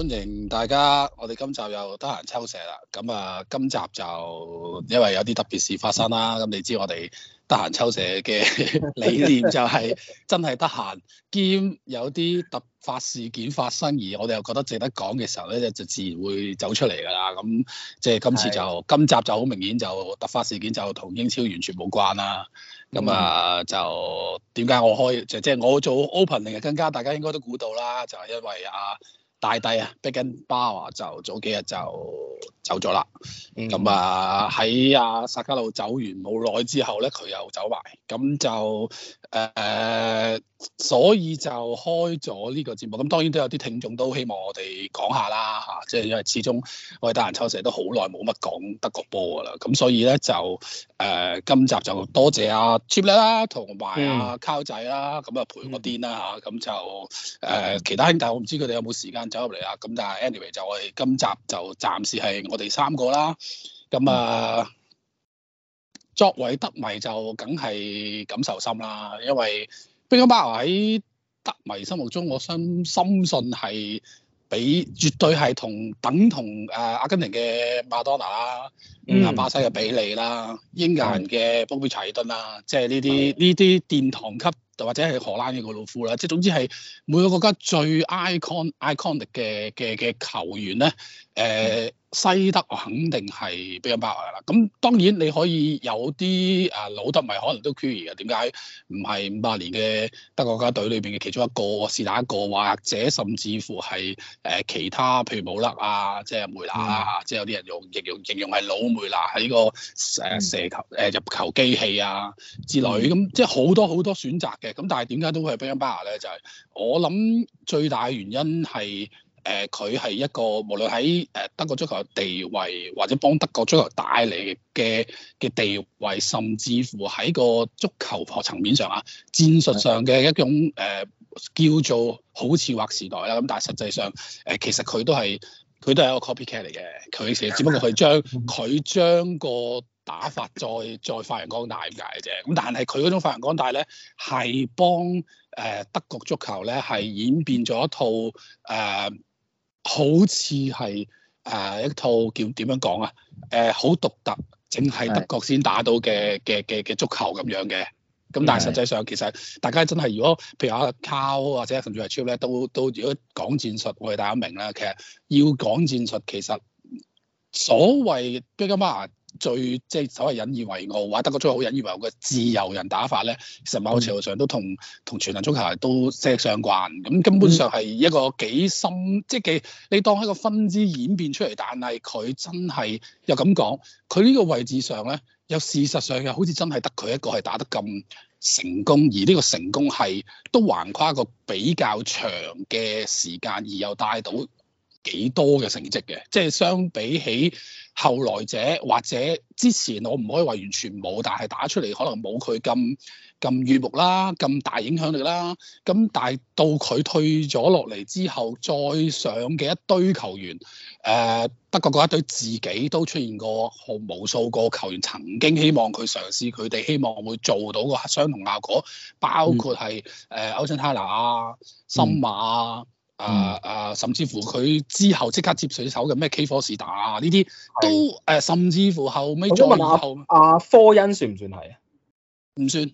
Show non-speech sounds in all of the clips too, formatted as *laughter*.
歡迎大家，我哋今集又得閒抽射啦。咁啊，今集就因為有啲特別事發生啦。咁你知我哋得閒抽射嘅 *laughs* 理念就係真係得閒兼有啲突發事件發生而我哋又覺得值得講嘅時候咧，就自然會走出嚟噶啦。咁即係今次就是的 今集就好明顯就突發事件就同英超完全冇關啦。咁啊，嗯、就點解我開即係即係我做 opening 其實更加大家應該都估到啦，就係因為啊。大帝啊，碧根包華就早幾日就。走咗啦，咁、嗯嗯、啊喺阿沙加路走完冇耐之後咧，佢又走埋，咁就誒、呃，所以就開咗呢個節目。咁當然都有啲聽眾都希望我哋講下啦嚇，即、啊、係、就是、因為始終我哋得閒抽射都好耐冇乜講德國波噶啦，咁所以咧就誒、呃、今集就多謝阿、啊、Cheaplad 啦，同埋阿 Karl 仔啦，咁啊陪我癲啦嚇，咁、嗯啊、就誒、呃、其他兄弟，我唔知佢哋有冇時間走入嚟啊，咁但係 anyway 就我哋今集就暫時係。我哋三個啦，咁啊，作為德迷就梗係感受深啦，因為碧根包華喺德迷心目中，我深深信係比絕對係同等同誒阿根廷嘅馬勒當拿啦，啊巴西嘅比利啦，嗯、英格蘭嘅波比柴爾頓啦，即係呢啲呢啲殿堂級，或者係荷蘭嘅告魯夫啦，即係總之係每個國家最 icon iconic 嘅嘅嘅球員咧。誒西德我肯定係碧根包華啦，咁當然你可以有啲啊老德迷可能都 claim 嘅，點解唔係五百年嘅德國家隊裏邊嘅其中一個，是哪一個，或者甚至乎係誒、啊、其他譬如姆勒啊，即係梅拿啊，即係的有啲人用形容形容係老梅拿喺、這個誒、啊、射球誒、啊、入球機器啊之類，咁即係好多好多選擇嘅，咁但係點解都會係碧根包華咧？就係、是、我諗最大嘅原因係。誒佢係一個無論喺誒、呃、德國足球嘅地位，或者幫德國足球帶嚟嘅嘅地位，甚至乎喺個足球學層面上啊，戰術上嘅一種誒、呃、叫做好似劃時代啦，咁但係實際上誒、呃、其實佢都係佢都係一個 copycat 嚟嘅，佢只不過佢將佢、嗯、將個打法再再發揚光大咁解啫？咁但係佢嗰種發揚光大咧，係幫誒、呃、德國足球咧係演變咗一套誒。呃好似係誒一套叫點樣講啊？誒好、呃、獨特，淨係德國先打到嘅嘅嘅嘅足球咁樣嘅。咁的但係實際上其實大家真係如果譬如阿 Karl 或者甚至係 Cheap 咧，都都如果講戰術，我哋大家明啦。其實要講戰術，其實所謂 Big Man。最即係所謂引以為傲，或者德國足球好引以為傲嘅自由人打法咧，其實某個程度上都同同全能足球都息息相關。咁根本上係一個幾深，即係幾你當係個分支演變出嚟，但係佢真係又咁講，佢呢個位置上咧，有事實上又好似真係得佢一個係打得咁成功，而呢個成功係都橫跨一個比較長嘅時間，而又帶到幾多嘅成績嘅，即係相比起後來者或者之前，我唔可以話完全冇，但係打出嚟可能冇佢咁咁悅目啦，咁大影響力啦。咁但係到佢退咗落嚟之後，再上嘅一堆球員，誒、呃，德國嗰一堆自己都出現過，好無數個球員曾經希望佢嘗試，佢哋希望會做到個相同效果，包括係誒，Ozil、Hala 啊、嗯呃，森馬啊。嗯啊啊，甚至乎佢之後即刻接水手嘅咩 K 科士打的啊，呢啲都誒，甚至乎後尾再阿阿科恩算唔算係啊？唔、啊、算，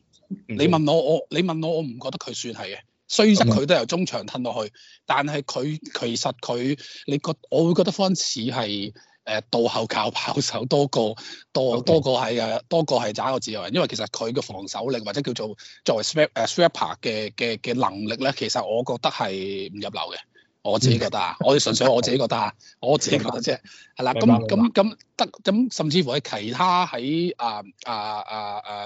你問我我你問我我唔覺得佢算係嘅，雖則佢都由中場褪落去，但係佢其實佢你覺我會覺得科恩似係。誒到後靠跑手多個多個多個係啊，多個係渣個自由人，因為其實佢嘅防守力或者叫做作為 sweeper 嘅嘅嘅能力咧，其實我覺得係唔入流嘅。我自己覺得啊，我哋純粹我自己覺得啊，我自己覺得啫。 *laughs* 係啦，咁咁咁得咁，甚至乎係其他喺啊啊啊啊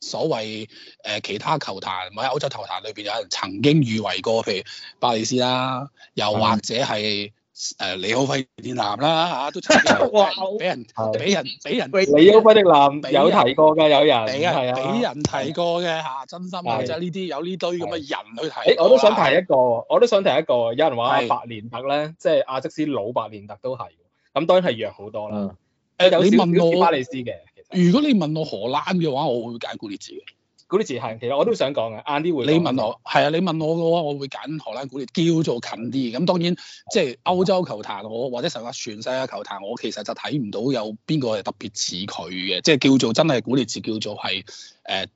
所謂誒其他球壇或者歐洲球壇裏邊有人曾經譽為過，譬如巴利斯啦，又或者係。誒，李浩輝逆天男啦吓，都真係話俾人俾人俾人李浩輝逆天男有提過嘅，有人係啊，俾人提過嘅吓，真心話即係呢啲有呢堆咁嘅人去睇。我都想提一個，我都想提一個，有人話阿白連特咧，即係阿積士老白連特都係，咁當然係弱好多啦。誒，你問我嘅，如果你問我荷蘭嘅話，我會揀古烈治嘅。古列字係，其實我都想講嘅，阿，晏啲會。你問我係啊？你問我嘅話，我會揀荷蘭古列，叫做近啲。咁當然即係歐洲球壇，我或者成下全世界球壇，我其實就睇唔到有邊個係特別似佢嘅，即係叫做真係古列字叫、呃，叫做係誒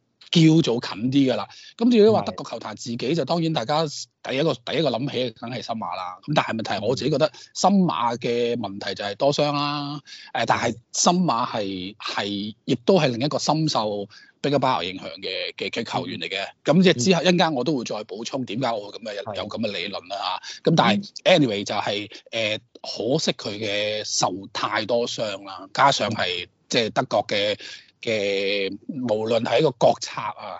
叫做近啲嘅啦。咁至於話德國球壇自己就當然大家第一個第一個諗起梗係森馬啦。咁但係問題係我自己覺得森馬嘅問題就係多傷啦。誒，但係森馬係係亦都係另一個深受 big power 影響嘅嘅嘅球員嚟嘅，咁即係之後一陣間我都會再補充點解我會咁嘅有咁嘅理論啦、啊、嚇。咁、嗯、但係 anyway 就係、是、誒、呃、可惜佢嘅受太多傷啦，加上係即係德國嘅嘅，無論係一個國策啊、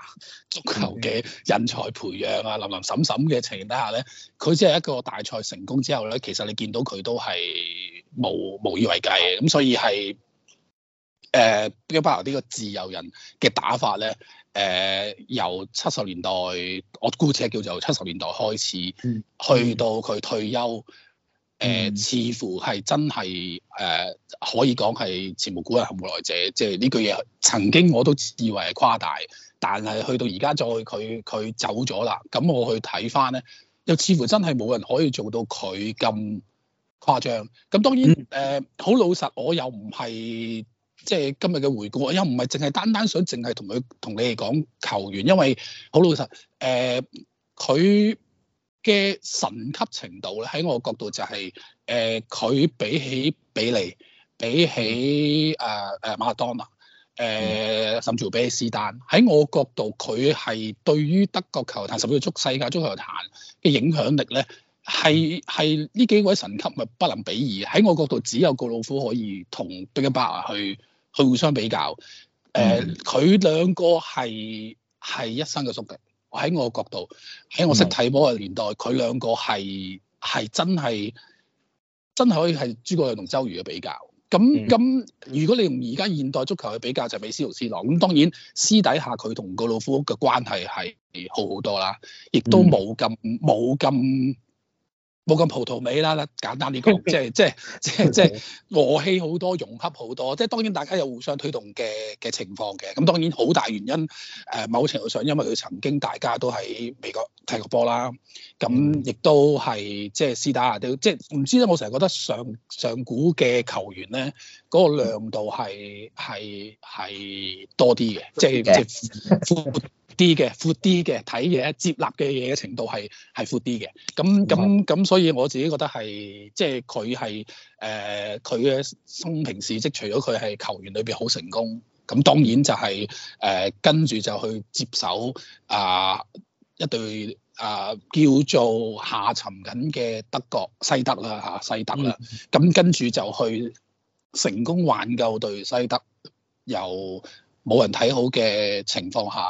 足球嘅人才培養啊、林林紛紛嘅情形底下咧，佢只係一個大賽成功之後咧，其實你見到佢都係無無以為繼嘅，咁所以係。誒，呢、呃這個自由人嘅打法咧，誒、呃，由七十年代，我姑且叫做七十年代開始，嗯、去到佢退休，誒、呃，似乎係真係誒、呃，可以講係前無古人後無來者。即係呢句嘢曾經我都以為係誇大，但係去到而家再佢佢走咗啦，咁我去睇翻咧，又似乎真係冇人可以做到佢咁誇張。咁當然誒，好、呃、老實，我又唔係。即係今日嘅回顧，又唔係淨係單單想淨係同佢同你哋講球員，因為好老實，誒佢嘅神級程度咧，喺我角度就係誒佢比起比利，比起誒誒、呃、馬拉多納，誒、呃、甚至乎比起斯丹。喺我角度佢係對於德國球壇甚至足世界足球壇嘅影響力咧，係係呢幾位神級唔不，不能比擬。喺我角度只有告魯夫可以同碧根包華去。去互相比較，誒、呃，佢、嗯、兩個係係一生嘅宿敵。喺我角度，喺我識睇波嘅年代，佢兩個係係真係真係可以係諸葛亮同周瑜嘅比較。咁咁，如果你用而家現代足球去比較，就比斯徒斯朗。咁當然私底下佢同個老夫屋嘅關係係好好多啦，亦都冇咁冇咁。嗯冇咁葡萄味啦，啦簡單啲講，即係即係即係即係和氣好多，融洽好多，即係當然大家有互相推動嘅嘅情況嘅。咁當然好大原因，誒某程度上因為佢曾經大家都喺美國踢過波啦，咁亦都係即係斯達都，即係唔知咧。我成日覺得上上古嘅球員咧，嗰個亮度係係係多啲嘅，即係即係。即係 *laughs* 啲嘅，闊啲嘅，睇嘢接納嘅嘢嘅程度係係闊啲嘅。咁咁咁，所以我自己覺得係即係佢係誒佢嘅生平事蹟，除咗佢係球員裏邊好成功，咁當然就係、是、誒、呃、跟住就去接手啊一隊啊叫做下沉緊嘅德國西德啦嚇、啊、西德啦，咁、mm hmm. 跟住就去成功挽救隊西德由冇人睇好嘅情況下。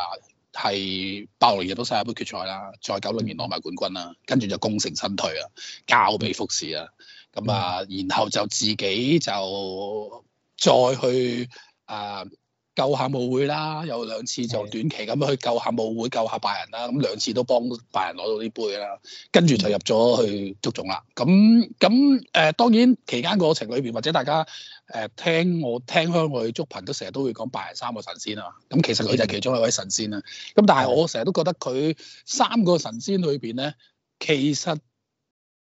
係八六年入到世界杯決賽啦，再九〇年攞埋冠軍啦，跟住就功成身退啊，交俾福士啦，咁啊，然後就自己就再去啊救下母會啦，有兩次就短期咁去救下母會救下拜仁啦，咁、嗯、兩次都幫拜仁攞到呢杯啦，跟住就入咗去足總啦，咁咁誒當然期間過程裏邊或者大家。誒，聽我聽香港嘅足頻都成日都會講拜仁三個神仙啊，咁其實佢就其中一位神仙啦。咁但係我成日都覺得佢三個神仙裏邊咧，其實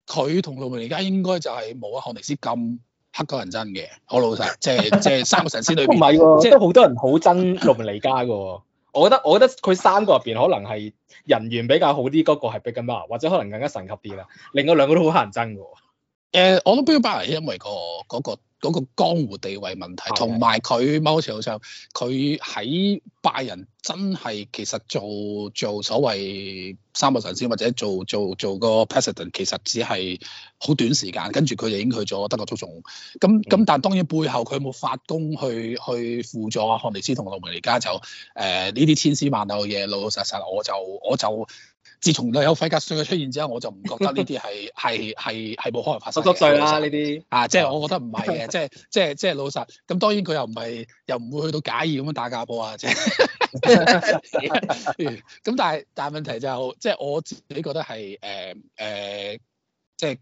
佢同路明尼加應該就係冇啊，漢尼斯咁黑咁人憎嘅，我老實，即係即係三個神仙裏邊唔係，即係好 *laughs* 多人好憎路明尼加噶。我覺得我覺得佢三個入邊可能係人緣比較好啲，嗰、那個係碧根包華，或者可能更加神級啲啦。另外兩個都好乞人憎噶。誒、呃，我都比金巴係因為個、那、嗰個。那個那個嗰個江湖地位問題，同埋佢某程度上，佢喺拜仁真係其實做做所謂三個神仙或者做做做個 president，其實只係好短時間，跟住佢就已經去咗德國足總。咁咁，嗯、但當然背後佢有冇發功去去輔助阿漢尼斯同羅梅尼加，就誒呢啲千絲萬縷嘅嘢，老老實實我就我就。我就自從有費格遜嘅出現之後，我就唔覺得呢啲係係係係冇可能發生。十啦呢啲，這些 啊，即係我覺得唔係嘅，即係即係即係老實，咁當然佢又唔係又唔會去到假意咁樣打假波啊，即係。咁但係但係問題就即係我自己覺得係誒誒，即係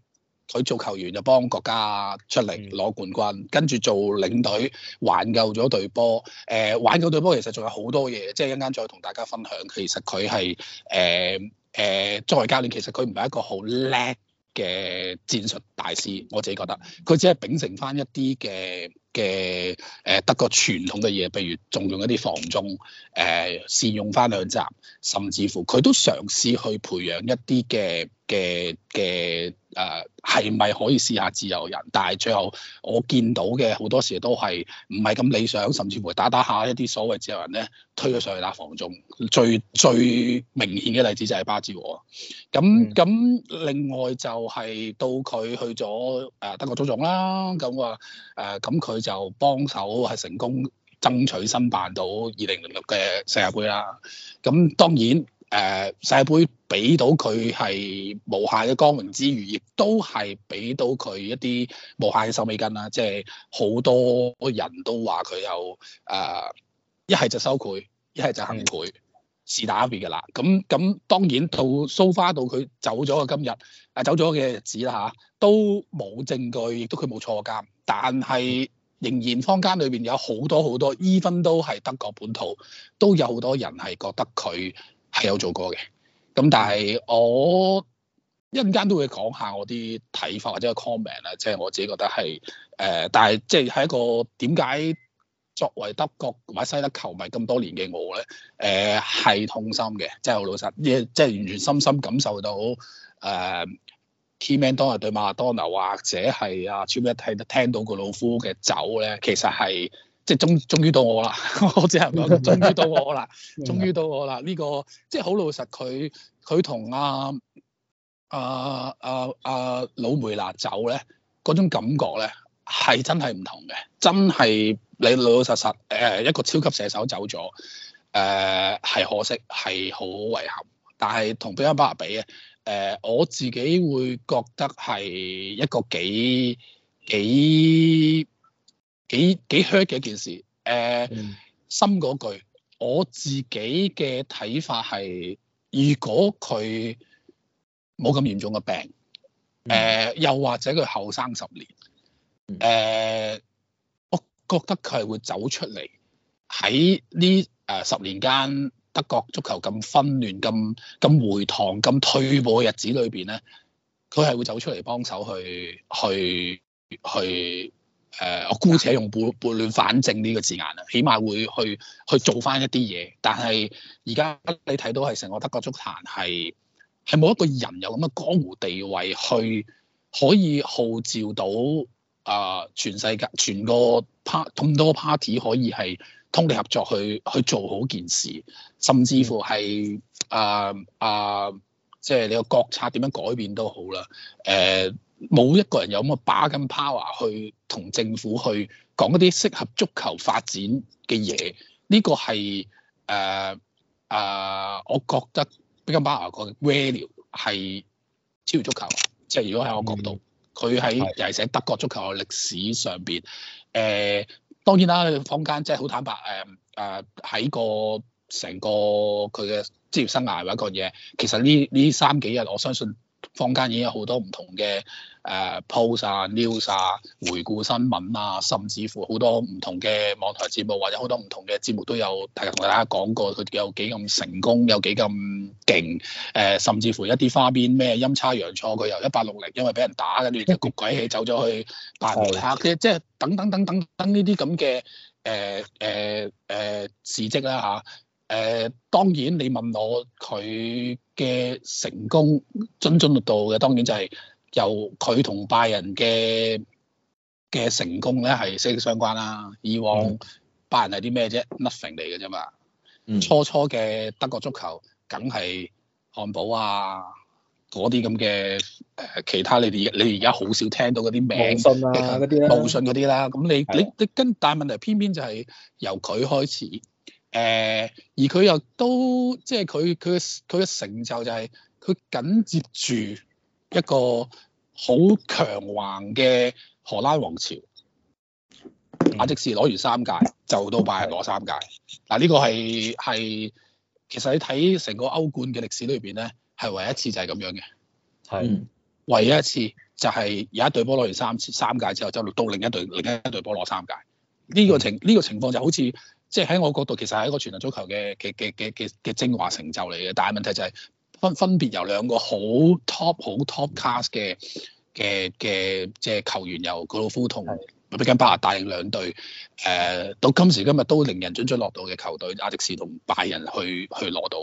佢做球員就幫國家出嚟攞冠軍， *laughs* 跟住做領隊挽救咗隊波。誒、呃，挽救隊波其實仲有好多嘢，即係一陣間再同大家分享。其實佢係誒。呃誒、呃，作為教練，其實佢唔係一個好叻嘅戰術大師。我自己覺得，佢只係秉承翻一啲嘅。嘅誒，德國傳統嘅嘢，譬如仲用一啲防中，誒、呃，善用翻兩集，甚至乎佢都嘗試去培養一啲嘅嘅嘅誒，係咪、呃、可以試下自由人，但係最後我見到嘅好多時都係唔係咁理想，甚至乎打打下一啲所謂自由人咧，推咗上去啦，防中最最明顯嘅例子就係巴治禾。咁咁、嗯、另外就係到佢去咗誒德國足總啦，咁啊誒咁佢。呃就幫手係成功爭取申辦到二零零六嘅世界杯啦。咁當然誒世界杯俾到佢係無限嘅光榮之餘，亦都係俾到佢一啲無限嘅收美金啦。即係好多人都話佢有誒一係就收賄，一係就行賄，是打別㗎啦。咁咁當然到 so far 佢走咗嘅今日，誒、啊、走咗嘅日子啦嚇、啊，都冇證據，亦都佢冇錯監，但係。仍然坊間裏邊有好多好多依分都係德國本土，都有好多人係覺得佢係有做過嘅。咁但係我一陣間都會講下我啲睇法或者個 comment 啦，即係我自己覺得係誒、呃，但係即係喺一個點解作為德國同埋西德球迷咁多年嘅我咧，誒、呃、係痛心嘅，即係好老實，即係完全深深感受到誒。呃聽完當日對馬拉多納，或者係阿超一聽聽到個老夫嘅走咧，其實係即係終終於到我啦！我只能講終於到我啦，終於到我啦！呢、 *laughs* 這個即係好老實，佢佢同阿阿阿阿老梅拿走咧嗰種感覺咧，係真係唔同嘅，真係你老老實實誒一個超級射手走咗誒，係、呃、可惜係好遺憾，但係同比安巴比嘅。誒、uh, 我自己會覺得係一個幾幾幾幾 hard 嘅一件事。誒，心嗰句，我自己嘅睇法係，如果佢冇咁嚴重嘅病，誒、uh, mm. 又或者佢後生十年，誒、uh,，我覺得佢係會走出嚟喺呢誒十年間。德國足球咁紛亂、咁咁回塘、咁退步嘅日子裏邊咧，佢係會走出嚟幫手去、去、去，誒、呃，我姑且用撥撥亂反正呢個字眼啦，起碼會去去做翻一啲嘢。但係而家你睇到係成個德國足壇係係冇一個人有咁嘅江湖地位，去可以號召到啊、呃、全世界、全個 part 咁多 party 可以係。通力合作去去做好件事，甚至乎係啊啊，即、呃、係、呃就是、你個決策點樣改變都好啦。誒、呃，冇一個人有咁嘅巴金 power 去同政府去講一啲適合足球發展嘅嘢。呢、這個係誒誒，我覺得比金巴金 power 嘅 value 係超越足球。即、就、係、是、如果喺我角度，佢喺又其是德國足球嘅歷史上邊，誒、呃。當然啦，坊間即係好坦白，誒誒喺個成個佢嘅職業生涯或者一個嘢，其實呢呢三幾日，我相信。坊間已經有好多唔同嘅誒 post 啊、news 啊、回顧新聞啊，甚至乎好多唔同嘅網台節目，或者好多唔同嘅節目都有，大家同大家講過佢有幾咁成功，有幾咁勁誒，甚至乎一啲花邊咩陰差陽錯，佢由一八六零，因為俾人打，跟住就焗鬼氣走咗去拜仁。嚇嘅，即係等等等等等呢啲咁嘅誒誒誒事蹟啦嚇。誒、呃、當然，你問我佢嘅成功津津樂道嘅，當然就係由佢同拜仁嘅嘅成功咧，係息息相關啦。以往拜仁係啲咩啫？Nothing 嚟嘅啫嘛。初初嘅德國足球梗係漢堡啊，嗰啲咁嘅誒其他你，你哋你而家好少聽到嗰啲名信啊、嗰啲啦，無信嗰啲啦。咁你你你，你跟，但係問題偏偏就係由佢開始。誒、呃，而佢又都即係佢佢嘅佢嘅成就就係佢緊接住一個好強橫嘅荷蘭王朝，阿積士攞完三屆就到，拜攞三屆。嗱呢是的、啊這個係係其實你睇成個歐冠嘅歷史裏邊咧，係唯一一次就係咁樣嘅，係是的 唯一一次就係有一隊波攞完三次三屆之後，就到另一隊另一隊波攞三屆。呢、這個這個情呢個情況就好似。即係喺我角度，其實係一個全能足球嘅嘅嘅嘅嘅嘅精華成就嚟嘅。但係問題就係分分別由兩個好 top 好 top class 嘅嘅嘅即係球員，由古魯夫同碧根包華帶領兩隊，誒、呃、到今時今日都令人津津樂道嘅球隊，阿迪斯同拜仁去去攞到。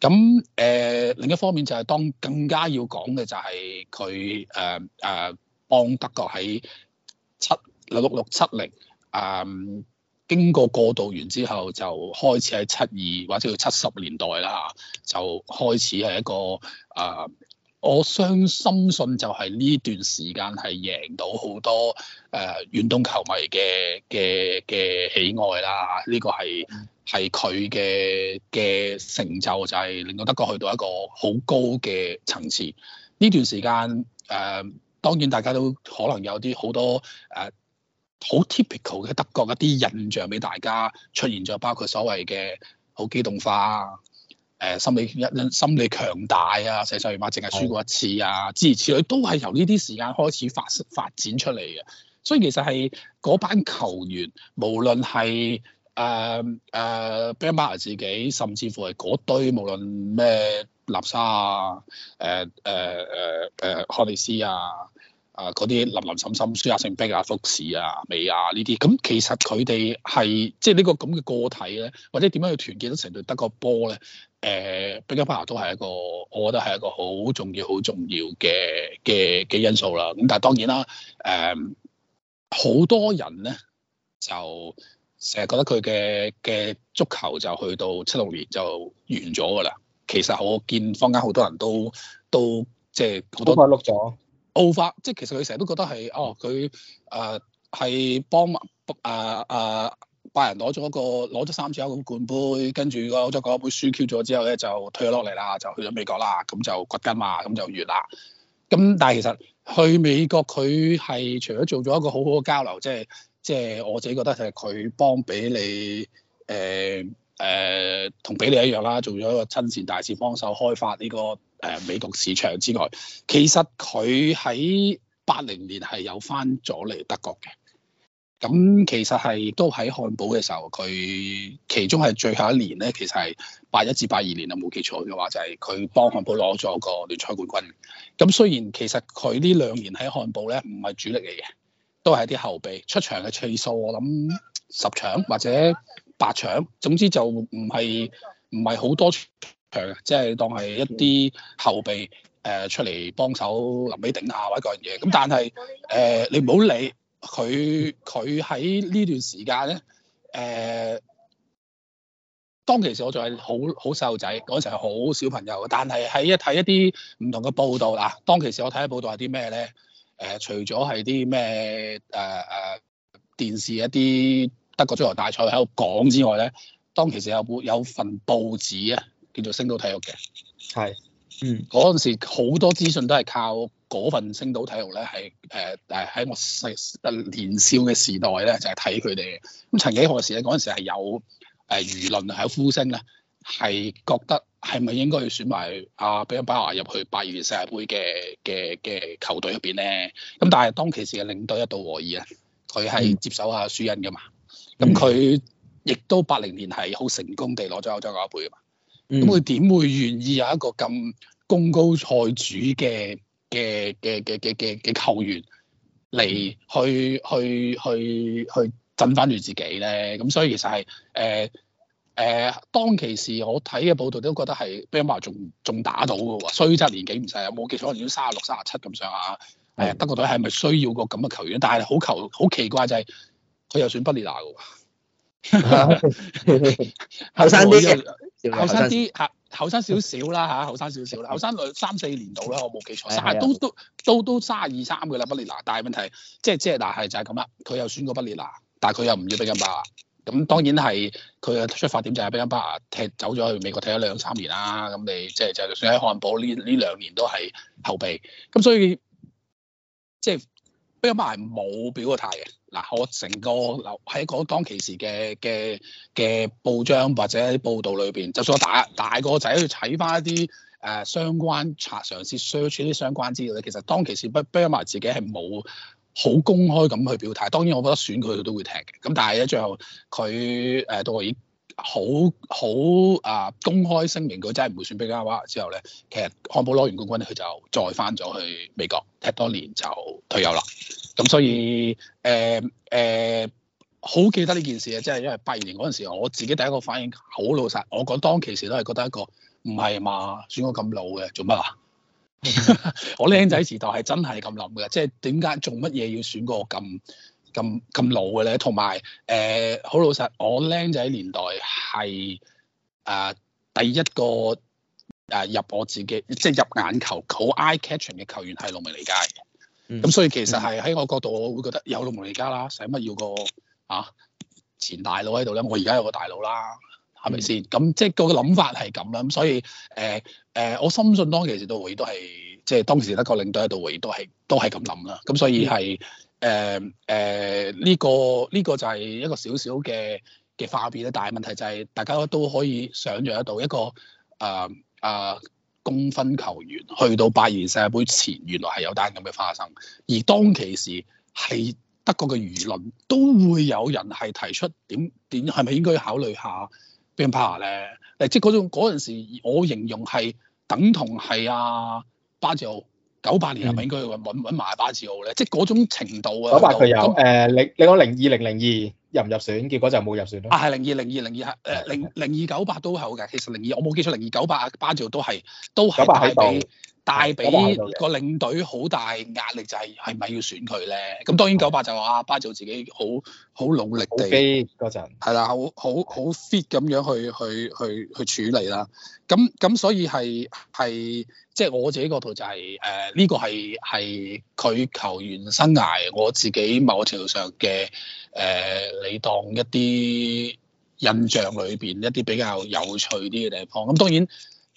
咁誒、呃、另一方面就係當更加要講嘅就係佢誒誒幫德國喺七六六六七零啊！呃經過過渡完之後就72，就開始喺七二或者叫七十年代啦，就開始係一個啊、呃，我相信就係呢段時間係贏到好多誒、呃、遠東球迷嘅嘅嘅喜愛啦。呢、這個係係佢嘅嘅成就，就係、是、令到德國去到一個好高嘅層次。呢段時間誒、呃，當然大家都可能有啲好多誒。呃好 typical 嘅德國一啲印象俾大家出現咗，包括所謂嘅好機動化、誒、呃、心理一心理強大啊，細細馬淨係輸過一次啊，諸如此類都係由呢啲時間開始發發展出嚟嘅。所以其實係嗰班球員，無論係誒誒碧根包華自己，甚至乎係嗰堆無論咩納沙啊、誒誒誒誒漢利斯啊。啊！嗰啲淋淋沈沈、輸啊勝、逼啊、復市啊、尾啊呢啲，咁、啊、其實佢哋係即係呢個咁嘅個體咧，或者點樣去團結得成隊德國波咧？誒碧根包華都係一個，我覺得係一個好重要、好重要嘅嘅嘅因素啦。咁但係當然啦，誒、呃，好多人咧就成日覺得佢嘅嘅足球就去到七六年就完咗㗎啦。其實我見坊間好多人都都即係好多都睇碌咗。奧法，即係其實佢成日都覺得係哦佢誒係幫埋誒、呃呃、拜仁攞咗個攞咗三次歐冠杯，跟住攞咗攞一本書 Q 咗之後咧就退咗落嚟啦，就去咗美國啦，咁就掘金嘛，咁就完啦。咁但係其實去美國佢係除咗做咗一個好好嘅交流，即係即係我自己覺得就係佢幫俾你誒。欸誒同、呃、比利一樣啦，做咗一個親善大使，幫手開發呢、這個誒、呃、美國市場之外，其實佢喺八零年係有翻咗嚟德國嘅。咁其實係都喺漢堡嘅時候，佢其中係最後一年咧，其實係八一至八二年啊，冇記錯嘅話，就係佢幫漢堡攞咗個聯賽冠軍。咁雖然其實佢呢兩年喺漢堡咧，唔係主力嚟嘅，都係啲後備出場嘅次數，我諗十場或者。白腸，總之就唔係唔係好多場啊，即係當係一啲後備誒、呃、出嚟幫手臨尾頂下或者嗰樣嘢。咁但係誒、呃、你唔好理佢，佢喺呢段時間咧誒、呃，當其時我仲係好好細路仔，嗰陣時係好小朋友。但係喺一睇一啲唔同嘅報道啦、啊，當其時我睇嘅報道係啲咩咧？誒、呃，除咗係啲咩誒誒電視一啲。德國足球大賽喺度講之外咧，當其時有有份報紙啊，叫做《星島體育》嘅。係。嗯。嗰陣時好多資訊都係靠嗰份《星島體育》咧，係誒誒喺我細年少嘅時，、就是、時代咧，就係睇佢哋。咁曾幾何時咧？嗰陣時係有誒輿論係有呼聲咧，係覺得係咪應該要選埋阿比爾巴牙入去八二年世界盃嘅嘅嘅球隊入邊咧？咁但係當其時嘅領隊一度和議啊，佢係接手阿舒恩噶嘛。嗯。咁佢亦都八零年係好成功地攞咗歐洲盃啊嘛，咁佢點會願意有一個咁功高蓋主嘅嘅嘅嘅嘅嘅嘅球員嚟、嗯、去去去去震翻住自己咧？咁所以其實係誒誒當其時我睇嘅報道都覺得係碧根包華仲仲打到嘅喎，雖則年紀唔細，有冇記錯可能都三十六三十七咁上下。誒、嗯、德國隊係咪需要個咁嘅球員？但係好球好奇怪就係。佢又選不列拿噶喎，後生啲，後生啲嚇，後生少少啦嚇，後生少少啦，後生兩三四年度啦，我冇記錯，但係都都都都卅二三嘅啦，不列拿，但係問題即係即係嗱係就係咁啦，佢又選過不列拿，但係佢又唔要俾金巴，咁當然係佢嘅出發點就係俾金巴踢走咗去美國踢咗兩三年啦，咁你即係就算喺漢堡呢呢兩年都係後備，咁所以即係。b 俾埋冇表過態嘅嗱，我成個留喺嗰當其時嘅嘅嘅報章或者啲報道裏邊，就算我大大個仔去睇翻一啲誒、呃、相關查，嘗試 search 啲相關資料咧，其實當其時不俾埋自己係冇好公開咁去表態。當然，我覺得選舉佢都會踢嘅，咁但係咧最後佢誒到我已。呃好好啊！公開聲明佢真係唔會選 b e l a 之後咧，其實漢堡攞完冠軍佢就再翻咗去美國踢多年就退休啦。咁所以誒誒，好、呃呃、記得呢件事啊！即係因為八二年嗰陣時，我自己第一個反應好老實，我講當其時都係覺得一個唔係嘛，選個咁老嘅做乜啊？ *laughs* 我僆仔時代係真係咁諗嘅，即係點解做乜嘢要選個咁？咁咁老嘅咧，同埋誒好老實，我僆仔年代係啊、呃、第一個啊、呃、入我自己即係入眼球好 eye catching 嘅球員係羅梅尼加嘅，咁、嗯、所以其實係喺我角度我會覺得有羅梅尼加啦，使乜要個啊前大佬喺度咧？我而家有個大佬啦，係咪先？咁、嗯、即係個諗法係咁啦。咁所以誒誒、呃呃，我深信當其時都會都係即係當時德國領隊喺度會都係都係咁諗啦。咁所以係。誒誒，呢、呃呃這個呢、這個就係一個少少嘅嘅化變啦。但係問題就係，大家都可以想像得到一個啊啊、呃呃、公分球員去到八二世界杯前，原來係有單咁嘅花生。而當其時係德國嘅輿論，都會有人係提出點點係咪應該考慮下 Ben p a r k 咧？誒，即係嗰種嗰陣時，我形容係等同係阿、啊、巴治奧。九八年係咪應該揾揾埋巴治奧咧？即係嗰種程度啊。九八佢有誒那、呃，你你講零二零零二入唔入選？結果就冇入選啊，係零二零二零二係誒零零二九八都係嘅。其實零二我冇記錯，零二九八啊巴治奧都係都係俾帶俾個領隊好大壓力，就係係咪要選佢咧？咁當然九八就話啊巴治奧的自己好好努力地，嗰陣係啦，好好好 fit 咁樣去去去去處理啦。咁咁所以係係。即係我自己角度就係誒呢個係係佢球員生涯我自己某程度上嘅，誒、呃，你當一啲印象裏邊一啲比較有趣啲嘅地方。咁、嗯、當然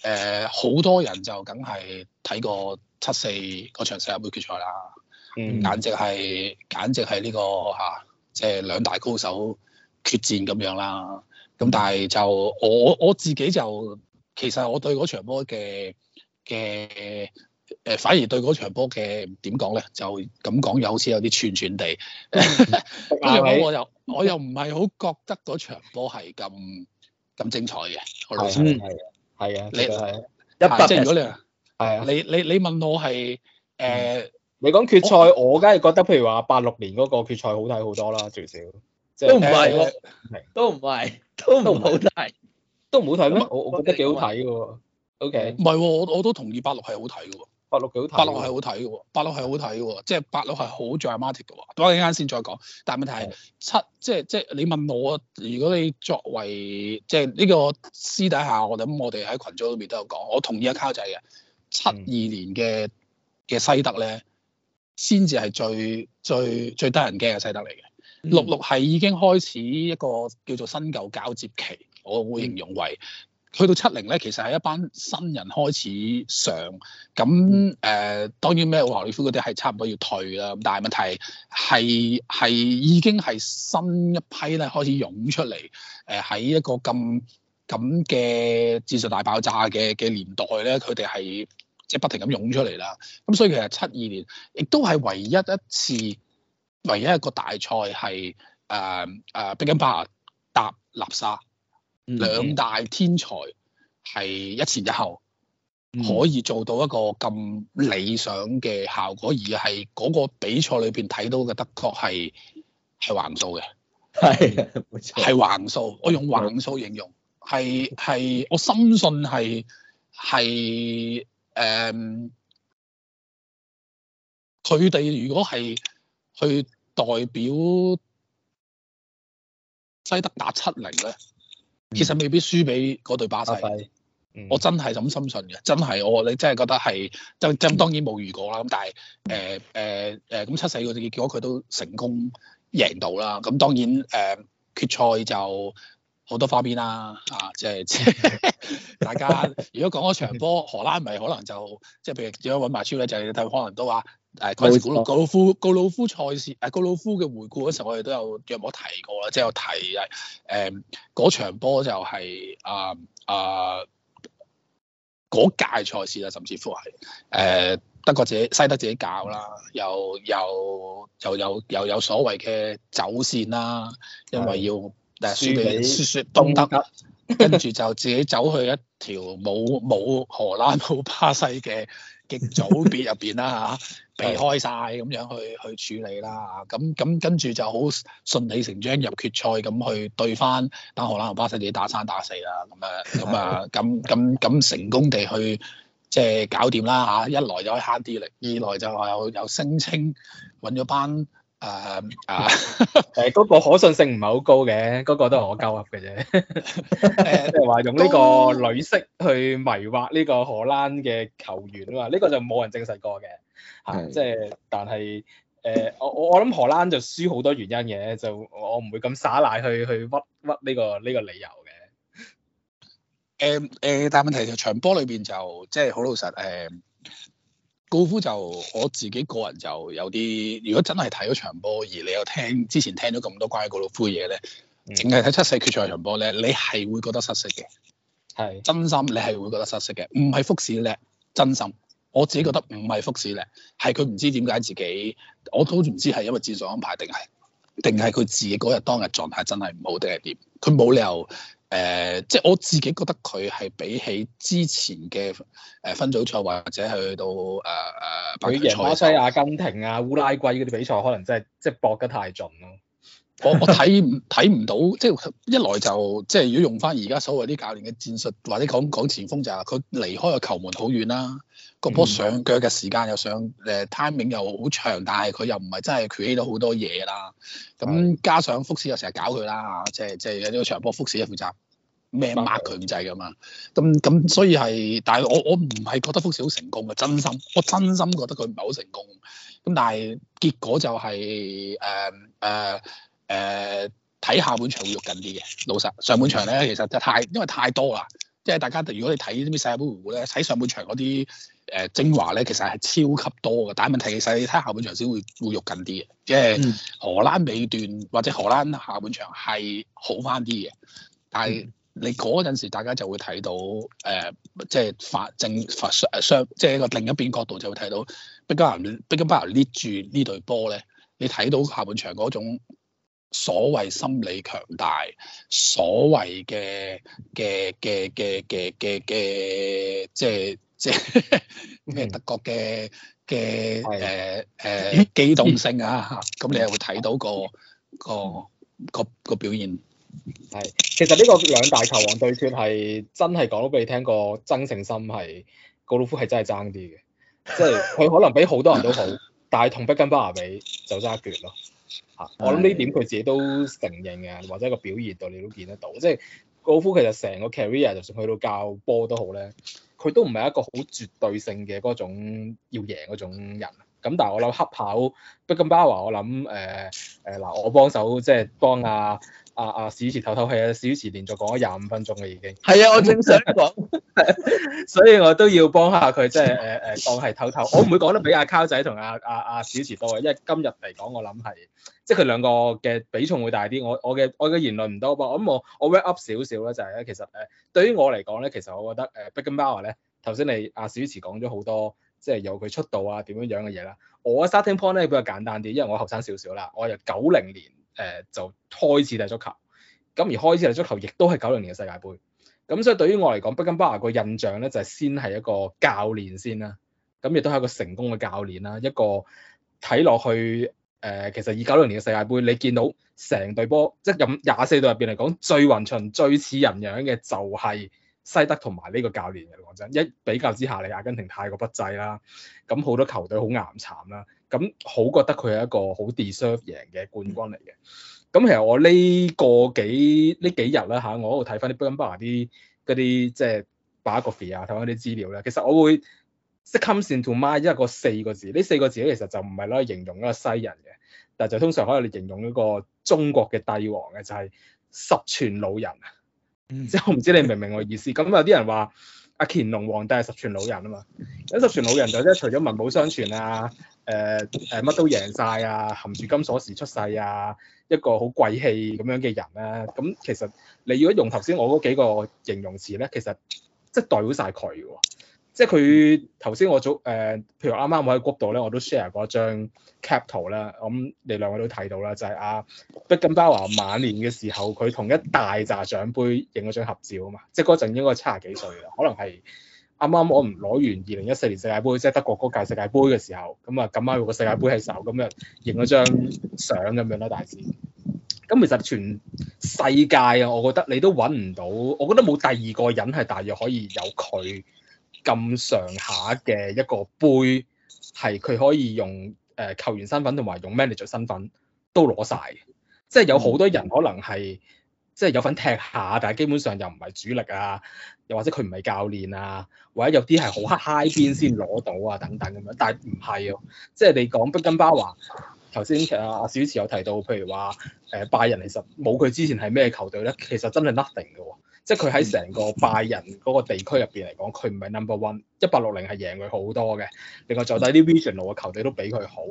誒，好、呃、多人就梗係睇過七四嗰場世界杯決賽啦，嗯、簡直係簡直係呢、這個嚇，即、啊、係、就是、兩大高手決戰咁樣啦。咁、嗯、但係就我我自己就其實我對嗰場波嘅。嘅誒，反而對嗰場波嘅，點講咧，就咁講又好似有啲串串地。但係我又我又唔係好覺得嗰場波係咁咁精彩嘅。嗯，係啊，係啊，你一百，即係，如果你係啊，你你你問我係誒，你講決賽，我梗係覺得譬如話八六年嗰個決賽好睇好多啦，最少。都唔係，都唔係，都唔好睇，都唔好睇咩？我我覺得幾好睇嘅。唔係我我都同意八六係好睇嘅，八六幾八六係好睇嘅，八六係好睇嘅，即係八六係好 dramatic 嘅。等我一陣間先再講。但係問題係、嗯、七，即係即係你問我，如果你作為即係呢個私底下，我諗我哋喺群組裏面都有講，我同意阿卡仔嘅七二年嘅嘅西德咧，先至係最最最得人驚嘅西德嚟嘅。嗯、六六係已經開始一個叫做新舊交接期，我會形容為。嗯去到七零咧，其實係一班新人開始上，咁誒、嗯呃、當然咩奧華利夫嗰啲係差唔多要退啦，但係問題係係已經係新一批咧開始湧出嚟，誒、呃、喺一個咁咁嘅戰術大爆炸嘅嘅年代咧，佢哋係即係不停咁湧出嚟啦，咁所以其實七二年亦都係唯一一次，唯一一個大賽係誒誒碧根包華搭立沙。兩大天才係一前一後，可以做到一個咁理想嘅效果，而係嗰個比賽裏邊睇到嘅的確係係橫數嘅，係係橫數，我用橫數形容，係係我深信係係誒，佢哋、嗯、如果係去代表西德打七零咧。嗯、其實未必輸俾嗰隊巴西，啊、我真係咁深信嘅、嗯，真係我你真係覺得係，就就當然冇如果啦，咁但係誒誒誒，咁、呃呃、七世嘅結果佢都成功贏到啦，咁當然誒、呃、決賽就。好多花邊啦，啊，即、就、係、是、 *laughs* 大家如果講嗰場波荷蘭咪可能就即係譬如點樣揾埋出嚟，就你、是、睇、就是、可能都話誒，嗰、啊、告魯夫告魯夫賽事誒，告魯夫嘅、啊、回顧嗰時候我哋都有約莫提過啦，即、就、係、是、有提誒，嗰、啊、場波就係、是、啊啊嗰屆賽事啦，甚至乎係誒、啊、德國自己西德自己搞啦，又又又有又，又，又有所謂嘅走線啦，因為要，哎誒説説説東德，跟住就自己走去一條冇冇荷蘭冇巴西嘅極組別入邊啦嚇，避開晒咁樣去去，去處理啦，咁咁跟住就好順理成章入決賽咁去對翻，但荷蘭同巴西自己打三打四啦，咁啊咁啊咁咁咁成功地去即係、就是、搞掂啦嚇，一來就可以慳啲力，二來就又又聲稱揾咗班。誒、嗯、啊、誒，嗰、 *laughs* 呃、那個可信性唔係好高嘅，嗰、那個都係我鳩噏嘅啫。即係話用呢個女色去迷惑呢個荷蘭嘅球員啊嘛，呢、這個就冇人證實過嘅吓，即、啊、係、就是、但係誒、呃，我我諗荷蘭就輸好多原因嘅，就我唔會咁耍賴去去屈屈呢、這個呢、這個理由嘅。誒誒、呃呃，但係問題就場、是、波裏邊就即係好老實誒。呃高夫就我自己個人就有啲，如果真係睇咗場波，而你又聽之前聽咗咁多關於高爾夫嘅嘢咧，淨係睇七四決賽場波咧，你係會覺得失色嘅，係是真心你係會覺得失色嘅，唔係福士叻，真心我自己覺得唔係福士叻，係佢唔知點解自己，我都唔知係因為戰術安排定係，定係佢自己嗰日當日狀態真係唔好定係點，佢冇理由。誒、呃，即係我自己覺得佢係比起之前嘅誒分組賽或者去到誒誒，巴、呃、西亞、阿根廷啊、烏拉圭嗰啲比賽，可能真係即係搏得太盡咯。我我睇唔睇唔到，即係一來就即係如果用翻而家所謂啲教練嘅戰術，或者講講前鋒就係佢離開球、個球門好遠啦，個波上腳嘅時間又上誒 timing、嗯、又好長，但係佢又唔係真係攜起到好多嘢啦。咁加上福斯又成日搞佢啦，即係即係呢個長波福斯又負責。咩抹佢唔就係㗎嘛？咁咁所以係，但係我我唔係覺得福士好成功嘅，真心，我真心覺得佢唔係好成功。咁但係結果就係誒誒誒，睇、呃呃呃、下半場會喐緊啲嘅，老實。上半場咧其實就太，因為太多啦，即係大家如果你睇啲世界盃回顧咧，睇上半場嗰啲誒精華咧，其實係超級多嘅。但係問題其實，你睇下半場先會會喐緊啲嘅，即係荷蘭尾段或者荷蘭下半場係好翻啲嘅，但係。嗯你嗰陣時，大家就會睇到誒、呃，即係法政法商誒即係一個另一邊角度就會睇到，碧加人碧加巴人攣住呢隊波咧？你睇到下半場嗰種所謂心理強大，所謂嘅嘅嘅嘅嘅嘅嘅，即係即係咩德國嘅嘅誒誒機動性啊咁你係會睇到個個個個,個表現。係，其實呢個兩大球王對決係真係講到俾你聽，個爭勝心係高，老夫係真係爭啲嘅，即係佢可能比好多人都好，但係同碧根包華比就真係決咯。吓，我諗呢點佢自己都承認嘅，或者個表現度你都見得到。即係高魯夫其實成個 career，就算去到教波都好咧，佢都唔係一個好絕對性嘅嗰種要贏嗰種人。咁但係我諗黑跑碧根包華，我諗誒誒嗱，我幫手即係幫阿。啊啊！史池唞唞氣啊！史，池，唞唞啊。史池連續講咗廿五分鐘啦，已經。係啊，我正想講， *laughs* *laughs* 所以我都要幫下佢，即係誒誒當係唞唞。我唔會講得比阿 Karl 仔同阿阿阿史池多嘅，因為今日嚟講，我諗係即係佢兩個嘅比重會大啲。我我嘅我嘅言論唔多噃。咁我我 wrap up 少少咧，就係、是、咧，其實誒對於我嚟講咧，其實我覺得誒、uh, Beckenbauer 咧，頭先你阿史池講咗好多，即係由佢出道啊點樣樣嘅嘢啦。我嘅 setting point 咧比較簡單啲，因為我後生少少啦，我就九零年。誒、呃、就開始踢足球，咁而開始踢足球亦都係九零年嘅世界盃，咁所以對於我嚟講，碧根包華個印象咧就係、是、先係一個教練先啦，咁亦都係一個成功嘅教練啦，一個睇落去誒、呃，其實以九零年嘅世界盃，你見到成隊波，即係咁廿四隊入邊嚟講，最勻稱最似人樣嘅就係西德同埋呢個教練嘅，講真，一比較之下，你阿根廷太過不濟啦，咁好多球隊好巖慘啦。咁好、嗯嗯、覺得佢係一個好 deserve 贏嘅冠軍嚟嘅。咁、嗯嗯、其實我呢個幾呢幾日啦，嚇，我喺度睇翻啲 Burnbar 啲啲即係 background 啊，睇翻啲資料咧，其實我會即 this comes into my 一個四個字，呢四個字咧，其實就唔係攞嚟形容一個西人嘅，但就通常可以嚟形容一個中國嘅帝王嘅，就係、是、十全老人。嗯。即係我唔知你明唔明我意思。咁有啲人話阿、啊、乾隆皇帝係十全老人啊嘛。十全老人就即係除咗文武雙全啊。啊嗯嗯嗯誒誒乜都贏晒啊，含住金鎖匙出世啊，一個好貴氣咁樣嘅人咧、啊。咁、嗯、其實你如果用頭先我嗰幾個形容詞咧，其實即係代表晒佢喎。即係佢頭先我早誒、呃，譬如啱啱我喺谷度咧，我都 share 過張 cap 圖啦。咁、嗯、你兩位都睇到啦，就係、是、啊碧根包華晚年嘅時候，佢同一大紮獎杯影咗張合照啊嘛。即係嗰陣應該七廿幾歲啦，可能係。啱啱我唔攞完二零一四年世界杯，即係德國嗰屆世界盃嘅時候，咁啊，咁啱個世界盃喺手，咁啊，影咗張相咁樣啦，大致。咁其實全世界啊，我覺得你都揾唔到，我覺得冇第二個人係大約可以有佢咁上下嘅一個杯，係佢可以用誒、呃、球員身份同埋用 manager 身份都攞晒。即係有好多人可能係。即係有份踢下，但係基本上又唔係主力啊，又或者佢唔係教練啊，或者有啲係好嗨邊先攞到啊等等咁樣，但係唔係啊，即係你講碧根包華，頭先阿小池有提到，譬如話誒、呃、拜仁其實冇佢之前係咩球隊咧？其實真係 nothing 嘅喎、啊。即係佢喺成個拜仁嗰個地區入邊嚟講，佢唔係 number one，一八六零係贏佢好多嘅。另外就睇啲 vision 路嘅球隊都比佢好，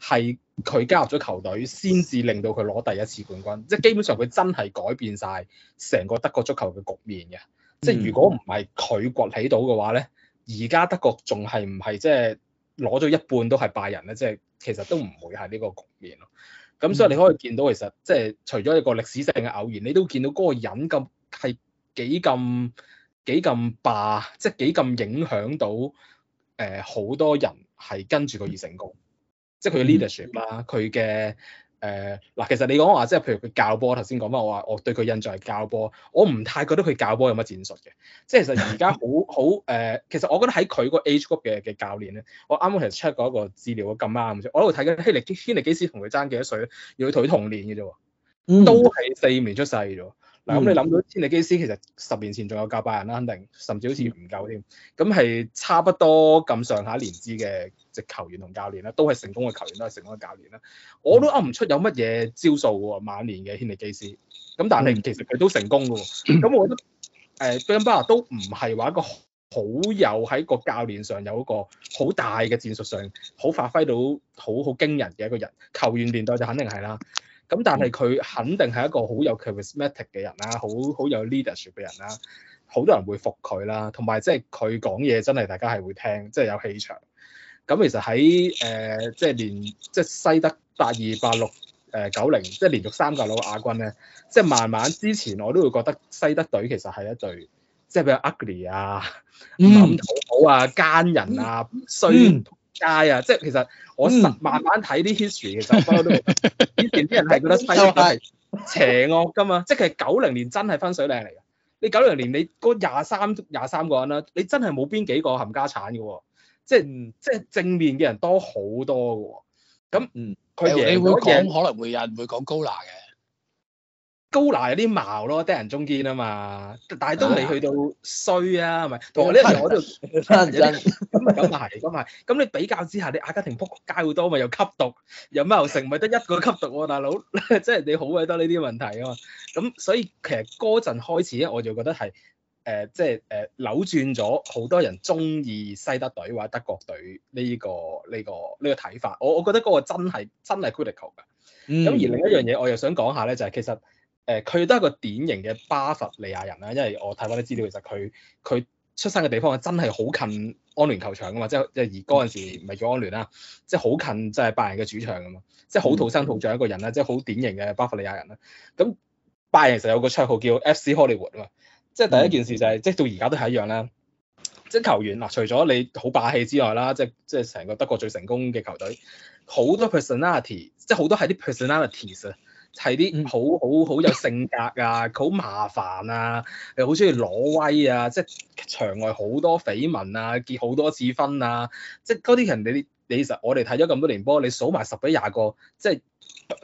係佢加入咗球隊先至令到佢攞第一次冠軍。即係基本上佢真係改變晒成個德國足球嘅局面嘅。即係如果唔係佢崛起到嘅話咧，而家德國仲係唔係即係攞咗一半都係拜仁咧？即係其實都唔會係呢個局面咯。咁所以你可以見到其實即係除咗一個歷史性嘅偶然，你都見到嗰個人咁係。幾咁幾咁霸，即係幾咁影響到誒好、呃、多人係跟住佢而成功，即係佢嘅 leadership 啦，佢嘅誒嗱，其實你講話即係譬如佢教波，頭先講翻我話，我，我，我對佢印象係教波，我唔太覺得佢教波有乜戰術嘅，即係其實而家好好誒，其實我覺得喺佢個 age group 嘅嘅教練咧，我啱啱其實 check 過一個資料，咁啱嘅，我喺度睇緊希力希力幾時同佢爭幾多歲，要同同年嘅啫，都係四年出世咗。嗱，咁你諗到軒尼基斯其實十年前仲有教拜仁啦，肯定甚至好似唔夠添。咁係、嗯嗯、差不多咁上下年資嘅隻球員同教練啦，都係成功嘅球員，都係成功嘅教練啦。我都噏唔出有乜嘢招數喎，晚年嘅軒尼基斯。咁但係其實佢都成功嘅。咁、嗯、我覺得誒碧根包華都唔係話一個好有喺個教練上有一個好大嘅戰術上好發揮到好好驚人嘅一個人。球員年代就肯定係啦。咁但係佢肯定係一個好有 charismatic 嘅人啦，好好有 leadership 嘅人啦，好多人會服佢啦，同埋即係佢講嘢真係大家係會聽，即係有氣場。咁其實喺誒即係連即係西德八二八六誒九零，即係連續三屆攞亞軍咧，即係慢慢之前我都會覺得西德隊其實係一隊即係比較 ugly 啊、冧好好啊、奸人啊、嗯、衰。嗯界啊、哎！即係其實我慢慢睇啲 history，嘅實、嗯、時候，都，以前啲人係覺得批得 *laughs* 邪惡噶嘛。即係九零年真係分水嶺嚟嘅。你九零年你嗰廿三廿三個人啦，你真係冇邊幾個冚家產嘅、哦，即係即係正面嘅人多好多嘅、哦。咁嗯，你會講可能會有人會講高拿嘅。都拿有啲茅咯，得人中堅啊嘛，但係都未去到衰啊，係咪？我呢輪我都，真真咁咁係，咁咪咁你比較之下，你阿根廷撲街好多咪？又吸毒，有咩又成，咪得一個吸毒大、啊、佬，即係你好鬼得呢啲問題啊嘛。咁所以其實嗰陣開始咧，我就覺得係誒，即係誒扭轉咗好多人中意西德隊或者德國隊呢、呢個呢、呢個呢、呢個睇、呢個、法。我我覺得嗰個真係真係 critical 㗎。咁、嗯、而另一樣嘢，我又想講下咧，就係其實。誒，佢都係一個典型嘅巴伐利亞人啦，因為我睇翻啲資料，其實佢佢出生嘅地方真係好近安聯球場㗎嘛，即係即係而嗰陣時唔係叫安聯啦、啊，即係好近即係拜仁嘅主場㗎嘛，即係好土生土長一個人啦，即係好典型嘅巴伐利亞人啦。咁拜仁其實有個綽號叫 FC Hollywood 啊，即係第一件事就係、是、即係到而家都係一樣啦。即係球員嗱，除咗你好霸氣之外啦，即係即係成個德國最成功嘅球隊，好多 personality，即係好多係啲 personalities 啊。係啲好好好有性格啊，佢好麻煩啊，又好中意攞威啊，即係場外好多緋聞啊，結好多次婚啊，即係嗰啲人你你實我哋睇咗咁多年波，你數埋十幾廿個，即係。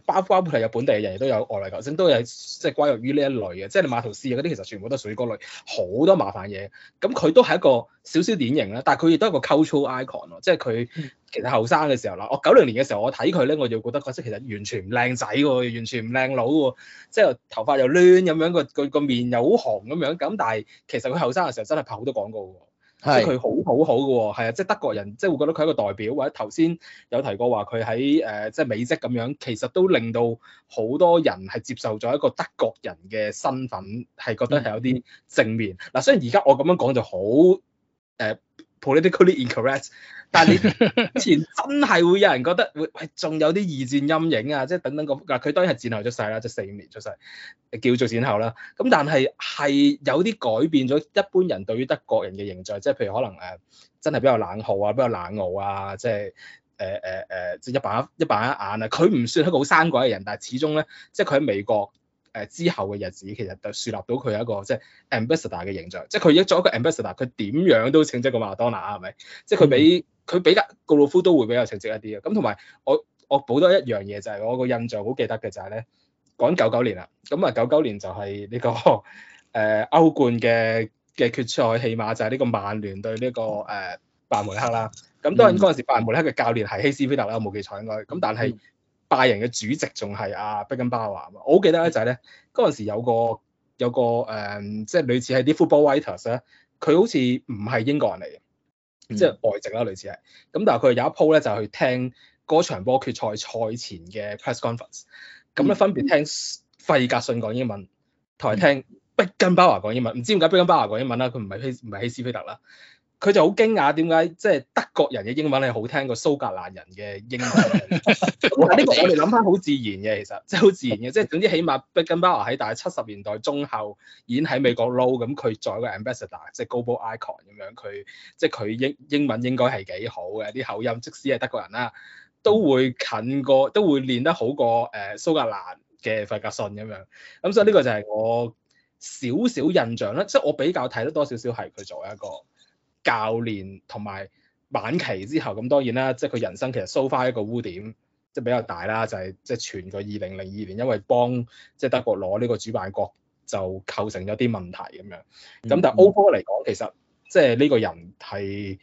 包括會係有本地嘅人，亦都有外來球星，都有即係歸入於呢一類嘅。即係你馬頭斯嗰啲，其實全部都係水果嗰類好多麻煩嘢。咁佢都係一個少少典型啦，但係佢亦都係一個 cultural icon 咯。即係佢其實後生嘅時候啦，我九零年嘅時候我睇佢咧，我就覺得嗰陣其實完全唔靚仔喎，完全唔靚佬喎，即係頭髮又攣咁樣，個個個面又好紅咁樣。咁但係其實佢後生嘅時候真係拍好多廣告。即係佢好好好嘅喎，係啊，即係德國人，即係會覺得佢係一個代表，或者頭先有提過話佢喺誒即係美職咁樣，其實都令到好多人係接受咗一個德國人嘅身份，係覺得係有啲正面。嗱、嗯，所以雖然而家我咁樣講就好誒，呃 politically incorrect，但係你前真係會有人覺得會，仲有啲二戰陰影啊，即係等等咁，嗱，佢當然係戰後出世啦，即係四五年出世叫做戰後啦。咁但係係有啲改變咗一般人對於德國人嘅形象，即係譬如可能誒真係比較冷酷啊，比較冷傲啊，即係誒誒誒一板一板一眼啊。佢唔算係一個好生鬼嘅人，但係始終咧，即係佢喺美國。誒之後嘅日子其實就樹立到佢一個即係 ambassador 嘅形象，即係佢一做一個 ambassador，佢點樣都稱職過馬勒當拿係咪？即係佢比佢、mm hmm. 比較告魯夫都會比較稱職一啲嘅。咁同埋我我補多一樣嘢就係、是、我個印象好記得嘅就係、是、咧，講九九年啦，咁啊九九年就係呢、這個誒、呃、歐冠嘅嘅決賽，起碼就係呢個曼聯對呢、這個誒拜仁慕尼黑啦。咁、mm hmm. 當然嗰陣時拜仁慕尼黑嘅教練係希斯菲特啦，我冇記錯應該。咁但係拜仁嘅主席仲係啊碧根包華啊嘛，我好記得咧就係咧嗰陣時有個有個誒、呃、即係類似係啲 football writers 咧，佢好似唔係英國人嚟嘅，嗯、即係外籍啦類似係，咁但係佢有一鋪咧就係去聽嗰場波決賽賽前嘅 press conference，咁咧分別聽費格遜講英文同埋、嗯、聽碧根包華講英文，唔知點解碧根包華講英文啦，佢唔係唔係希斯菲特啦。佢就好驚訝，點解即係德國人嘅英文係好聽過蘇格蘭人嘅英文？呢 *laughs* 個我哋諗翻好自然嘅，其實即係好自然嘅，即係總之起碼碧根包華喺大七十年代中後已經喺美國撈咁，佢做一個 ambassador 即係 global icon 咁樣，佢即係佢英英文應該係幾好嘅啲口音，即使係德國人啦，都會近過都會練得好過誒、呃、蘇格蘭嘅費格遜咁樣。咁所以呢個就係我少少印象啦，即係我比較睇得多少少係佢作為一個。教練同埋晚期之後，咁當然啦，即係佢人生其實 so far 一個污點，即係比較大啦，就係即係全個二零零二年，因為幫即係德國攞呢個主辦國，就構成咗啲問題咁樣。咁、嗯嗯、但係 o 嚟講，其實即係呢個人係誒、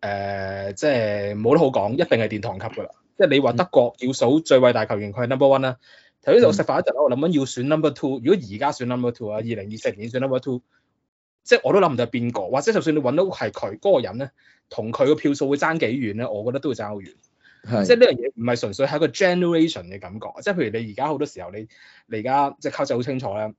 呃，即係冇得好講，一定係殿堂級噶啦。即係你話德國要數最偉大球員，佢係 number one 啦、嗯。頭先我食飯嗰陣，我諗緊要選 number two。如果而家選 number two 啊，二零二四年選 number two。即係我都諗唔到係邊個，或者就算你揾到係佢嗰個人咧，同佢個票數會爭幾遠咧，我覺得都會爭好遠。是即係呢樣嘢唔係純粹係一個 generation 嘅感覺。即係譬如你而家好多時候，你你而家即係靠仔好清楚啦，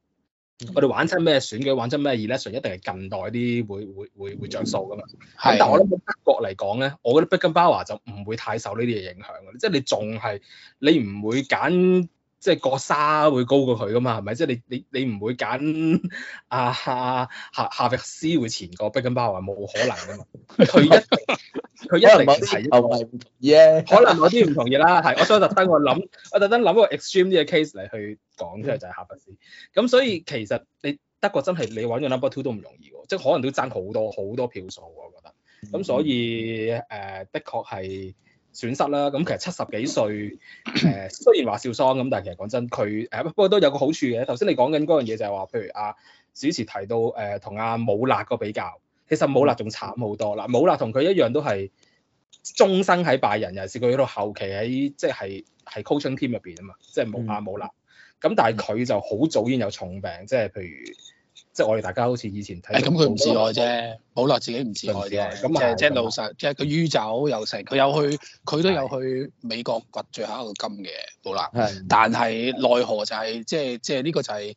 我哋、嗯、玩親咩選舉，玩親咩 election，一定係近代啲會會會會著數噶嘛。係、嗯。但係我諗喺德國嚟講咧，我覺得 Beckenbauer 就唔會太受呢啲嘢影響嘅，即係你仲係你唔會揀。即係國沙會高過佢噶嘛，係咪？即係你你你唔會揀啊夏夏夏佛斯會前過碧根包華，冇可能噶嘛，佢一佢一零係同意，可能有啲唔同意啦。係， *laughs* 我想特登我諗，我特登諗個 extreme 呢嘅 case 嚟去講出嚟就係、是、夏佛斯。咁所以其實你德國真係你揾個 number two 都唔容易喎，即、就、係、是、可能都爭好多好多票數。我覺得咁所以誒、呃，的確係。損失啦，咁其實七十幾歲，誒、呃、雖然話少桑咁，但係其實講真，佢誒不過都有個好處嘅。頭先你講緊嗰樣嘢就係話，譬如阿、啊、主持提到誒同阿姆勒個比較，其實姆勒仲慘好多啦。姆勒同佢一樣都係終生喺拜仁，尤其是佢喺度後期喺即係係 coaching team 入邊啊嘛，即係冇阿姆勒。咁、嗯、但係佢就好早已經有重病，即係譬如。即係我哋大家好似以前睇，咁佢唔自愛啫，好耐自己唔自愛啫，咁即係老實，即係佢於走又成。佢有去，佢都有去美國掘最後一個金嘅好啦。但係奈何就係即係即係呢個就係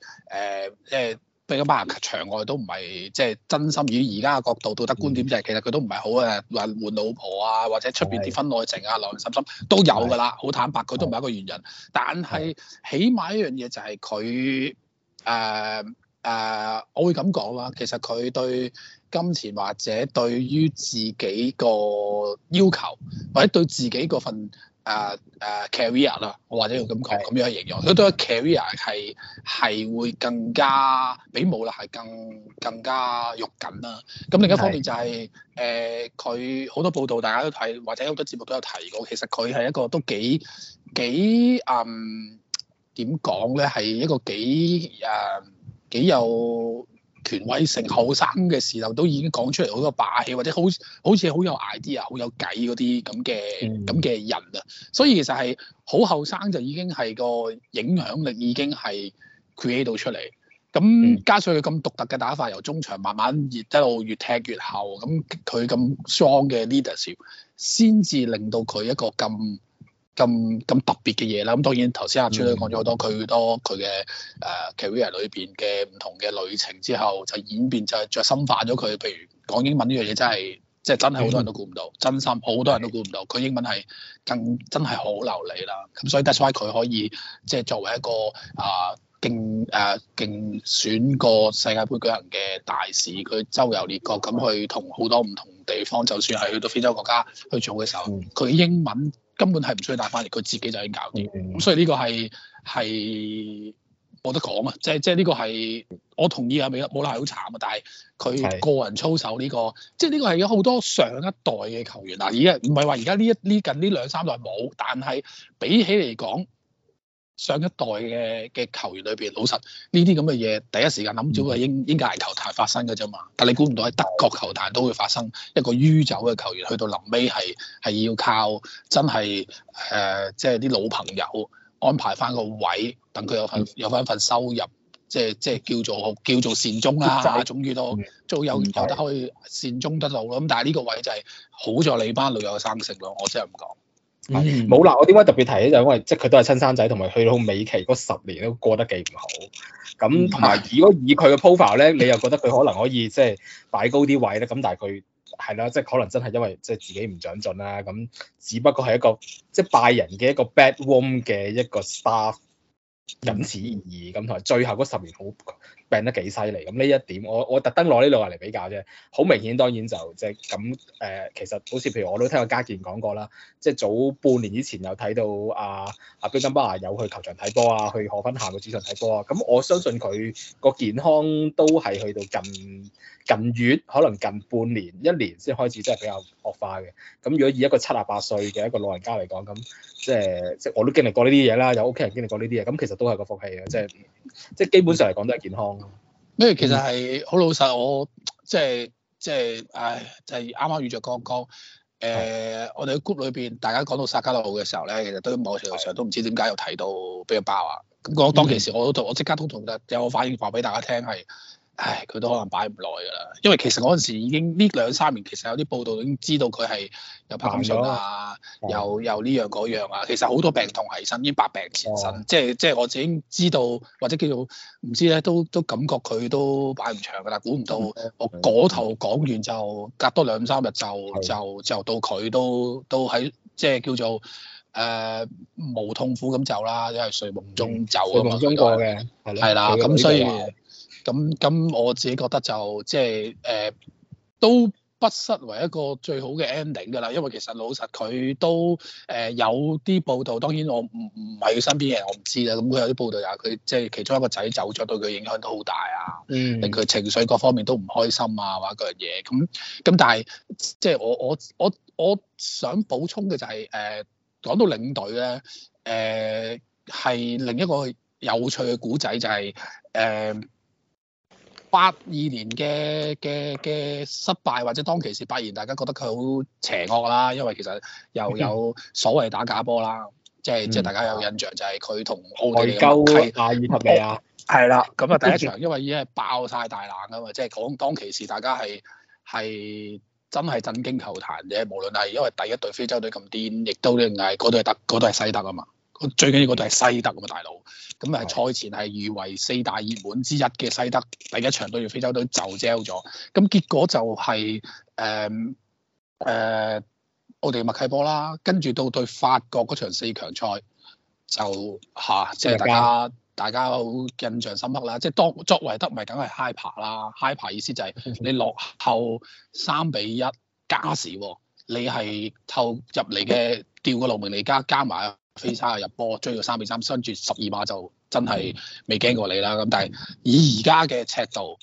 即誒，碧根包華場外都唔係即係真心。以而家嘅角度道德觀點就係其實佢都唔係好啊，話換老婆啊，或者出邊婚內情啊，內心心都有㗎啦。好坦白，佢都唔係一個完人。但係起碼一樣嘢就係佢誒。誒，uh, 我會咁講啦。其實佢對金錢或者對於自己個要求，或者對自己個份誒誒、uh, uh, career 啊，我或者要咁講咁樣形容。所以對 career 係係會更加比冇啦，係更更加肉緊啦。咁另一方面就係、是、誒，佢好的、呃、多報道大家都睇，或者好多節目都有提過。其實佢係一個都幾幾誒點講咧，係、um, 一個幾誒。Uh, 幾有權威性，後生嘅時候都已經講出嚟好多霸氣，或者好好似好有 idea、好有計嗰啲咁嘅咁嘅人啊，所以其實係好後生就已經係個影響力已經係 create 到出嚟，咁加上佢咁獨特嘅打法，由中場慢慢熱得路越踢越後，咁佢咁 strong 嘅 leadership 先至令到佢一個咁。咁咁特別嘅嘢啦，咁當然頭先阿朱都講咗好多佢好、嗯、多佢嘅誒 career 裏邊嘅唔同嘅旅程之後，就演變就係再深化咗佢。譬如講英文呢樣嘢，就是、真係即係真係好多人都估唔到，嗯、真心好多人都估唔到。佢英文係更真係好流利啦。咁所以 that's why 佢可以即係、就是、作為一個啊、uh，競誒、uh，競選過世界盃舉行嘅大使。佢周遊列國咁去同好多唔同地方，就算係去到非洲國家去做嘅時候，佢英文。嗯根本係唔需要帶翻嚟，佢自己就已經搞掂。咁、嗯、所以呢個係係冇得講啊！即係即係呢個係我同意啊！咪啦，冇啦係好慘啊！但係佢個人操守呢、呢個，是即係呢個係有好多上一代嘅球員嗱，而家唔係話而家呢一呢近呢兩三代冇，但係比起嚟講。上一代嘅嘅球員裏邊，老實呢啲咁嘅嘢，第一時間諗到係英、嗯、英格蘭球壇發生嘅啫嘛。但係你估唔到喺德國球壇都會發生一個酗酒嘅球員，去到臨尾係係要靠真係誒、呃，即係啲老朋友安排翻個位，等佢有份有翻份收入，即係即係叫做叫做善終啦、啊，嗯、總之都做、嗯、有有得可以善終得到咯。咁但係呢個位就係、是、好在你班老友嘅生性咯，我真係唔講。冇啦、嗯，我點解特別提起？就因為即係佢都係親生仔，同埋去到美期嗰十年都過得幾唔好。咁同埋如果以佢嘅 profile 咧，你又覺得佢可能可以即係擺高啲位咧？咁但係佢係啦，即係可能真係因為即係自己唔長進啦。咁只不過係一個即係拜仁嘅一個 bad worm 嘅一個 staff，僅此而已。咁同埋最後嗰十年好。病得幾犀利咁，呢一點我，我我特登攞呢兩個人嚟比較啫，好明顯當然就即係咁誒，其實好似譬如我都聽過家健講過啦，即係早半年以前有睇到阿阿碧根包華有去球場睇波啊，去荷芬下個主場睇波啊，咁、嗯、我相信佢個健康都係去到近近月，可能近半年一年先開始真係比較。惡化嘅，咁如果以一個七十八歲嘅一個老人家嚟講，咁即係即係我都經歷過呢啲嘢啦，有屋企人經歷過呢啲嘢，咁其實都係個福氣嘅，即係即係基本上嚟講都係健康。咩？其實係好老實，我即係即係，唉，就係啱啱遇着剛剛。誒、呃，嗯、我哋喺 group 裏邊，大家講到沙加羅嘅時候咧，其實都某程度上都唔知點解又提到邊、嗯、個包啊？咁講當其時，我都我即刻都同得，有我反應話俾大家聽係。唉，佢都可能擺唔耐噶啦，因為其實嗰陣時已經呢兩三年，其實有啲報道已經知道佢係有柏金遜啦。又又呢樣嗰樣啊。其實好多病痛喺身，已經百病纏身。即係即係我自己知道，或者叫做唔知咧，都都感覺佢都擺唔長噶啦。估唔到我嗰頭講完就隔多兩三日就就就到佢都都喺即係叫做誒冇痛苦咁走啦，即係睡夢中走啊嘛。睡夢中過嘅係啦，咁所以。咁咁我自己覺得就即係誒都不失為一個最好嘅 ending 㗎啦，因為其實老實佢都誒、呃、有啲報道，當然我唔唔係佢身邊嘅人我，我唔知啦。咁佢有啲報道就係佢即係其中一個仔走咗，對佢影響都好大啊，嗯、令佢情緒各方面都唔開心啊，或者嗰樣嘢。咁咁但係即係我我我我想補充嘅就係、是、誒、呃、講到領隊咧，誒、呃、係另一個有趣嘅古仔就係、是、誒。呃八二年嘅嘅嘅失敗，或者當其時八二年大家覺得佢好邪惡啦，因為其實又有所謂打假波啦，即係即係大家有印象就係佢同奧地利嘅大熱合併啊，係啦跟，咁啊、嗯、了就第一場、嗯、因為已經係爆晒大冷噶嘛，即係講當其時大家係係真係震驚球壇嘅，無論係因為第一隊非洲隊咁癲，亦都係嗰隊係嗰隊西德啊嘛。最緊要嗰度係西德咁啊，大佬。咁啊，賽前係譽為四大熱門之一嘅西德第一場都要非洲隊就膠咗。咁結果就係誒誒，奧地利默契波啦，跟、嗯、住、嗯、到對法國嗰場四強賽就嚇，即、啊、係、就是、大家，家大家好印象深刻啦。即係當作為德迷梗係嗨爬啦，嗨爬意思就係你落後三比一加時喎，你係透入嚟嘅調個六名嚟加加埋。飛沙入波追到三比三，跟住十二碼就真係未驚過你啦。咁但係以而家嘅尺度，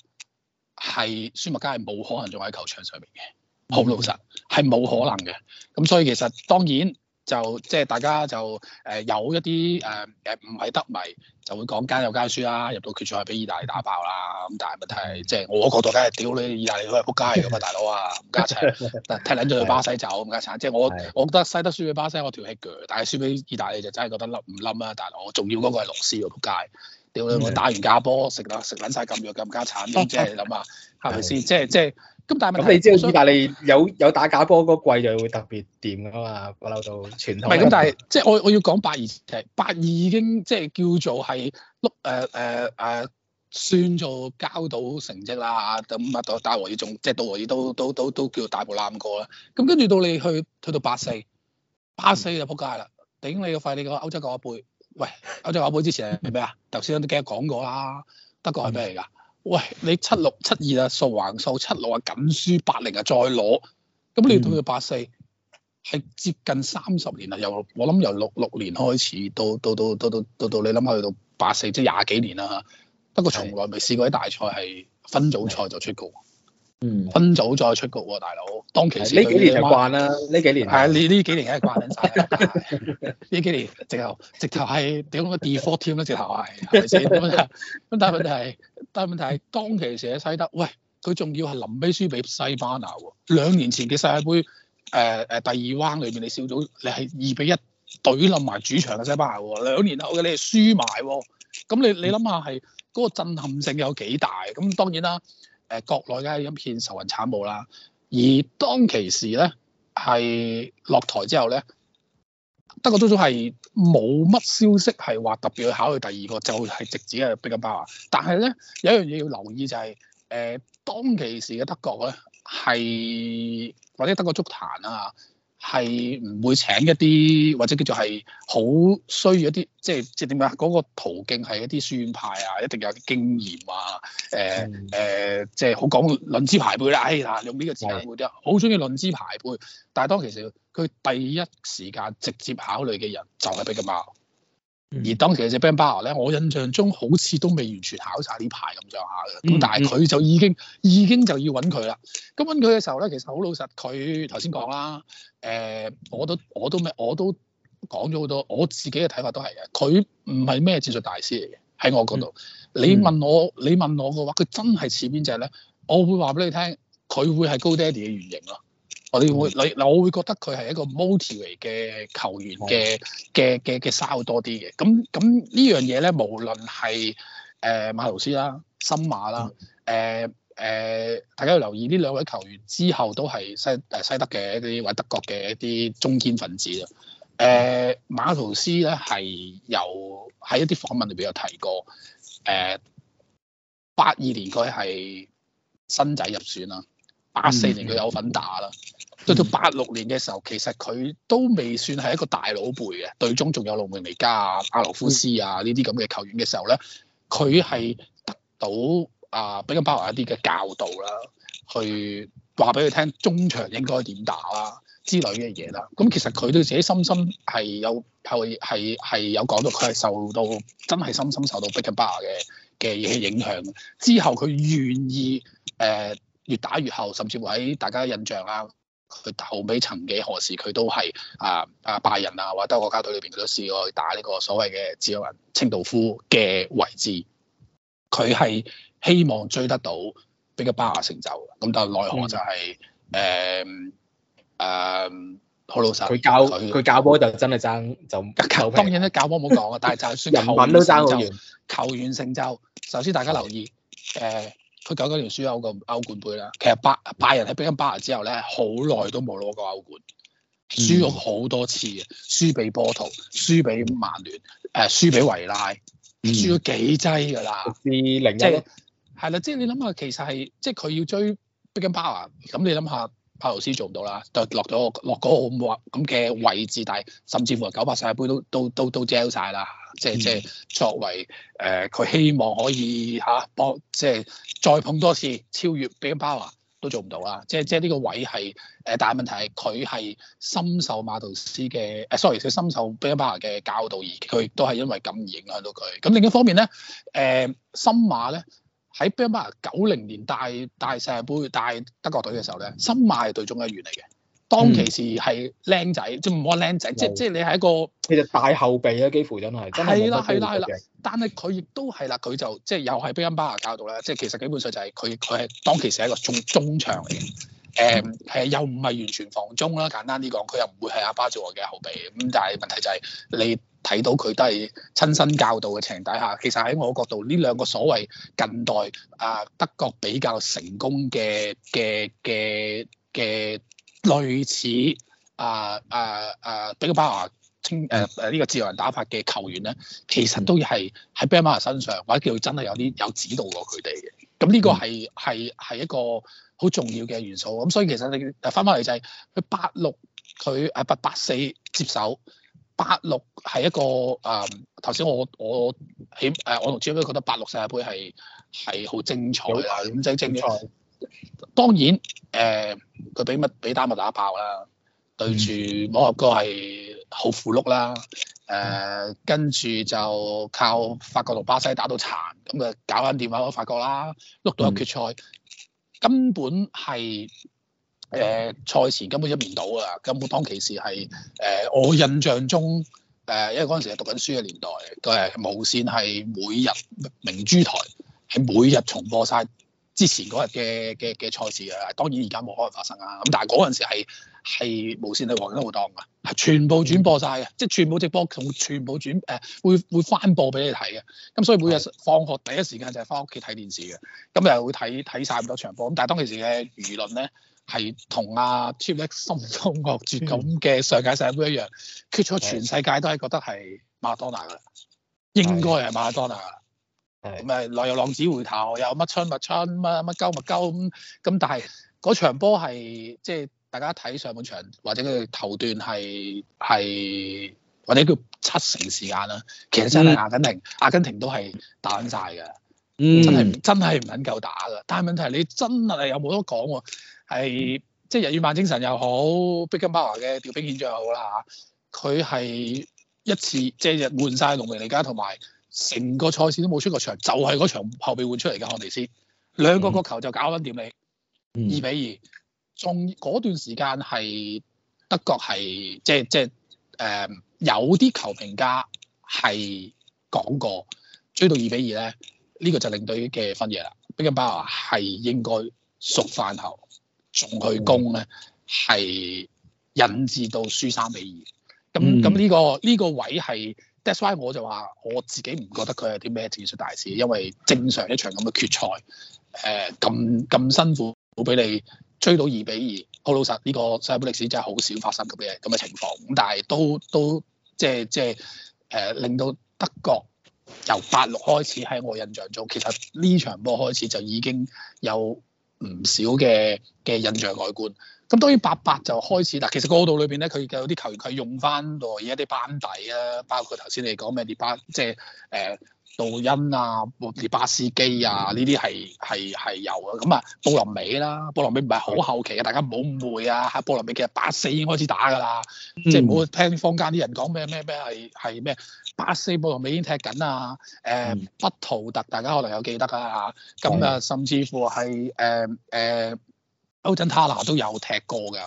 係舒麥加係冇可能仲喺球場上面嘅，好老實係冇可能嘅。咁所以其實當然。就即係大家就誒有一啲誒誒唔係得咪，就會講間有間輸啦，入到決賽俾意大利打爆啦。咁但係問題係，即係我個角度梗係屌你，意大利都係仆街咁啊， *laughs* 大佬啊，唔加產，但係踢撚咗去巴西走，唔加產。即係我我覺得西德輸俾巴西，我條氣鋸，但係輸俾意大利就真係覺得冧唔冧啊，大佬。我仲要嗰個係羅斯喎，仆街。屌你，我打完假波，食啦食撚晒禁藥，咁加產。即係你諗下，係咪先？即係即係。咁但係咁，你知道意大利有有打假波嗰季就會特別掂噶嘛，嬲到傳統。唔係咁，但係、嗯、即係我我要講八二八二，已經即係叫做係碌誒誒誒，算做交到成績啦。咁啊，到大和爾仲即係大和爾都都都都叫大步攬過啦。咁跟住到你去去到八四，八四就撲街啦，頂你個肺！你個歐洲國家盃，喂，歐洲國家盃之前係咩啊？頭先都記得講過啦，德國係咩嚟㗎？嗯喂，你七六七二啊，數橫數七六啊，緊輸八零啊，再攞，咁你到到八四，係接近三十年啊，由我諗由六六年開始，到到到到到到，到到到到到到你諗下去到八四，即係廿幾年啊嚇，不過從來未試過喺大賽係分組賽就出局。分組再出局，大佬當其時呢幾年就慣啦，呢、 *laughs* 啊、幾年係你呢幾年係慣緊晒，呢幾年直頭直頭係屌個 default team 啦，直頭係係咪咁？但係問題但係問題係當其時喺西德，喂佢仲要係臨尾輸俾西班牙喎。兩年前嘅世界杯誒誒第二 round 裏邊，你少組你係二比一懟冧埋主場嘅西班牙，兩年後嘅你係輸埋，咁你你諗下係嗰個震撼性有幾大？咁當然啦。誒國內嘅一片愁雲慘霧啦，而當其時咧，係落台之後咧，德國都總係冇乜消息係話特別去考慮第二個，就係直指係碧根包華。但係咧有一樣嘢要留意就係、是，誒、呃、當其時嘅德國咧係或者德國足壇啊。係唔會請一啲或者叫做係好需要一啲，即係即係點樣啊？嗰、那個途徑係一啲宣派啊，一定有經驗啊，誒、呃、誒、嗯呃，即係好講論資排輩啦、啊。哎嗱，用呢個詞會啲啊，好中意論資排輩。但係當其實佢第一時間直接考慮嘅人就係碧根包華。而當時隻 b a n p b a e r 咧，我印象中好似都未完全考晒呢排咁上下嘅，咁但係佢就已經已經就要揾佢啦。咁揾佢嘅時候咧，其實好老實，佢頭先講啦，誒、呃，我都我都咩，我都講咗好多，我自己嘅睇法都係嘅。佢唔係咩戰術大師嚟嘅喺我嗰度。嗯、你問我，你問我嘅話，佢真係似邊隻咧？我會話俾你聽，佢會係高爹 l 嘅原型咯。我哋會，你，我會覺得佢係一個 multi 嚟嘅球員嘅，嘅嘅嘅嘅好多啲嘅。咁，咁呢樣嘢咧，無論係誒、呃、馬圖斯啦、森馬啦，誒、呃、誒、呃，大家要留意呢兩位球員之後都係西誒西德嘅一啲或者德國嘅一啲中堅分子啊。誒、呃、馬圖斯咧係由喺一啲訪問裏邊有提過，誒八二年佢係新仔入選啦，八四年佢有份打啦。嗯嗯嗯、到到八六年嘅時候，其實佢都未算係一個大佬輩嘅，隊中仲有魯梅尼加啊、阿洛夫斯啊呢啲咁嘅球員嘅時候咧，佢係得到啊碧根包華一啲嘅教導啦，去話俾佢聽中場應該點打啦、啊、之類嘅嘢啦。咁、嗯、其實佢對自己深深係有，有受係係有講到，佢係受到真係深深受到碧根包華嘅嘅嘢影響。之後佢願意誒、呃、越打越後，甚至會喺大家印象啦、啊。佢後尾曾幾何時，佢都係啊啊拜仁啊，或者德國家隊裏邊，佢都試過去打呢個所謂嘅自由人、清道夫嘅位置。佢係希望追得到比戈巴亞成就，咁但係奈何就係誒誒好老實，佢教佢他教波就真係爭就求、啊。當然啦、啊，教波冇講啊，但係就算選球員都爭好遠。球員成就，首先大家留意誒。啊佢九九年輸歐冠歐冠杯啦，其實拜拜仁喺碧根包華之後咧，好耐都冇攞過歐冠，嗯、輸咗好多次嘅，輸俾波圖，輸俾曼聯，誒、呃，輸俾維拉，輸咗幾劑㗎啦，啲另、嗯、一即係係啦，即係、就是就是、你諗下，就是、下，其實係即係佢要追碧根包華，咁你諗下。馬杜斯做唔到啦，就落咗、嗰個、落嗰個咁嘅位置，但係甚至乎九百世杯都都都都跌 out 晒啦，即係即係作為誒佢、呃、希望可以嚇、啊、搏，即係再碰多次超越碧根包華都做唔到啦，即係即係呢個位係誒、呃，但係問題係佢係深受馬杜斯嘅誒、呃、sorry，佢深受碧根包華嘅教導而佢都係因為咁而影響到佢。咁另一方面咧，誒、呃、深馬咧。喺碧根包華九零年大大世盃帶德國隊嘅時候咧，森馬係隊中嘅員嚟嘅。當其時係靚仔，即唔話靚仔，即即你係一個其實大後備啊，幾乎真係。係啦係啦係啦，但係佢亦都係啦，佢就即又係碧根包華教導啦。即其實基本上就係佢佢係當其時係一個中中場嚟嘅。誒誒、嗯、又唔係完全防中啦，簡單啲講，佢又唔會係阿巴祖華嘅後備。咁但係問題就係你睇到佢都係親身教導嘅情底下，其實喺我角度，呢兩個所謂近代啊德國比較成功嘅嘅嘅嘅類似啊啊啊俾碧根包華誒誒呢個自由人打法嘅球員咧，其實都係喺碧根包華身上或者叫真係有啲有指導過佢哋嘅。咁呢個係係係一個。好重要嘅元素，咁所以其實你誒翻翻嚟就係佢八六佢誒八八四接手，八六係一個誒頭先我我起誒我同主播覺得八六世界盃係係好精彩啊，咁有精彩，精彩。當然誒，佢俾乜俾丹麥打爆啦，對住摩洛哥係好符碌啦，誒跟住就靠法國同巴西打到殘，咁誒搞緊電話俾法國啦，碌到有決賽。嗯。根本係誒、呃、賽前根本一面倒啊！根本當其時係誒、呃、我印象中誒、呃，因為嗰陣時係讀緊書嘅年代，都係無線係每日明珠台係每日重播晒之前嗰日嘅嘅嘅賽事啊！當然而家冇可能發生啦。咁但係嗰陣時係。係無線係黃金無檔㗎，全部轉播晒嘅，即係全部直播同全部轉誒、呃、會會翻播俾你睇嘅。咁所以每日放學第一時間就係翻屋企睇電視嘅，咁又會睇睇曬咁多場波。咁但係當其時嘅輿論咧係同阿 t h i X 心中 n 音樂咁嘅上屆世界盃一樣，決賽全世界都係覺得係馬勒當拿啦，應該係馬勒當拿啦。係咁啊，又浪，浪，浪子回頭，又乜春乜春，乜乜鳩乜鳩咁。咁但係嗰場波係即係。大家睇上半場或者佢頭段係係或者叫七成時間啦，其實真係阿根廷，阿根廷都係打緊曬嘅，真係真係唔肯夠打嘅。但係問題你真係有冇得講？係即係日與晚精神又好逼 e 巴 e 嘅調兵遣將又好啦，嚇。佢係一次即日、就是、換晒農明嚟噶，同埋成個賽事都冇出過場，就係、是、嗰場後面換出嚟嘅漢地斯兩個個球就搞穩掂你二比二。仲嗰段時間係德國係即即誒、呃、有啲球評家係講過追到二比二咧，呢、這個就令隊嘅分嘢啦。碧根包華係應該熟飯後仲去攻咧，係引致到輸三比二。咁咁呢個呢、這個位係、嗯、That's why 我就話我自己唔覺得佢係啲咩戰術大師，因為正常一場咁嘅決賽誒咁咁辛苦，好俾你。追到二比二，好老實，呢、這個世界盃歷史真係好少發生咁嘅咁嘅情況。咁但係都都即係即係誒、呃，令到德國由八六開始喺我印象中，其實呢場波開始就已經有唔少嘅嘅印象外觀。咁當然八八就開始啦。其實高度裏邊咧，佢有啲球員佢用翻落而家啲班底啊，包括頭先你講咩啲班，即係誒。呃道恩啊，莫迪巴斯基啊，呢啲係係係有啊。咁啊，布林美啦，布林美唔係好後期啊。大家唔好誤會啊。喺布林美其實八四已經開始打噶啦，嗯、即係唔好聽坊間啲人講咩咩咩係係咩，八四布林美已經踢緊啊。誒、呃，畢圖、嗯、特大家可能有記得啊。咁啊，甚至乎係誒誒，歐珍塔拿都有踢過嘅。咁、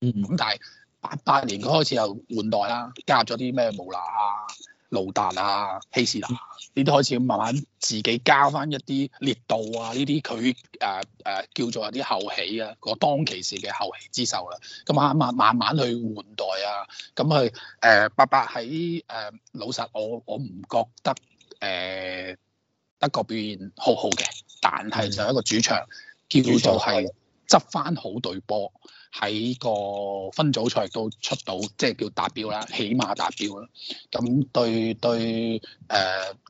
嗯嗯、但係八八年佢開始又換代啦，加入咗啲咩穆拿啊。盧氮啊，希士啊，呢啲開始慢慢自己加翻一啲力度啊，呢啲佢誒誒叫做啲後起啊，嗰當其時嘅後起之秀啦、啊，咁啊慢慢，慢慢去換代啊，咁去誒白白喺誒老實，我我唔覺得誒、呃、德國表現好好嘅，但係就是一個主場、嗯、叫做係執翻好隊波。喺個分組賽都出到，即係叫達標啦，起碼達標啦。咁對對誒誒、呃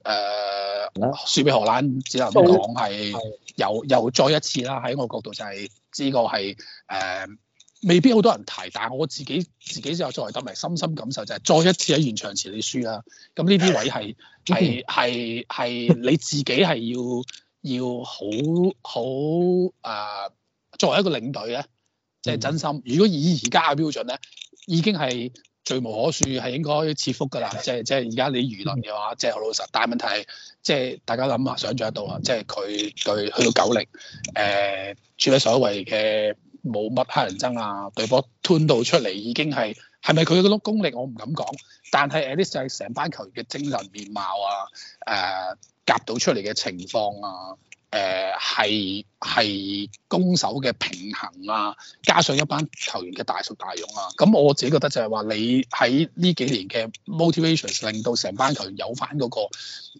呃，輸俾荷蘭，只能咁講係又又再一次啦。喺我角度就係知個係誒，未必好多人提，但係我自己自己就有作為隊員深深感受就係、是、再一次喺現場前你輸啦。咁呢啲位係係係係你自己係要要好好啊、呃，作為一個領隊咧。即係真心。如果以而家嘅標準咧，已經係罪無可恕，係應該切腹㗎啦。即係即係而家你輿論嘅話，即係好老實。但係問題係，即係大家諗下想象得到啊，即係佢對去到九零誒，處喺所謂嘅冇乜黑人憎啊，對波吞到出嚟，已經係係咪佢嘅碌功力？我唔敢講。但係 At least 係成班球員嘅精神面貌啊，誒、呃、夾到出嚟嘅情況啊。誒係係攻守嘅平衡啊，加上一班球員嘅大熟大勇啊，咁我自己覺得就係話你喺呢幾年嘅 motivations 令到成班球員有翻、嗰個、嗰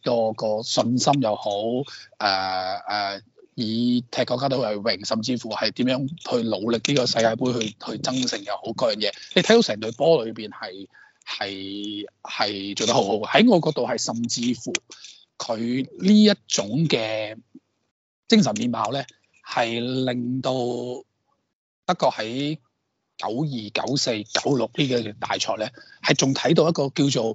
個、嗰個嗰個信心又好，誒、啊、誒、啊、以踢國家隊為榮，甚至乎係點樣去努力呢個世界盃去去增勝又好各樣嘢，你睇到成隊波裏邊係係係做得好好，喺我嗰度係甚至乎佢呢一種嘅。精神面貌咧，係令到德國喺九二、九四、九六呢個大賽咧，係仲睇到一個叫做誒、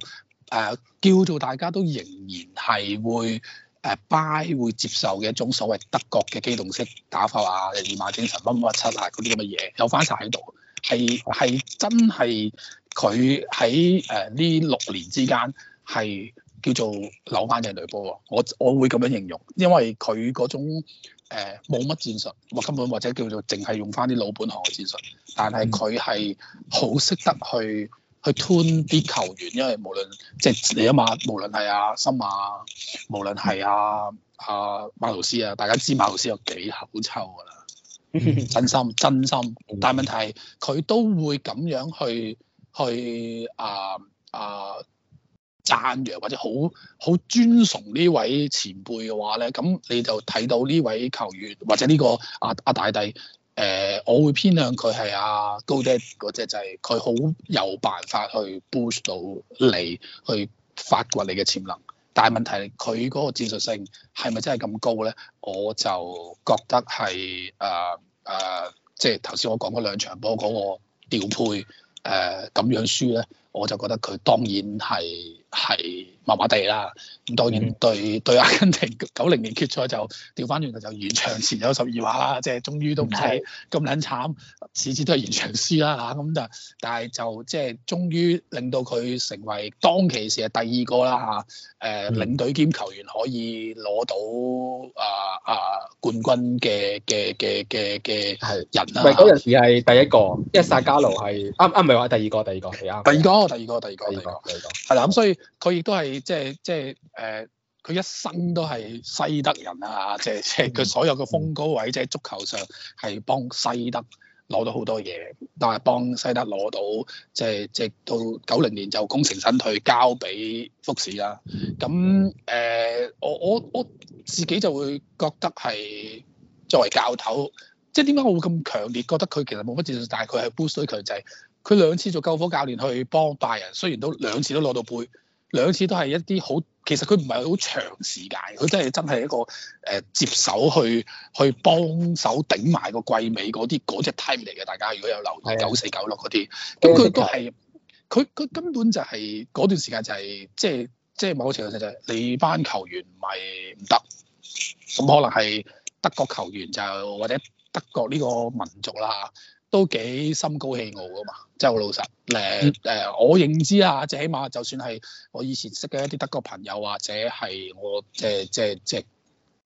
呃，叫做大家都仍然係會誒、呃、buy 會接受嘅一種所謂德國嘅機動式打法啊，二馬精神乜乜七啊嗰啲咁嘅嘢，有翻晒喺度，係係真係佢喺誒呢六年之間係。叫做扭翻隻雷波，我我會咁樣形容，因為佢嗰種冇乜、呃、戰術，或根本或者叫做淨係用翻啲老本行嘅戰術，但係佢係好識得去去 tune 啲球員，因為無論即係、就是、你啊嘛，無論係阿森馬，無論係阿阿馬魯、啊啊、斯啊，大家知馬魯斯有幾口臭㗎啦， *laughs* 真心真心，但係問題係佢都會咁樣去去啊啊！啊.讚揚或者好好尊崇呢位前輩嘅話咧，咁你就睇到呢位球員或者呢個阿、啊、阿、啊、大帝，誒、呃，我會偏向佢係阿高爹嗰隻，就係佢好有辦法去 boost 到你，去發掘你嘅潛能。但係問題佢嗰個戰術性係咪真係咁高咧？我就覺得係誒誒，即係頭先我講嗰兩場波嗰、嗰個調配誒咁、呃、樣輸咧，我就覺得佢當然係。係麻麻地啦，咁當然對對阿根廷九零年決賽就調翻轉頭，就完場前有十二碼啦，即係終於都唔使咁撚慘，次次都係完場輸啦嚇，咁就但係就即係終於令到佢成為當其時係第二個啦嚇，誒領隊兼球員可以攞到啊啊冠軍嘅嘅嘅嘅嘅人啦嚇，唔係嗰陣時係第一個，一薩加魯係啱啱唔係話第二個，第二個係啱，第二個第二個第二個第二個係啦，咁所以。佢亦都係即係即係誒，佢、就是呃、一生都係西德人啊！即係即係佢所有嘅風高位，即、就、係、是、足球上係幫西德攞到好多嘢，但係幫西德攞到即係即係到九零年就功成身退，交俾福士啦、啊。咁誒、呃，我我我自己就會覺得係作為教頭，即係點解我會咁強烈覺得佢其實冇乜戰術，但係佢係 boost 咗啲球仔。佢兩次做救火教練去幫拜仁，雖然都兩次都攞到杯。兩次都係一啲好，其實佢唔係好長時間，佢真係真係一個誒、呃、接手去去幫手頂埋個季尾嗰啲嗰隻 team 嚟嘅，大家如果有留意的九四九六嗰啲，咁佢的都係佢佢根本就係、是、嗰段時間就係即係即係某程度上就係、是、你班球員唔係唔得，咁可能係德國球員就或者德國呢個民族啦都幾心高氣傲㗎嘛。即係好老實，誒誒，我認知啊，即係起碼就算係我以前識嘅一啲德國朋友，或者係我即係即係即係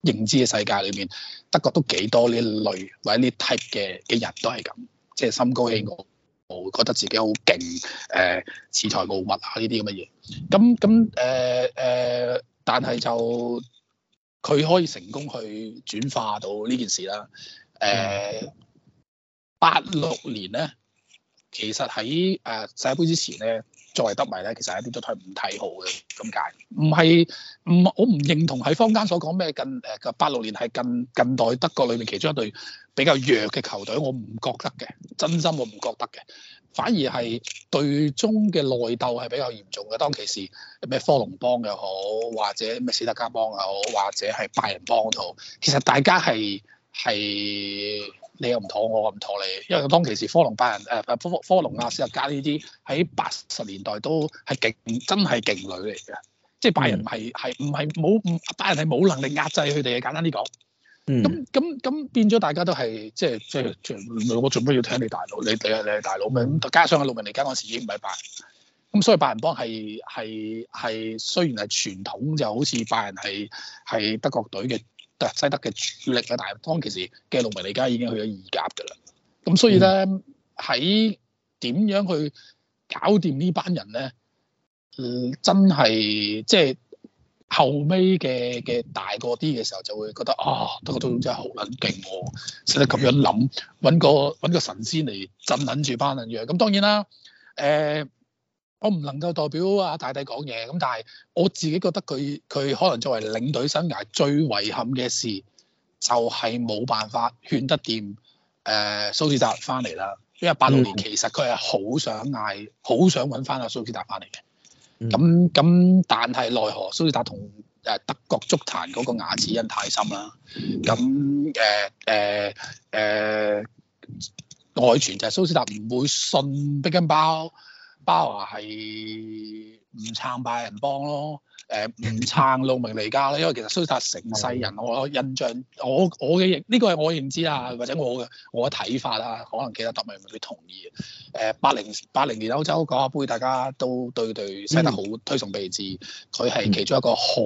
認知嘅世界裏面，德國都幾多呢類或者呢 type 嘅嘅人都係咁，即係心高氣傲，我覺得自己好勁，誒恃才傲物啊呢啲咁嘅嘢。咁咁誒誒，但係就佢可以成功去轉化到呢件事啦。誒八六年咧。其實喺誒世界杯之前咧，作為德迷咧，其實一啲都係唔睇好嘅咁解。唔係唔我唔認同喺坊間所講咩近誒個八六年係近近代德國裏面其中一隊比較弱嘅球隊，我唔覺得嘅，真心我唔覺得嘅。反而係隊中嘅內鬥係比較嚴重嘅。當其時咩科隆幫又好，或者咩史特加幫又好，或者係拜仁幫都好，其實大家係係。你又唔妥我，我唔妥你，因為當其時科隆拜仁誒科科隆啊史特加呢啲喺八十年代都係勁，真係勁女嚟嘅，即係拜仁唔係唔係冇，拜仁係冇能力壓制佢哋嘅簡單啲講。咁咁咁變咗大家都係即係即係，我做乜要聽你大佬？你你係你係大佬咩？咁加上啊魯明尼加嗰時已經唔係拜仁。咁所以拜仁幫係係係雖然係傳統就好似拜仁係係德國隊嘅。西德嘅主力嘅大當其時嘅盧米尼加已經去咗二甲噶啦，咁所以咧喺點樣去搞掂呢班人咧？嗯，真係即係後尾嘅嘅大個啲嘅時候就會覺得啊，德國隊真係好撚勁，西德咁樣諗揾個揾個神仙嚟鎮撚住班人樣，咁當然啦，誒、呃。我唔能夠代表阿大帝講嘢，咁但係我自己覺得佢佢可能作為領隊生涯最遺憾嘅事就係、是、冇辦法勸得掂誒蘇斯達翻嚟啦，因為八六年其實佢係好想嗌好想揾翻阿蘇斯達翻嚟嘅，咁咁但係奈何蘇斯達同誒德國足壇嗰個牙齒印太深啦，咁誒誒誒外傳就係蘇斯達唔會信碧根包。包華，係唔撐拜仁幫咯，誒唔撐路明尼加啦，因為其實蘇達成世人，我印象我我嘅認呢個係我認知啊，或者我嘅我嘅睇法啊，可能其他德迷唔會同意嘅。誒八零八零年歐洲國家杯，大家都對對西德好推崇備至，佢係其中一個好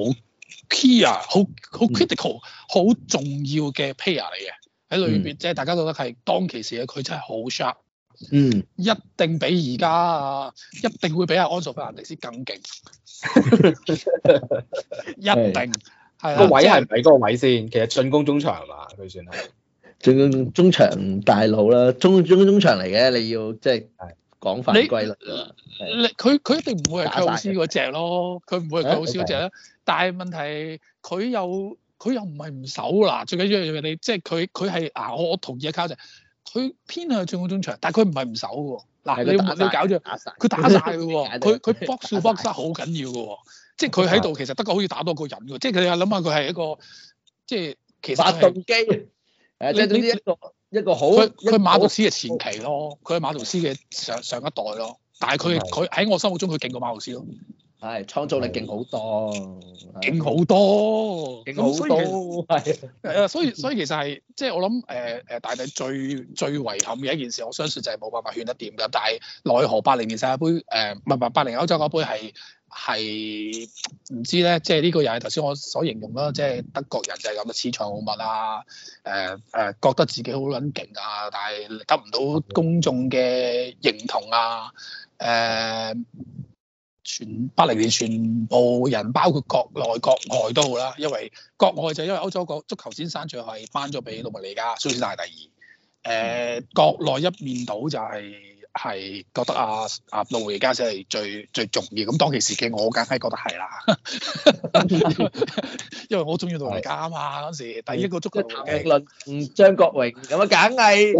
key 啊，好好 critical 好重要嘅 player 嚟嘅喺裏邊，裏面嗯、即係大家覺得係當其時佢真係好 sharp。嗯，一定比而家啊，一定會比阿安素費蘭迪斯更勁， *laughs* 一定，個位係唔喺嗰個位先。就是，其實進攻中場係嘛，佢算係進攻中場大佬啦，中中中，中場嚟嘅，你要即係講返啲規律啊。你佢佢一定唔會係卡奧斯嗰隻咯，佢唔會係卡奧斯嗰隻啦。但係問題佢又佢又唔係唔守喇，最緊要係你即係佢佢係啊，我我同意一卡就。佢偏向做個中場，但係佢唔係唔守嘅。嗱，你打你搞住佢打晒。嘅佢佢 box to box 好緊要嘅喎，即係佢喺度其實得個可以打多個人嘅，即係你諗下佢係一個即係其實發動機誒，你即係呢啲一個他一個好。佢佢馬杜斯嘅前期咯，佢係馬杜斯嘅上上一代咯，但係佢佢喺我心目中佢勁過馬杜斯咯。係創造力勁好多，勁好多，勁好多，係啊，誒，所以所以其實係，即係我諗誒誒，大帝最最遺憾嘅一件事，我相信就係冇辦法勸得掂㗎。但係奈何八零年世界杯誒，唔係八八零歐洲嗰杯，係係唔知咧，即係呢個又係頭先我所形容啦，即係德國人就係咁嘅恃長傲物啊，誒誒，覺得自己好撚勁啊，但係得唔到公眾嘅認同啊，誒，呃。全八零年全部人，包括國內國外都好啦，因為國外就因為歐洲個足球先生獎係頒咗俾路維尼加，所以先曬第二。誒、呃、國內一面倒就係、是、係覺得阿阿路維尼加先係最最重要，咁、嗯、當其時嘅我梗係覺得係啦， *laughs* 因為我好中意路維爾啊嘛，嗰時第一個足球嘅論，嗯，張國榮咁 *laughs* 啊梗係，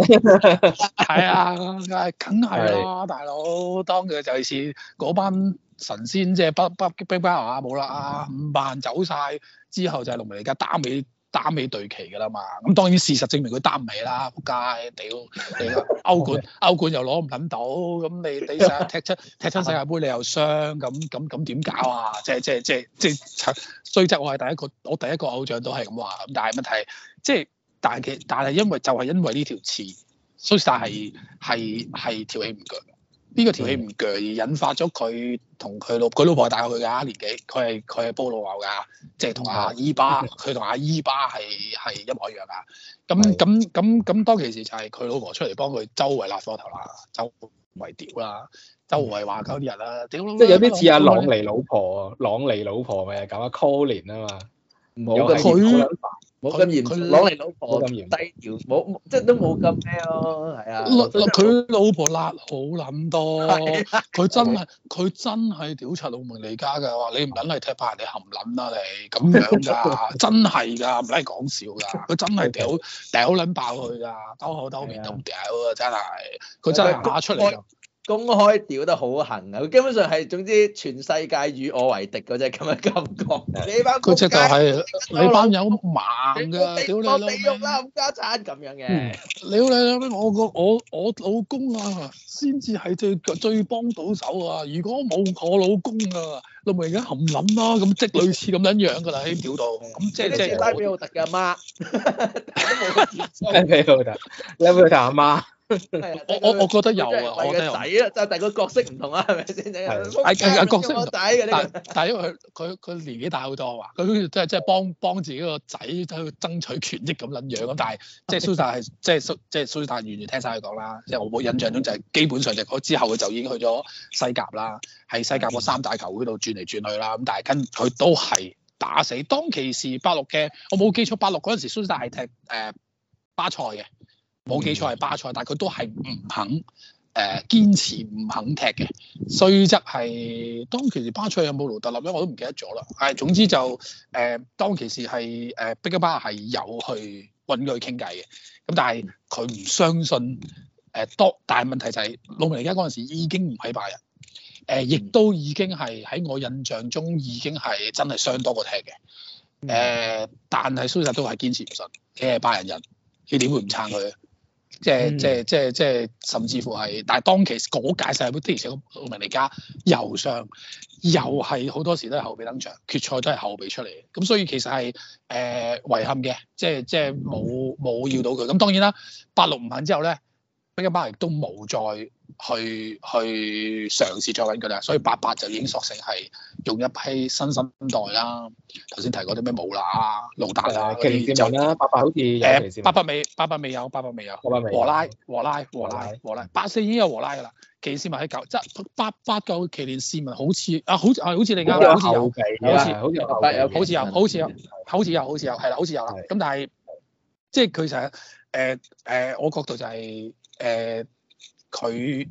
係啊梗係梗係啦，大佬當佢就係似嗰班。神仙即係北北不不啊，冇啦，五萬走晒之後就係農民而家擔起擔起對旗噶啦嘛。咁當然事實證明佢擔唔起啦，扑街，屌，歐冠歐 *laughs* 冠又攞唔撚到，咁你世界踢出踢出世界杯你又傷，咁咁咁點搞啊？即係即係即係即係雖則我係第一個，我第一個偶像都係咁話。咁但係問題即係、就是、但係其但係因為就係、是、因為呢、就是、條刺，所以係係係跳起唔腳。呢個條氣唔具，而引發咗佢同佢老佢老婆大過佢嘅年紀，佢係佢係煲老牛嘅，即係同阿伊巴，佢同阿伊巴係係一模一樣嘅。咁咁咁咁，是的 當其時就係佢老婆出嚟幫佢周圍立火頭啦，周圍屌啦，周圍話鳩啲人啦，屌的！即係有啲似阿朗尼老，老婆，朗尼老婆咪搞咁 Colin 啊嘛，冇嚴，冇咁佢攞嚟老婆低調，冇即係都冇咁咩咯，係啊！佢、啊、老婆辣好撚多，佢 *laughs* 真係佢真係屌柒老門嚟家㗎喎、啊！你唔撚係踢爆人哋含撚啦，你咁樣㗎，真係㗎，唔係講笑㗎，佢真係屌屌撚爆佢㗎，兜口兜面都屌啊！真係，佢真係打出嚟 *laughs* 公開屌得好狠啊！佢基本上係總之全世界與我為敵嗰隻咁嘅感覺。佢直頭係你班友盲㗎，屌你老！我地獄啦，冚家鏟咁樣嘅。屌你老！我個我我老公啊，先至係最最幫到手啊！如果冇我老公啊，都咪而家冚冚啦咁，即類似咁樣樣㗎啦喺屌度。咁即即拉比奧特嘅阿媽。拉比奧特，拉比奧特阿媽。我我我覺得有啊，我覺得有。仔啊，就係個角色唔同啦，係咪先？即係風格唔同。仔嘅呢但因為佢佢佢年紀大好多啊，佢都即係即係幫幫自己個仔喺度爭取權益咁撚樣咁，但係即係蘇達係即係蘇即係蘇達，完全聽晒佢講啦。即係我個印象中就係基本上就係之後佢就已經去咗西甲啦，喺西甲嗰三大球會度轉嚟轉去啦。咁但係跟佢都係打死當其時八六嘅，我冇記錯八六嗰陣時蘇達係踢誒巴塞嘅。冇記錯係巴塞，但係佢都係唔肯誒堅、呃、持唔肯踢嘅。雖則係當其時巴塞有冇勞特立，咧，我都唔記得咗啦。誒、哎，總之就誒、呃、當其時係誒 big 巴係有去揾佢去傾計嘅。咁但係佢唔相信誒多、呃，但係問題就係、是、老明而家嗰陣時已經唔係拜仁，誒、呃、亦都已經係喺我印象中已經係真係相當個踢嘅。誒、呃，但係蘇澤都係堅持唔信，佢係拜仁人，佢點會唔撐佢？嗯、即係即係即係即係，甚至乎係，但係當其時嗰屆世界杯的而且確奧明尼加，又上又係好多時都係後備登場，決賽都係後備出嚟嘅，咁所以其實係誒、呃、遺憾嘅，即係即係冇冇要到佢。咁當然啦，八六唔行之後咧，比吉巴亦都冇再。去去嘗試再揾佢啦，所以八八就已經索性係用一批新生代啦。頭先提嗰啲咩武娜啊、盧娜啊，奇士文啦，八八好似誒八八未，八八未有，八八未有，八八未和拉和拉和拉和拉，八四已經有和拉噶啦。奇士文喺九即八八個奇士文好似啊，好係好似你啱，好似有，好似有，好似有，好似有，好似有，好似有，係啦，好似有啦。咁但係即係佢成日，誒誒，我角度就係誒。佢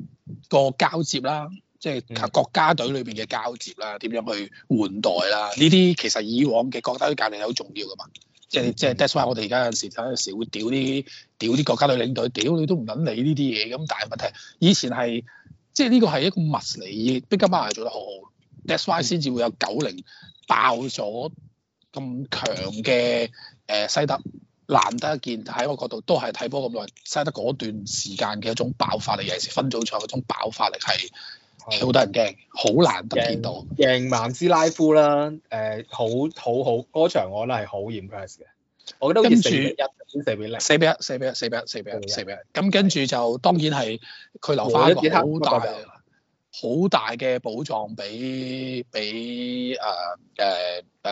個交接啦，即係國家隊裏邊嘅交接啦，點樣去換代啦？呢啲其實以往嘅國家隊教練係好重要嘅嘛。即係即係 That's why 我哋而家有時睇有時會屌啲屌啲國家隊領隊，屌你都唔撚理呢啲嘢咁，但係問題以前係即係呢個係一個物理，Beckenbauer 係做得好好，That's why 先至會有九零爆咗咁強嘅誒、呃、西德。難得見喺我角度都係睇波咁耐，嘥得嗰段時間嘅一種爆發力，尤其是分組賽嗰種爆發力係好得人驚，好難得見到。贏南斯拉夫啦，誒、呃、好好好嗰、那個、場我覺得係好 impress 嘅。我覺得好似四比一，跟住，四比一，四比零，四比一，四比一，四比一，四比一，四比一。咁跟住就當然係佢留翻一個好大好大嘅寶藏，俾俾啊誒誒啊！啊啊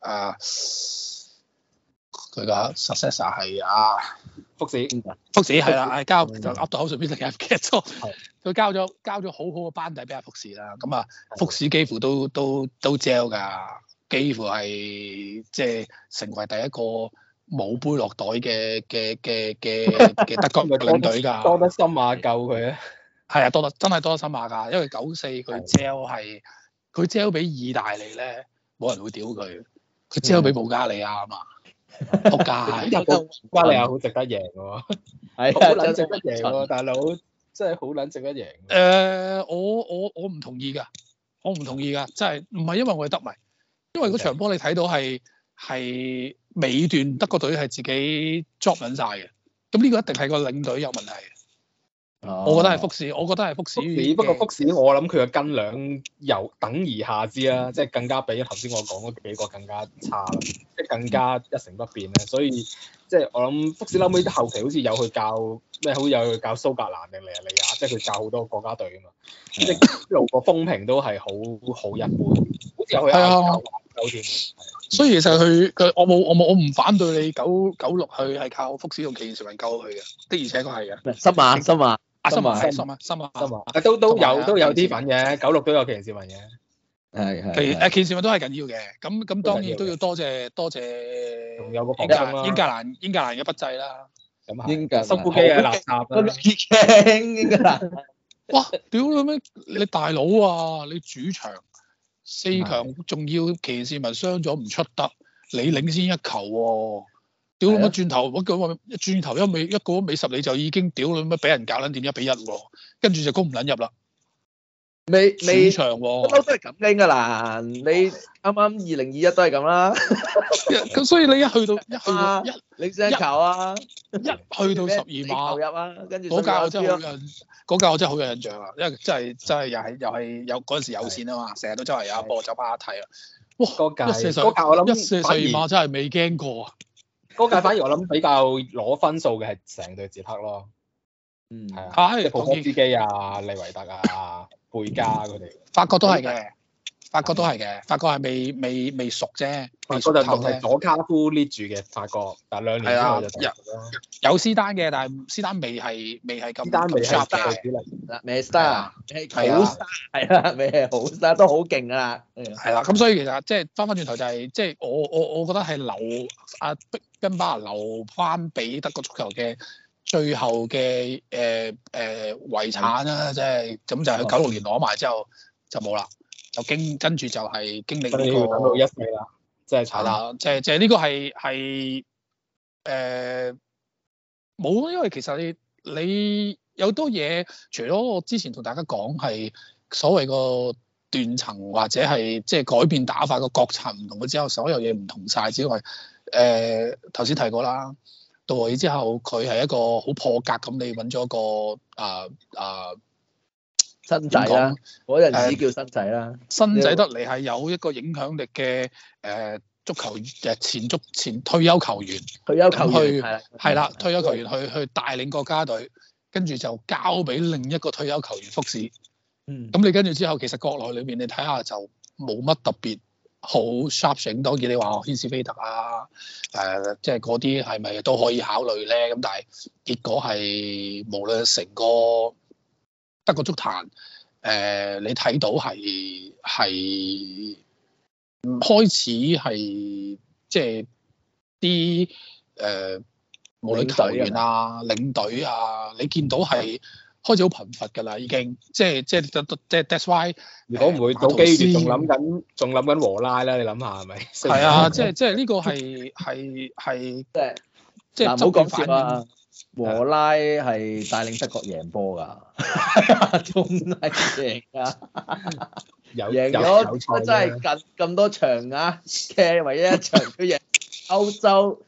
啊啊啊佢個 successor 係阿、啊、福士，福士係啦，係士、啊、交就噏到口上邊就嘅嘅錯，佢士、啊、交咗交咗好好嘅班底俾阿福士啦。咁啊，啊福士幾乎都都都 gel 噶，幾乎係即係成為第一個冇杯落袋嘅嘅嘅嘅嘅德國領隊噶。 *laughs* 多得森馬救佢啊！係啊，多得真係多得森馬噶，因為九四佢 gel 係佢 gel 俾意大利咧，冇人會屌佢，佢 gel 俾保加利亞啊嘛。仆街，噶，又關你又、啊、好值得贏喎、啊，係好捻值得贏喎、啊，大佬真係好捻值得贏、啊。誒、 *laughs* 呃，我我我唔同意噶，我唔同意噶，真係唔係因為我哋得埋，因為嗰場波你睇到係係尾段德國隊係自己捉緊晒嘅，咁呢個一定係個領隊有問題。我覺得係福斯，我覺得係福斯。不過福斯，我諗佢嘅斤兩由等而下之啦，即係更加比頭先我講嗰幾個更加差，即係更加一成不變咧。所以即係我諗福斯後屘啲後期好似有去教咩，好似、嗯、有去教蘇格蘭定尼日利亞，即係佢教好多國家隊啊嘛。的即係個風評都係好好一般，好似有去啱九九，所以其實佢佢我冇我冇我唔反對你九九六去，去係靠福斯用奇異傳聞救佢嘅，的而且確係嘅。濕啊濕啊！ *laughs* 啊，深啊，深啊，深啊，深啊！都都有都有啲份嘅，九六都有騎士文嘅，係係。騎誒士文都係緊要嘅，咁咁當然都要多謝多謝。有個國家，英格蘭英格蘭嘅不濟啦。咁啊，英格蘭。收鼓機啊，垃圾啊！哇，屌你咩？你大佬啊！你主場四強仲要騎士文傷咗唔出得，你領先一球喎。屌咁啊！轉頭我一轉頭，一未一個未十，你就已經屌啦！乜俾人搞撚掂一比一喎，跟住就攻唔撚入啦。未未場都都係咁驚噶啦！你啱啱二零二一都係咁啦。咁所以你一去到一去到，你一球啊！一去到十二碼，跟住嗰屆我真係好有，嗰屆我真係好有印象啊！因為真係真係又係又係有嗰陣時有線啊嘛，成日都周圍阿波酒吧睇啊！哇，嗰屆嗰屆我諗一四十二碼真係未驚過。嗰屆反而我諗比較攞分數嘅係成隊捷克咯，嗯，係的啊，啊，係普斯基啊、利維特啊、貝加佢哋，法國都係嘅。法國都係嘅，法國係未未未熟啫。我我就仲係左卡夫捏住嘅法國，但兩年之後啦。有斯丹嘅，但係斯丹未係未係咁。斯丹未係。Master，係啊，啦好 star, 的，未係好啦，都好勁啦。係啦，咁所以其實即係翻返轉頭就係即係我我我覺得係留阿畢根巴留翻俾德國足球嘅最後嘅誒誒遺產啦，即係咁就喺九六年攞埋之後就冇啦。就經跟住就係經歷呢個，即係查啦，即係即係呢個係係誒冇因為其實你你有多嘢，除咗我之前同大家講係所謂個斷層或者係即係改變打法個國策唔同咗之後，所有嘢唔同晒之外，誒頭先提過啦，到慧之後佢係一個好破格，咁你揾咗個啊啊。新仔啦、啊，嗰陣時叫新仔啦。新仔得嚟係有一個影響力嘅誒足球誒前足前退休球員，退休球員係啦，退休球員去的去帶領國家隊，跟住就交俾另一個退休球員復市。嗯。咁你跟住之後，其實國內裏面你睇下就冇乜特別好 shopping。Sharp sharp, 當然你話希斯菲特啊，誒即係嗰啲係咪都可以考慮咧？咁但係結果係無論成個。德國足壇，誒、呃、你睇到係係開始係即係啲誒，無論球員啊、呃、領隊啊、呃，你見到係、嗯、開始好頻繁㗎啦，已經、嗯、即係即係，即係 That's why 如果唔會到機緣，仲諗緊仲諗緊和拉啦，你諗下係咪？係啊，即係即係呢個係係係即係即係足夠反應。和拉係帶領德國贏波噶，仲係贏有，贏有，有真係咁咁多場啊，嘅 *laughs* 唯一一場都贏歐洲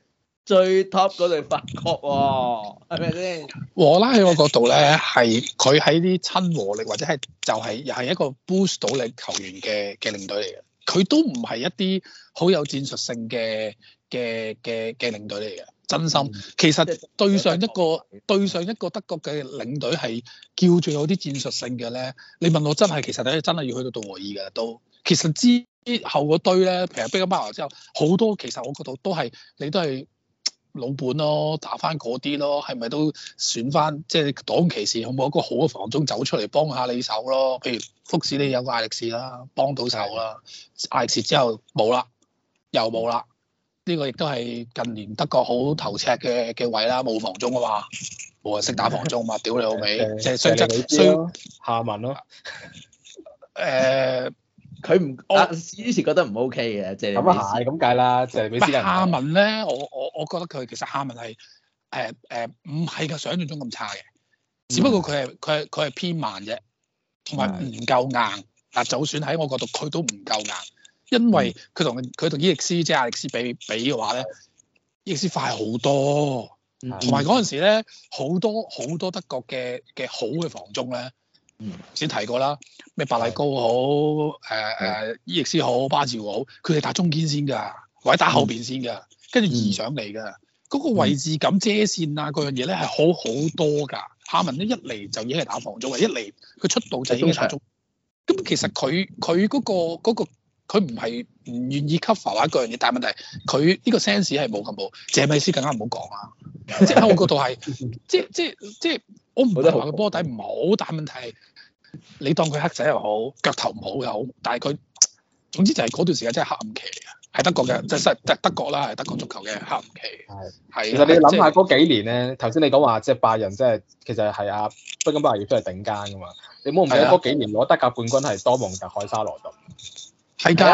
最 top 嗰隊法國，啊，係咪先？和拉喺我角度咧，係佢喺啲親和力，或者係就係又係一個 boost 到力球員嘅嘅領隊嚟嘅。佢都唔係一啲好有戰術性嘅嘅嘅嘅領隊嚟嘅。真心，其實對上一個、嗯、對上一個德國嘅領隊係叫做有啲戰術性嘅咧。你問我真係，其實咧真係要去到道荷爾噶都。其實之後嗰堆咧，其實碧根包華之後，好多，其實我覺得都係你都係老本咯，打翻嗰啲咯，係咪都選翻即係當其時好冇一個好嘅防中走出嚟幫下你手咯？譬如福士你有個艾力士啦，幫到手啦。的艾力士之後冇啦，又冇啦。呢個亦都係近年德國好頭赤嘅嘅位啦，冇防中啊嘛，冇人識打防中啊嘛，屌你老味，即係雙側雙夏文咯。誒、 *laughs* 呃，佢唔，我之前覺得唔 OK 嘅，即係咁啊，係咁解啦，即係俾私人。夏文咧，我我我覺得佢其實夏文係誒誒唔係嘅想像中咁差嘅，只不過佢係佢係佢係偏慢啫，同埋唔夠硬。嗱，就算喺我角度，佢都唔夠硬。因為佢同佢同伊力斯即係阿力斯比比嘅話咧，伊力斯快好多，同埋嗰陣時咧好多好多德國嘅嘅好嘅防中咧，先提過啦，咩白麗高好，誒、呃、誒伊力斯好，巴治好，佢哋打中堅先㗎，或者打後邊先㗎，跟住移上嚟㗎，嗰、那個位置咁遮線啊嗰樣嘢咧係好好多㗎。夏文咧一嚟就已經係打防中啊，一嚟佢出道就已經打中，咁其實佢佢嗰個嗰個，那個佢唔係唔願意 cover 一個人嘅，但係問題佢呢個 sense 係冇咁冇。謝米斯更加唔好講啊，即係我覺得係，即即即我唔會話個波底唔好，但係問題係你當佢黑仔又好，腳頭唔好又好，但係佢總之就係嗰段時間真係黑暗期嚟啊！喺德國嘅即係即德國啦，係德國足球嘅黑暗期。係，其實你要諗下嗰幾年咧，頭先你講話即係拜仁，即係其實係啊，碧根包華亦都係頂尖噶嘛。你冇唔記得嗰幾年攞德甲冠軍係多蒙特、海沙羅頓。係噶，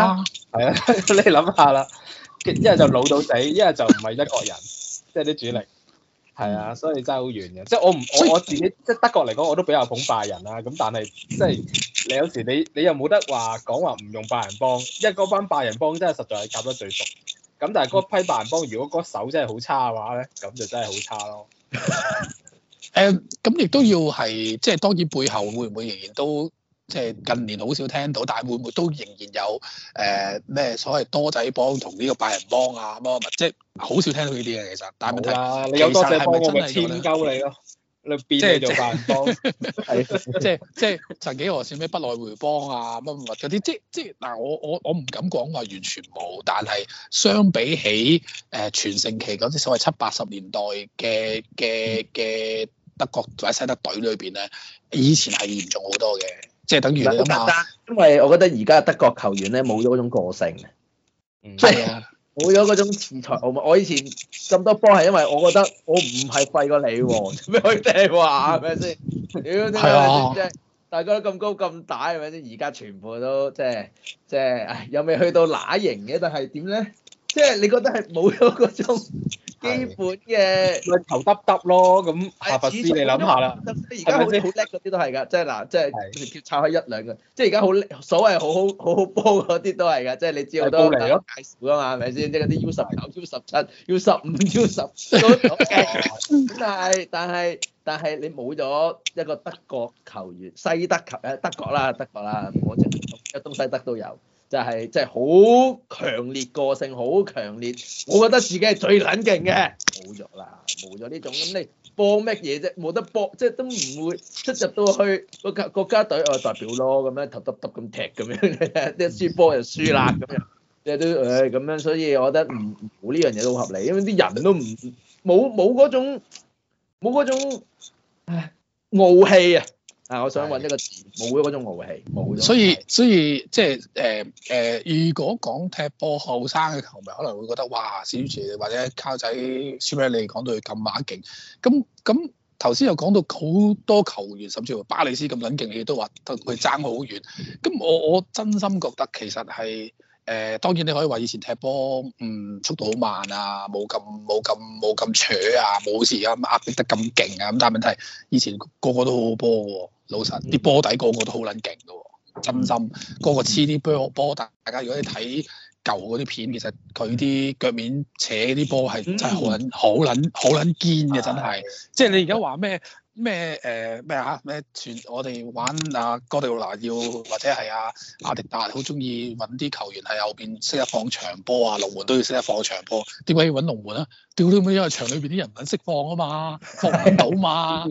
係啊，你諗 *laughs* 下啦，一係就老到死，一係就唔係德國人，即係啲主力，係啊，所以真係好遠嘅。即係我唔，我我自己即係德國嚟講，我都比較捧拜仁啊。咁但係即係你有時你你又冇得話講話唔用拜仁幫，因為嗰班拜仁幫真係實在係夾得最熟。咁但係嗰批拜仁幫如果嗰手真係好差嘅話咧，咁就真係好差咯、 *laughs* 嗯。誒，咁亦都要係即係當然背後會唔會仍然都？即係近年好少聽到，但係會唔會都仍然有誒咩、呃、所謂多仔幫同呢個拜仁幫啊咁啊物？即係好少聽到呢啲嘅其實。冇啦，是是你有多仔幫我咪遷鳩你咯，你變即叫做拜仁幫。係，即係即係曾幾何時咩不來回幫啊乜乜物嗰啲，即即係嗱我我我唔敢講話完全冇，但係相比起誒全盛期嗰啲所謂七八十年代嘅嘅嘅德國或者西德隊裏邊咧，以前係嚴重好多嘅。即係等於咁簡單，因為我覺得而家德國球員咧冇咗嗰種個性，即係冇咗嗰種恃才傲物。我以前咁多波係因為我覺得我唔係廢過你喎，咩 *laughs* 可以聽話係咪先？屌， *laughs* 即係、啊、大家都咁高咁大係咪先？而家全部都即係即係又未去到乸型嘅，但係點咧？即係你覺得係冇咗嗰種基本嘅，咪頭耷耷咯咁。阿佛斯你諗下啦，係咪先？而家好叻嗰啲都係㗎，即係嗱，即係直接炒開一兩個，即係而家好所謂好好好波嗰啲都係㗎，即係你知我都，好多、啊、介紹啊嘛，係咪先？即係嗰啲 U 十九、U 十七、U 十五、U 十咁計，但係但係但係你冇咗一個德國球員西德及德，德國啦，德國啦，我即係東西德都有。就係即係好強烈個性，好強烈。我覺得自己係最撚勁嘅。冇咗啦，冇咗呢種，咁你搏咩嘢啫？冇得搏，即係都唔會出入到去個國國家隊啊代表咯咁樣，頭耷耷咁踢咁樣，一輸波就輸啦咁樣。即係都唉咁樣，所以我覺得唔冇呢樣嘢都好合理，因為啲人都唔冇冇嗰種冇嗰種傲氣啊。啊、我想揾一個字，冇咗嗰種豪氣，冇咗。所以是所以即係誒誒，如果講踢波後生嘅球迷可能會覺得，哇！小廚或者卡仔、小咩你講到佢咁猛勁，咁咁頭先又講到好多球員，甚至乎巴里斯咁撚勁，你都話同佢爭好遠。咁我我真心覺得其實係誒、呃，當然你可以話以前踢波嗯速度好慢啊，冇咁冇咁冇咁扯啊，冇而家壓逼得咁勁啊，咁、啊、但係問題係以前個,個個都好好波.老實，啲波底個個都好捻勁噶喎，真心、嗰個個黐啲波波，大家如果你睇舊嗰啲片，其實佢啲腳面扯啲波係真係好捻、嗯、好捻好捻堅嘅，真係、啊、即係你而家話咩？ *laughs* 咩誒咩啊咩？全我哋玩阿、啊、哥迪奧拿要或者係阿、啊、阿迪達，好中意揾啲球員喺後邊識得放長波啊！龍門都要識得放長波。點解要揾龍門啊？屌你妹，因為場裏邊啲人唔識放啊嘛，放唔到嘛。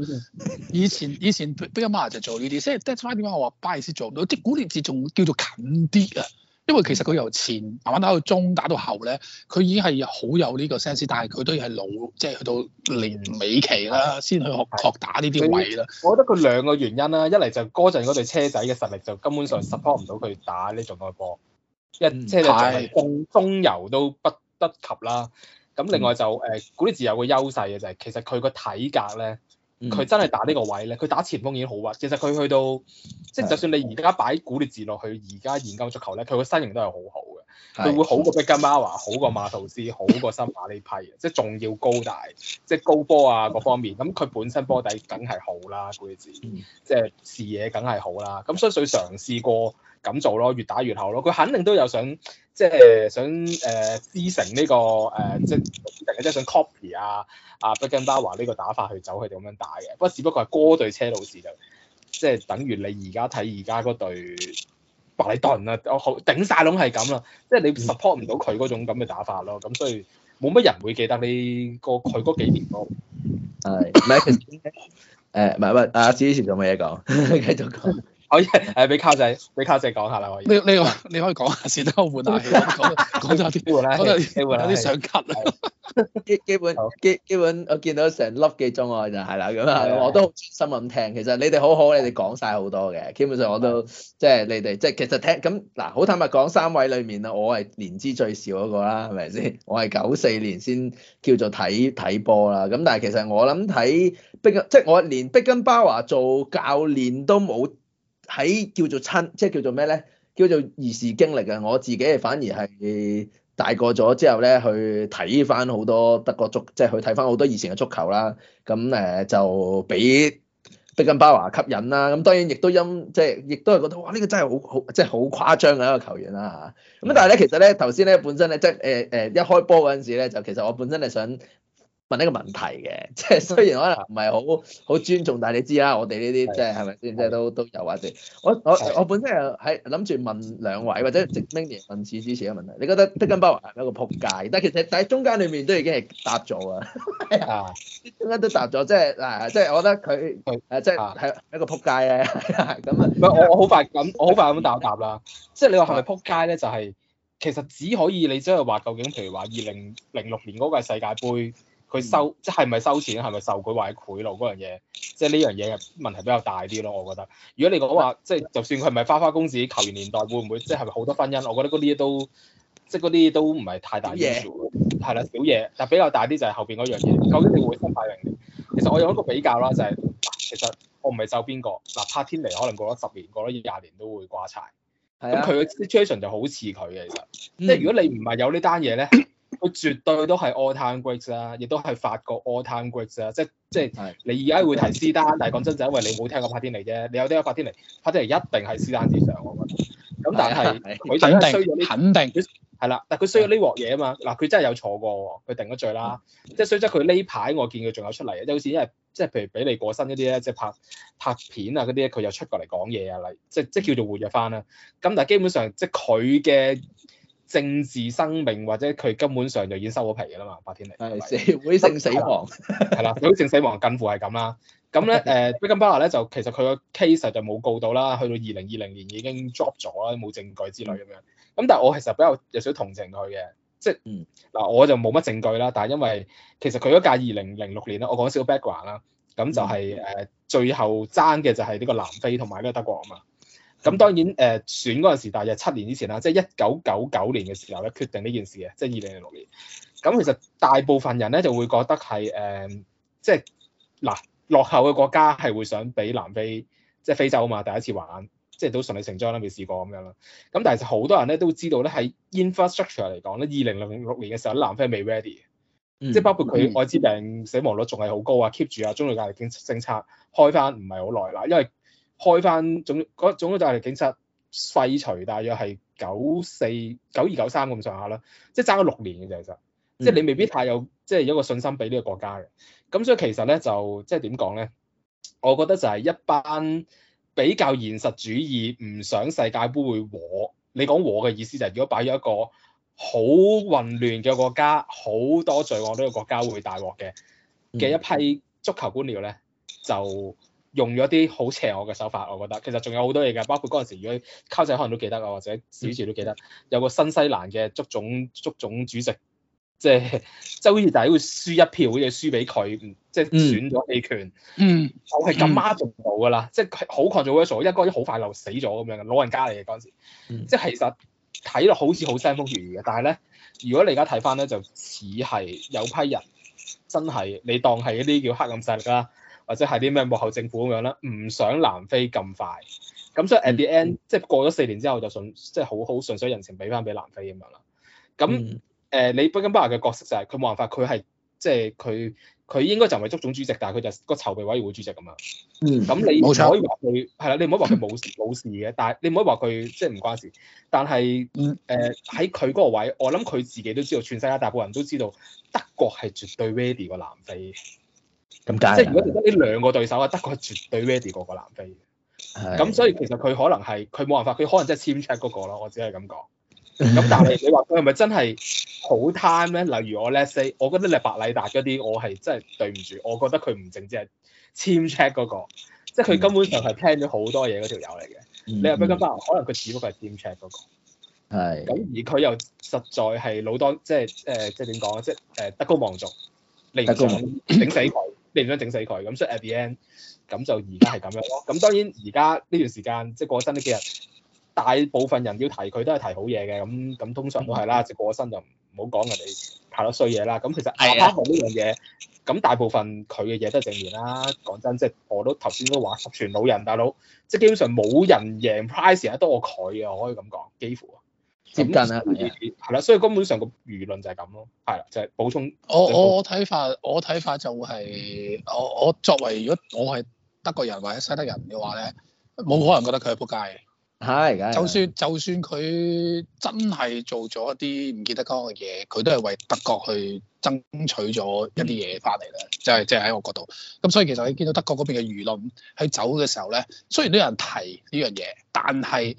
以前以前比亞馬拉就做呢啲，即係點解我話巴爾斯做唔到？即古列治仲叫做近啲啊！因為其實佢由前慢慢打到中，打到後咧，佢已經係好有呢個 sense，但係佢都要係老，即係去到年尾期啦，先去學學打呢啲位啦。我覺得佢兩個原因啦，一嚟就嗰陣嗰隊車仔嘅實力就根本上 support 唔到佢打呢種外波，一車仔仲係中中游都不得及啦。咁另外就誒古力哲有個優勢嘅就係其實佢個體格咧。佢、嗯、真係打呢個位咧，佢打前鋒已經好滑。其實佢去到，即、就、係、是、就算你而家擺古列治落去，而家研究足球咧，佢個身形都係好好嘅。佢的會好過碧根包華，好過馬圖斯，好過森馬呢批，即係仲要高大，即係高波啊各方面。咁佢本身波底梗係好啦，古列治，即、就、係、是、視野梗係好啦。咁所以佢嘗試過咁做咯，越打越後咯。佢肯定都有想。即係想誒師承呢個誒，即係即係想 copy 啊啊碧根包華呢個打法去走佢哋咁樣打嘅，不過只不過係哥對車路士，就即係等於你而家睇而家嗰隊白禮頓啊。我好頂晒，櫳係咁啦，即係你 support 唔到佢嗰種咁嘅打法咯，咁所以冇乜人會記得你過佢嗰幾年咯。係，誒唔係唔係，阿子之前仲有咩講繼續講？可以，誒俾、oh yeah, 卡仔，俾卡仔講下啦。我呢 *laughs* 你你，你可以講下先，等我換下。講講咗啲，換啦，講咗啲，換啦， *laughs* 有啲想咳啊。基基本基好基本，我見到成粒幾鐘我就係啦。咁啊，我都好專心咁聽。其實你哋好好， *laughs* 你哋講晒好多嘅。基本上我都即係你哋即係其實聽咁嗱，好坦白講，三位裏面啊，我係年資最少嗰個啦，係咪先？我係九四年先叫做睇睇波啦。咁但係其實我諗睇碧即係我連碧根包華做教練都冇。喺叫做親，即係叫做咩咧？叫做兒時經歷啊！我自己反而係大個咗之後咧，去睇翻好多德國足，即係去睇翻好多以前嘅足球啦。咁誒就俾碧根包華吸引啦。咁當然亦都因，即係亦都係覺得哇！呢個真係好好，即係好誇張嘅一個球員啦嚇。咁但係咧，其實咧，頭先咧，本身咧，即係誒誒一開波嗰陣時咧，就其實我本身係想。問呢個問題嘅，即係雖然可能唔係好好尊重，但係你知啦，我哋呢啲即係係咪先，即係都都有或者我我我本身係係諗住問兩位或者直拎嚟問史之前嘅問題，你覺得碧根包華係一個撲街，但係其實喺中間裏面都已經係答咗啊，啊， *laughs* 中間都答咗，即係嗱，即係我覺得佢誒即係係一個撲街咧，咁啊，我我好快咁我好快咁答一答啦，即係你話係咪撲街咧？就係、是就是、其實只可以你即係話究竟，譬如話二零零六年嗰個世界盃。佢收即係咪收錢？係咪受賄或者賄賂嗰樣嘢？即係呢樣嘢問題比較大啲咯，我覺得。如果你講話即係就算佢係咪花花公子，球員年代會唔會即係好多婚姻？我覺得嗰啲都即係嗰啲都唔係太大嘅 issue，係啦，少嘢。但比較大啲就係後邊嗰樣嘢，究竟你會心態點？其實我有一個比較啦，就係、是、其實我唔係收邊個嗱，柏天尼可能過咗十年，過咗廿年都會掛曬，咁佢嘅 situation 就好似佢嘅，其實即係、嗯、如果你唔係有呢單嘢咧。 *coughs* 佢絕對都係 All Time Greats 亦、啊、都係法國 All Time Greats 啦、啊。即即係你而家會提施丹，但係講真就係因為你冇聽過柏天尼啫。嗯、你有聽過柏天尼？柏天尼一定係施丹之上，我覺得。咁但係是佢的定，係衰咗呢？係啦定，但係佢需要呢鑊嘢啊嘛。嗱，佢真係有坐過，佢定咗罪啦。即係即所以佢呢排我見佢仲有出嚟，即好似因為即係譬如比利過身嗰啲咧，即係拍拍片啊嗰啲佢又出過嚟講嘢啊，嚟即即叫做活躍翻啦。咁但係基本上即係佢嘅。政治生命或者佢根本上就已經收咗皮嘅啦嘛，白天嚟，社會性死亡。係啦，社會性死亡近乎係咁啦。咁咧誒 Beckenbauer 咧就其實佢個 case 就冇告到啦，去到二零二零年已經 drop 咗啦，冇證據之類咁樣。咁但係我其實比較有少少同情佢嘅，即係嗱我就冇乜證據啦，但係因為其實佢嗰架二零零六年咧，我講少 background 啦，咁就係、是、誒、嗯、最後爭嘅就係呢個南非同埋呢個德國啊嘛。咁當然誒、呃、選嗰陣時，大約七年之前啦，即係一九九九年嘅時候咧，決定呢件事嘅，即係二零零六年。咁其實大部分人咧就會覺得係誒、呃，即係嗱，落後嘅國家係會想俾南非即係非洲啊嘛，第一次玩，即係都順理成章啦，未試過咁樣啦。咁但係就好多人咧都知道咧，喺 infrastructure 嚟講咧，二零零六年嘅時候，南非未 ready，即係、嗯、包括佢愛滋病死亡率仲係好高啊，keep 住啊，種族隔離政策開返唔係好耐啦，因為。開翻總嗰總嘅就係警察廢除大約係九四九二九三咁上下啦，即係爭咗六年嘅，就其實，即係你未必太有即係一個信心俾呢個國家嘅，咁所以其實咧就即係點講咧，我覺得就係一班比較現實主義，唔想世界盃會和，你講和嘅意思就係、是、如果擺咗一個好混亂嘅國家，好多罪惡都有國家會大鑊嘅嘅一批足球官僚咧就。用咗啲好邪惡嘅手法，我覺得其實仲有好多嘢嘅，包括嗰陣時如果溝仔可能都記得啊，或者小柱都記得，有個新西蘭嘅足總足總主席，即係即係好似就係、是、會輸一票好似輸俾佢，即、就、係、是、選咗棄權，嗯嗯、我係咁孖仲冇㗎啦，即係好 controversial，因為嗰陣好快就死咗咁樣嘅，老人家嚟嘅嗰陣時，即係、嗯、其實睇落好似好腥風血雨嘅，但係咧如果你而家睇翻咧就似係有批人真係你當係一啲叫黑暗勢力啦。或者係啲咩幕後政府咁樣啦，唔想南非咁快，咁所以 at the end 即係過咗四年之後就順即係好好順水人情俾翻俾南非咁樣啦。咁誒，你、呃、碧根包華嘅角色就係佢冇辦法，佢係即係佢佢應該就唔係足總主席，但係佢就個籌備委員會主席咁樣。嗯。咁你唔可以話佢係啦，你唔可以話佢冇冇事嘅，但係你唔可以話佢即係唔關事。嗯、但係誒喺佢嗰個位，我諗佢自己都知道，全世界大部分人都知道德國係絕對 ready 過南非。咁梗，即係如果剩得呢兩個對手啊，德國絕對 ready 過個南非，係咁的，所以其實佢可能係佢冇辦法，佢可能真係簽 check 嗰個咯，我只係咁講。咁但係你話佢係咪真係好 time 咧？例如我 let's say，我覺得你白禮達嗰啲，我係真係對唔住，我覺得佢唔淨止係簽 check 嗰個，即係佢根本上係 plan 咗好多嘢嗰條友嚟嘅。嗯、你話比金巴，可能佢只不過係簽 check 嗰個，係的。咁而佢又實在係老多，即係誒、呃，即係點講即係誒，德高望重，嚟唔上頂死佢。 *laughs* 你唔想整死佢，咁所以 at the end 咁就而家係咁樣咯。咁當然而家呢段時間即係、就是、過身呢幾日，大部分人要提佢都係提好嘢嘅。咁咁通常都係啦，即係過身就唔好講人哋太多衰嘢啦。咁其實亞伯呢樣嘢，咁大部分佢嘅嘢都係正面啦。講真，即、就、係、是、我都頭先都話十全老人大佬，即、就、係、是、基本上冇人贏 price 而多過佢嘅，我可以咁講，幾乎。接近啦，係啦，所以根本上個輿論就係咁咯，係啦，就係、是、補充。就係、補充我我我睇法，我睇法就係、是，我我作為如果我係德國人或者西德人嘅話咧，冇可能覺得佢係仆街嘅，係，就算就算佢真係做咗一啲唔見得光嘅嘢，佢都係為德國去爭取咗一啲嘢翻嚟啦，即係即係喺我角度。咁所以其實你見到德國嗰邊嘅輿論喺走嘅時候咧，雖然都有人提呢樣嘢，但係。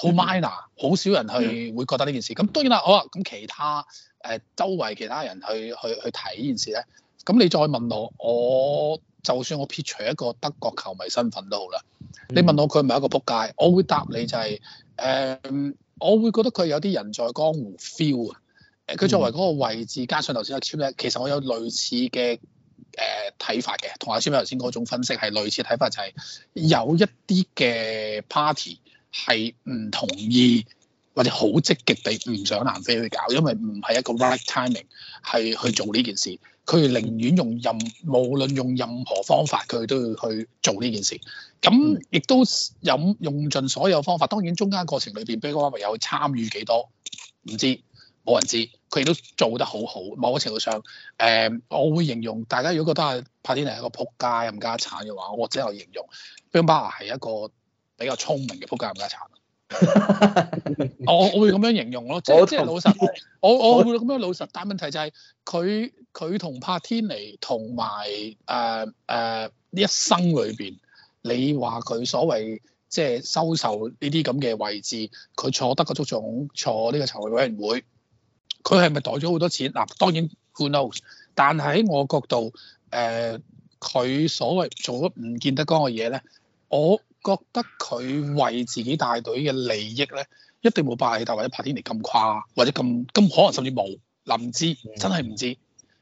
好 minor 好少人去會覺得呢件事。咁當然啦，好、哦、啦，咁其他誒周圍其他人去去去睇呢件事咧。咁你再問我，我就算我撇除一個德國球迷身份都好啦。你問我佢係咪一個撲街，我會答你就係、是、誒、呃，我會覺得佢有啲人在江湖 feel 啊。誒，佢作為嗰個位置，加上頭先阿 Cheap 咧，其實我有類似嘅誒睇法嘅，同阿 Cheap 頭先嗰種分析係類似睇法、就是，就係有一啲嘅 party。係唔同意或者好積極地唔想南非去搞，因為唔係一個 right timing 係去做呢件事。佢哋寧願用任無論用任何方法，佢都要去做呢件事。咁亦都飲用盡所有方法。當然中間過程裏邊 Blatter 有參與幾多唔知，冇人知。佢亦都做得好好。某個程度上，誒、嗯、我會形容大家如果覺得啊柏天尼係一個撲街冚家鏟嘅話，我只有形容 Blatter 係一個。比較聰明嘅撲街更加慘， *laughs* 我我會咁樣形容咯， *laughs* 即即老實，我我會咁樣老實。但問題就係佢佢同柏天尼同埋誒誒呢一生裏邊，你話佢所謂即係收受呢啲咁嘅位置，佢坐得個足總，坐呢個籌備委員會，佢係咪袋咗好多錢？嗱，當然 who knows。但係喺我角度，誒、呃、佢所謂做咗唔見得光嘅嘢咧，我。覺得佢為自己帶隊嘅利益咧，一定冇拜里達或者帕天尼咁誇，或者咁咁可能甚至冇，林芝真係唔知，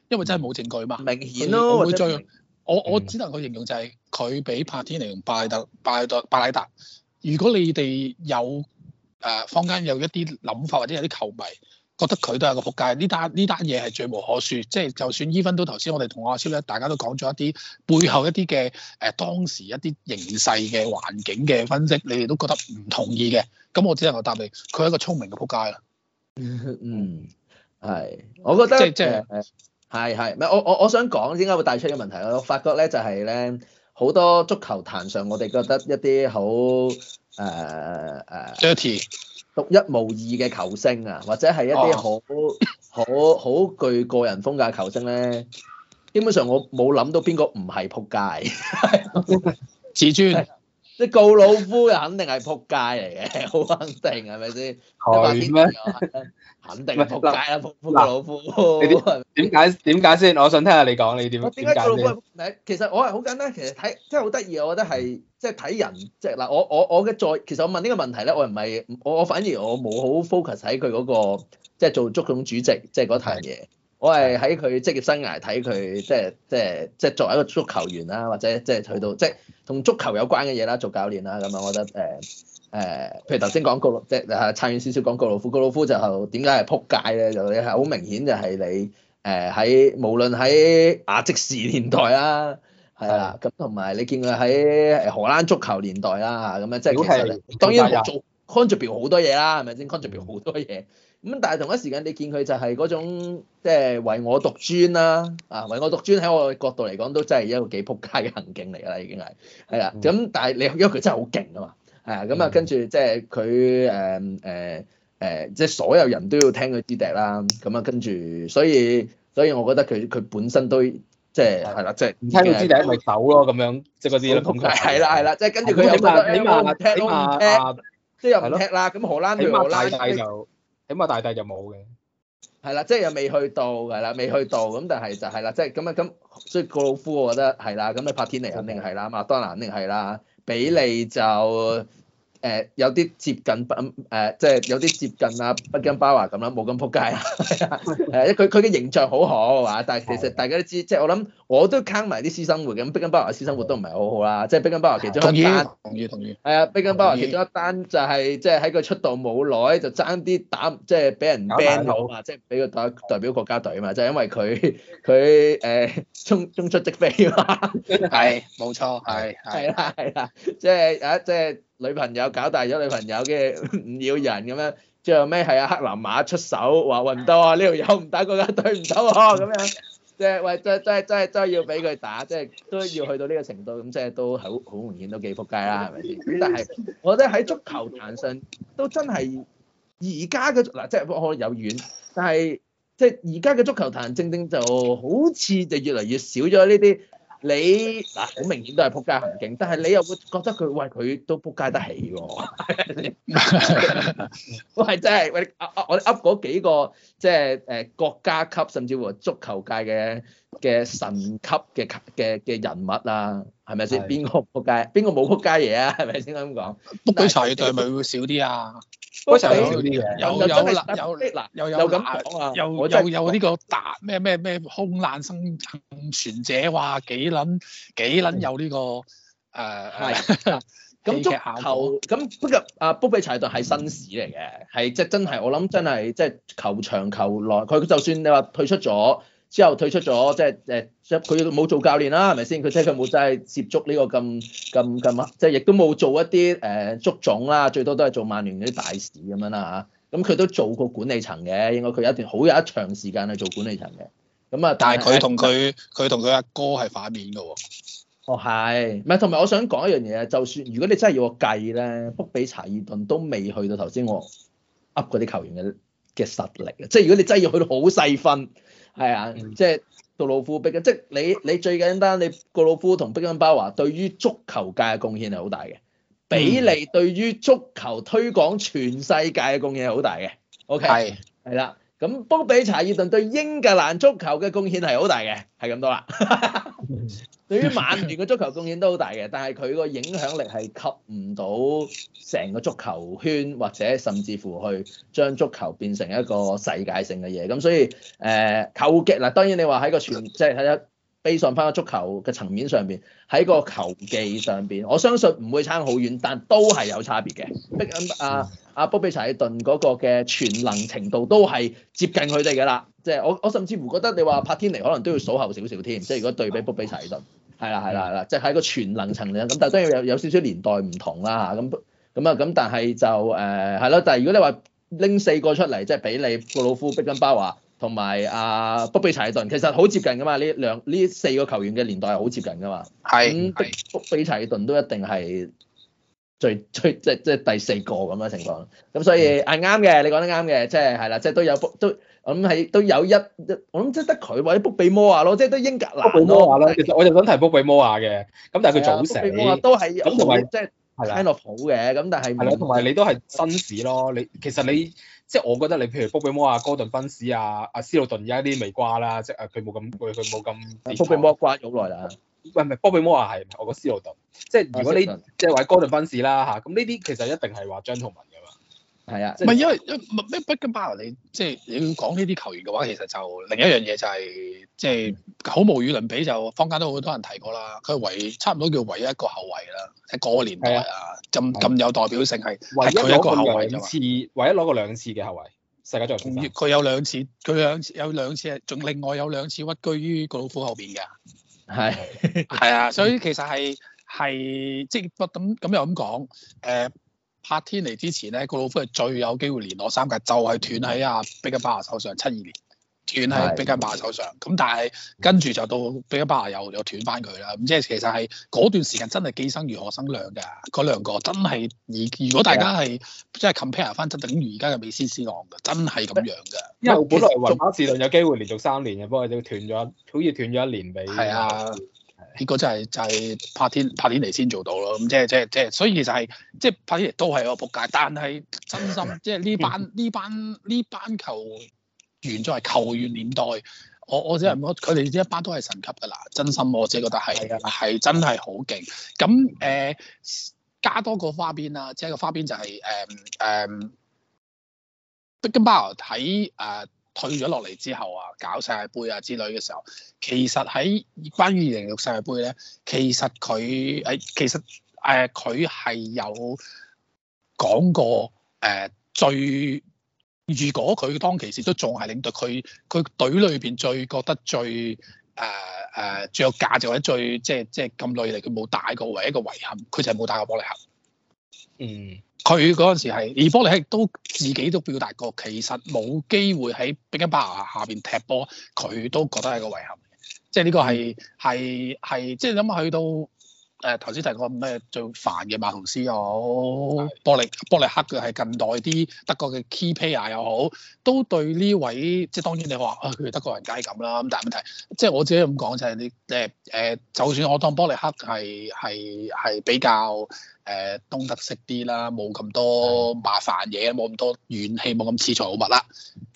因為真係冇證據嘛。明顯咯，我會追。或者我我只能夠形容就係、是、佢比帕天尼同拜里達、巴里達、巴里達。如果你哋有誒坊間有一啲諗法，或者有啲球迷。覺得佢都係個撲街，呢單呢單嘢係罪無可恕。即係就算依番到頭先，我哋同阿超咧，大家都講咗一啲背後一啲嘅誒當時一啲形勢嘅環境嘅分析，你哋都覺得唔同意嘅。咁我只能夠答你，佢係一個聰明嘅撲街啦。嗯，係。我覺得即即係係係，唔係我我我想講點解會帶出個問題咯？我發覺咧就係咧，好多足球壇上我哋覺得一啲好誒誒。呃呃、Dirty. 獨一無二嘅球星啊，或者係一啲好、好、好具個人風格嘅球星咧，基本上我冇諗到邊個唔係撲街。至尊，即係告魯夫又肯定係撲街嚟嘅，好肯定係咪先？係咩？肯定撲街啦，撲告魯夫。點解？點解先？我想聽下你講你點解。我點解告魯夫？其實我係好簡單，其實睇真係好得意，我覺得係。即係睇人，即係嗱，我我我嘅在，其實我問呢個問題咧，我唔係，我我反而我冇好 focus 喺佢嗰、那個，即、就、係、是、做足總主席，即係嗰樣嘢。我係喺佢職業生涯睇佢，即係即係即係作為一個足球員啦，或者即係去到即係同足球有關嘅嘢啦，做教練啦咁啊，我覺得誒誒、呃呃，譬如頭先講過，即係撐遠少少講告魯夫，告魯夫就點解係撲街咧？就你係好明顯就係你誒喺、呃、無論喺阿積士年代啦。係啦，咁同埋你見佢喺荷蘭足球年代啦嚇，咁樣即係其實當然做 contribute 好多嘢啦，係咪先 contribute 好多嘢？咁但係同一時間你見佢就係嗰種即係、就是、為我獨尊啦，啊為我獨尊喺我嘅角度嚟講都真係一個幾撲街嘅行徑嚟㗎啦，已經係係啦。咁、嗯、但係你因為佢真係好勁啊嘛，係啊咁啊跟住即係佢誒誒誒，即、呃、係、呃呃就是、所有人都要聽佢啲笛啦。咁啊跟住所以所以，所以所以我覺得佢佢本身都。即係係啦，即係唔聽就知第一咪走咯咁樣，即係嗰啲咁嘅。係啦係啦，即係跟住佢又覺得，起碼起碼唔踢咯，唔踢，即係又唔踢啦。咁荷蘭對我啦，起碼大帝就起碼大帝就冇嘅。係啦，即係又未去到㗎啦，未去到咁，但係就係啦，即係咁啊咁。所以告魯夫，我覺得係啦。咁你柏天尼肯定係啦，馬多納肯定係啦，比利就，誒有啲接近北誒，即係有啲接近啊，碧根包華咁啦，冇咁撲街啊！誒，佢佢嘅形象好好啊，但係其實大家都知，即係我諗我都坑埋啲私生活，咁碧根包華私生活都唔係好好啦，即係碧根包華其中一單，同意同意同意，係啊，哎、碧根包華其中一單就係即係喺個出道冇耐就爭啲打，即係俾人 ban 到啊，即係俾個代代表國家隊啊嘛，就係、因為佢佢誒衝衝出即飛啊，係冇、哎、錯，係係啦係啦，即係啊即係。女朋友搞大咗女朋友嘅唔要人咁樣，最後尾係阿克藍馬出手話運唔到啊，呢度有唔打過㗎，對唔到啊咁樣，即係喂即即真即要俾佢打，即係都要去到呢個程度，咁即係都好好明顯都幾撲街啦係咪先？但係我覺得喺足球壇上都真係而家嘅嗱即係可有遠，但係即係而家嘅足球壇正正就好似就越嚟越少咗呢啲。你嗱好明顯都係撲街行徑，但係你又會覺得佢喂佢都撲街得起喎，哦，喂真係喂啊啊！我哋噏嗰幾個即係誒國家級甚至乎足球界嘅。嘅神級嘅嘅嘅人物啊，係咪先？邊個仆街？邊個冇仆街嘢啊？係咪先咁講？布比柴頓係咪會少啲啊？布比柴頓少啲有有有難，又有啊，有有有呢個達咩咩咩空難生存者，哇幾撚幾撚有呢個誒？係。咁足球咁，不過阿布比柴頓係紳士嚟嘅，係即係真係我諗真係即係球場球內，佢就算你話退出咗。之後退出咗，即係誒，佢冇做教練啦，係咪先？佢即係佢冇真係接觸呢個咁咁咁啊！即係亦都冇做一啲誒足總啦，最多都係做曼聯嗰啲大使咁樣啦嚇。咁佢都做過管理層嘅，應該佢有一段好有一長時間去做管理層嘅。咁啊，但係佢同佢佢同佢阿哥係反面噶。哦，係、哦，唔係，同埋我想講一樣嘢，就算如果你真係要我計咧，福比查爾頓都未去到頭先我噏嗰啲球員嘅嘅實力啊！即係如果你真係要去到好細分。係啊，即係杜魯夫、碧根、嗯，即係你你最簡單。你杜魯夫同碧根包華對於足球界嘅貢獻係好大嘅，嗯、比利對於足球推廣全世界嘅貢獻係好大嘅。OK，係係啦，咁波比查爾頓對英格蘭足球嘅貢獻係好大嘅，係咁多啦。 *laughs* 對於曼聯嘅足球貢獻都好大嘅，但係佢個影響力係吸唔到成個足球圈，或者甚至乎去將足球變成一個世界性嘅嘢。咁所以誒，球擊嗱，當然你話喺個全，即係喺一。飛上翻個足球嘅層面上邊，喺個球技上邊，我相信唔會差好遠，但都係有差別嘅。碧根阿阿波比柴頓嗰個嘅全能程度都係接近佢哋嘅啦。即係我我甚至乎覺得你話帕天尼可能都要數後少少添。即係如果對比波比柴頓，係啦係啦係啦，即係喺個全能層面咁，但當然有有少少年代唔同啦嚇。咁咁啊咁，但係就誒係咯。但係如果你話拎四個出嚟，即係俾你布魯夫碧根包華。同埋阿布比柴爾頓其實好接近噶嘛，呢兩呢四個球員嘅年代係好接近噶嘛。係，咁布比柴爾頓都一定係最最即即第四個咁嘅情況。咁所以係啱嘅，你講得啱嘅，即係係啦，即係都有布都咁喺都有一我諗即係得佢或者布比摩亞咯，即係都英格蘭布比摩亞咯。其實我就想提北比摩亞嘅，咁但係佢早死，布比摩亞都係咁同埋即係係啦，諾普嘅咁，但係係同埋你都係紳士咯，你其實你。即係我覺得你譬如波比摩啊、哥頓賓士啊、阿斯魯頓而家啲未瓜啦，即係佢冇咁佢佢冇咁。波比摩瓜咗好耐啦，喂唔係波比摩啊，係我覺得斯魯頓，即係如果你即係話哥頓賓士啦嚇，咁呢啲其實一定係話張同文㗎嘛。係啊，唔係因為碧根包華你即係你要講呢啲球員嘅話，其實就另一樣嘢就係即係好無與倫比，就坊間都好多人提過啦。佢係唯差唔多叫唯一一個後衞啦，喺個年代啊，咁咁有代表性係唯一一個後衞。兩次，唯一攞過兩次嘅後衞，世界足球。佢有兩次，佢兩次有兩次係，仲另外有兩次屈居於個老虎後邊嘅。係係啊，所以其實係係即係咁咁又咁講誒。柏天尼之前咧，告魯夫係最有機會連攞三屆，就係、是、斷喺阿碧根包華手上，七二年，斷喺碧根包華手上。咁的但係跟住就到碧根包華又又斷翻佢啦。咁即係其實係嗰段時間真係既生瑜何生亮㗎，嗰兩個真係而如果大家係即係 compare 翻就等於而家嘅美斯 C 朗㗎，真係咁樣㗎。的因為本來雲卡士頓有機會連續三年嘅，不過佢斷咗，好似斷咗一年俾。係啊的。的結果真係就係拍天帕天尼先做到咯，咁即係即係即係，所以其實係即係拍天尼都係個仆街，但係真心即係呢班呢 *laughs* 班呢班，班球員，仲係球員年代，我我只係我佢哋呢一班都係神級噶啦，真心我自己覺得係係 *laughs* 真係好勁。咁誒加多個花邊啦，即係個花邊就係誒誒，Beckenbauer 退咗落嚟之後啊，搞世界盃啊之類嘅時候，其實喺關於二零六世界盃咧，其實佢誒其實誒佢係有講過誒、呃、最，如果佢當其時都仲係領隊，佢佢隊裏邊最覺得最誒誒、呃、最有價值或者最即係即係咁耐嚟佢冇帶過唯一一個遺憾，佢就係冇帶過玻璃盒。嗯。佢嗰陣時係，伊波利克都自己都表達過，其實冇機會喺碧根包華下邊踢波，佢都覺得係一個遺憾，即係呢個係，係，係，即係諗去到。誒，頭先提過咩最煩嘅馬圖斯又好，波利波利克嘅係近代啲德國嘅 key player 又好，都對呢位即係當然你話啊佢哋德國人梗係咁啦，咁但係問題即係我自己咁講就係你誒誒，就算我當波利克係係係比較誒東德式啲啦，冇咁多麻煩嘢，冇咁多怨氣，冇咁恥才好密啦。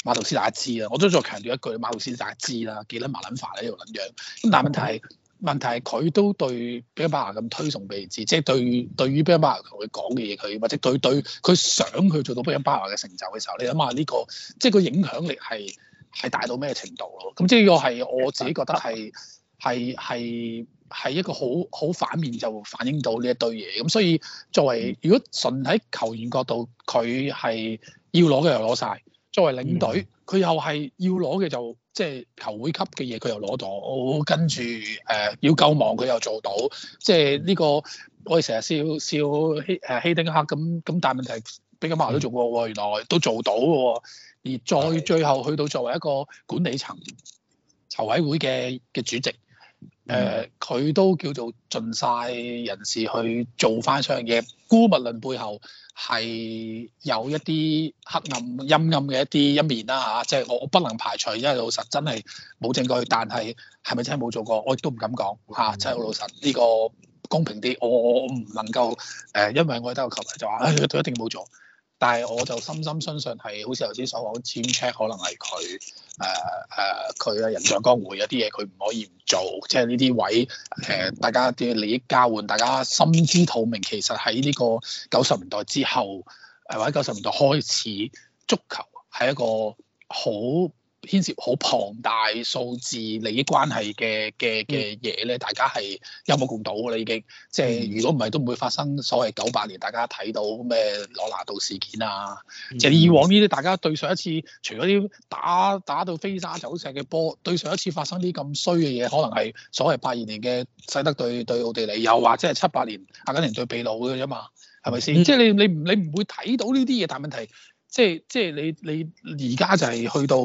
馬圖斯大家知啦，我都再強調一句，馬圖斯大家知啦，幾撚麻撚煩喺度撚樣，咁但係問題係。問題係佢都對碧根包華咁推崇備至，即係對對於碧根包華佢講嘅嘢，佢或者對對佢想去做到碧根包華嘅成就嘅時候，你諗下呢個即係個影響力係係大到咩程度咯？咁即呢個係我自己覺得係係係係一個好好反面就反映到呢一堆嘢。咁所以作為如果純喺球員角度，佢係要攞嘅就攞晒；作為領隊，佢又係要攞嘅就。即係、就是、球會級嘅嘢，佢又攞到，哦、跟住誒、呃、要救亡佢又做到，即係呢個我哋成日笑笑希誒、啊、希丁克咁咁，但係問題比金馬都做過喎，原來都做到嘅喎，而再的最後去到作為一個管理層籌委會嘅嘅主席。誒佢、嗯呃、都叫做盡晒人事去做翻呢樣嘢。姑勿論背後係有一啲黑暗陰暗嘅一啲一面啦嚇，即係我我不能排除，因為老實真係冇證據，但係係咪真係冇做過，我亦都唔敢講嚇、啊，真係好老實呢、呢個公平啲，我我唔能夠誒、呃，因為我係得個球迷就話佢一定冇做。但係我就深深相信係好似頭先所講，簽 check 可能係佢誒誒佢嘅人像江湖有啲嘢佢唔可以唔做，即係呢啲位誒、呃、大家啲利益交換，大家心知肚明。其實喺呢個九十年代之後，呃、或者九十年代開始，足球係一個好牽涉好龐大數字利益關係嘅嘅嘅嘢咧，大家係有冇共睹㗎啦？已經即係如果唔係，都唔會發生所謂九八年大家睇到咩朗拿度事件啊。即係以往呢啲大家對上一次除咗啲打打到飛沙走石嘅波，對上一次發生啲咁衰嘅嘢，可能係所謂八二年嘅西德對對奧地利，又或者係七八年阿根廷對秘魯嘅啫嘛？係咪先？嗯、即係你你你唔會睇到呢啲嘢，但問題。即係即係你你而家就係去到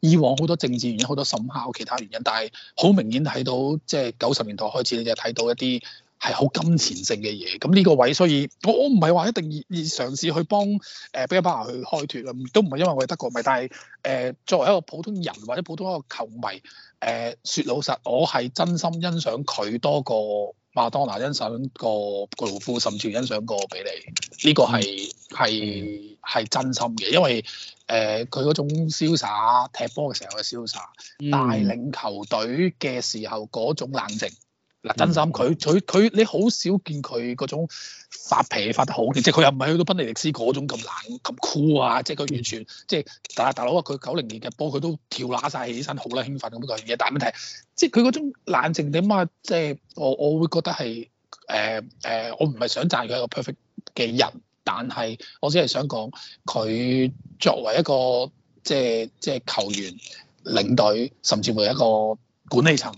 以往好多政治原因，好多審查其他原因，但係好明顯睇到即係九十年代開始你就睇到一啲係好金錢性嘅嘢。咁呢個位所以我我唔係話一定要要嘗試去幫誒碧根包華去開脱啦，都唔係因為我係德國迷，但係誒、呃、作為一個普通人或者普通一個球迷誒，説、呃、老實，我係真心欣賞佢多過。馬當娜欣賞過，告魯夫甚至欣賞過俾你，呢、這個係係係真心嘅，因為誒佢嗰種瀟灑，踢波嘅時候嘅瀟灑，帶、嗯、領球隊嘅時候嗰種冷靜。嗱，真心佢佢佢你好少見佢嗰種發脾氣發得好嘅，即係佢又唔係去到賓尼迪斯嗰種咁冷咁酷啊，即係佢完全即係大大佬啊！佢九零年嘅波佢都跳喇晒起身，好啦，興奮咁樣嘅嘢。但係問題即係佢嗰種冷靜點啊！即係我我會覺得係誒誒，我唔係想讚佢係個 perfect 嘅人，但係我只係想講佢作為一個即係即係球員領隊，甚至乎一個管理層。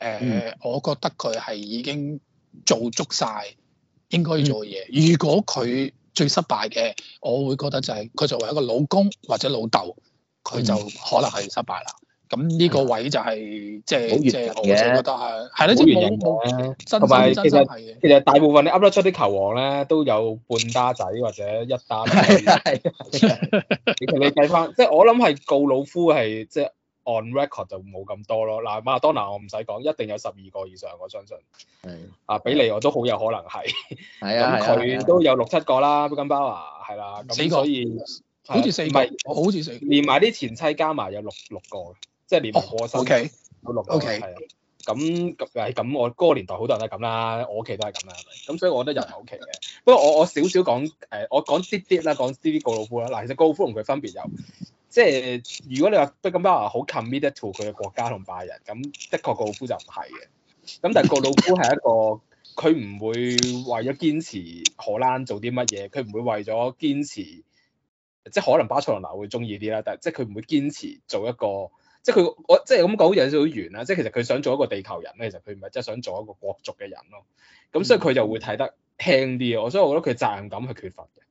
誒，我覺得佢係已經做足晒應該做嘅嘢。如果佢最失敗嘅，我會覺得就係佢作為一個老公或者老豆，佢就可能係失敗啦。咁呢個位就係即係好，係，我就覺得係係啦，即冇人嘅，同埋其實大部分你噏得出啲球王咧都有半打仔或者一打仔。你計返，即係我諗係告老夫係即。on record 就冇咁多咯。嗱，馬拉多娜我唔使講，一定有十二個以上，我相信。係。啊，比利我都好有可能係。係啊，咁佢都有六七個啦，b o o 碧根包華係啦，咁所以好似四唔係，好似四連埋啲前妻加埋有六六個，即係連埋過世都六個。OK。OK 係啊，咁咁誒咁，我嗰個年代好多人都係咁啦，我屋企都係咁啦，咁所以我覺得又唔好奇嘅。不過我我少少講誒，我講啲啲啦，講啲啲告魯夫啦。嗱，其實告魯夫同佢分別有。即係如果你話碧根包華好 committed to 佢嘅國家同拜仁，咁的確個老夫就唔係嘅。咁但係個老夫係一個佢唔會為咗堅持荷蘭做啲乜嘢，佢唔會為咗堅持，即係可能巴塞隆那會中意啲啦。但係即係佢唔會堅持做一個，即係佢我即係咁講有少少遠啦。即係其實佢想做一個地球人咧，其實佢唔係即係想做一個國族嘅人咯。咁所以佢就會睇得輕啲嘅。我所以我覺得佢責任感係缺乏嘅。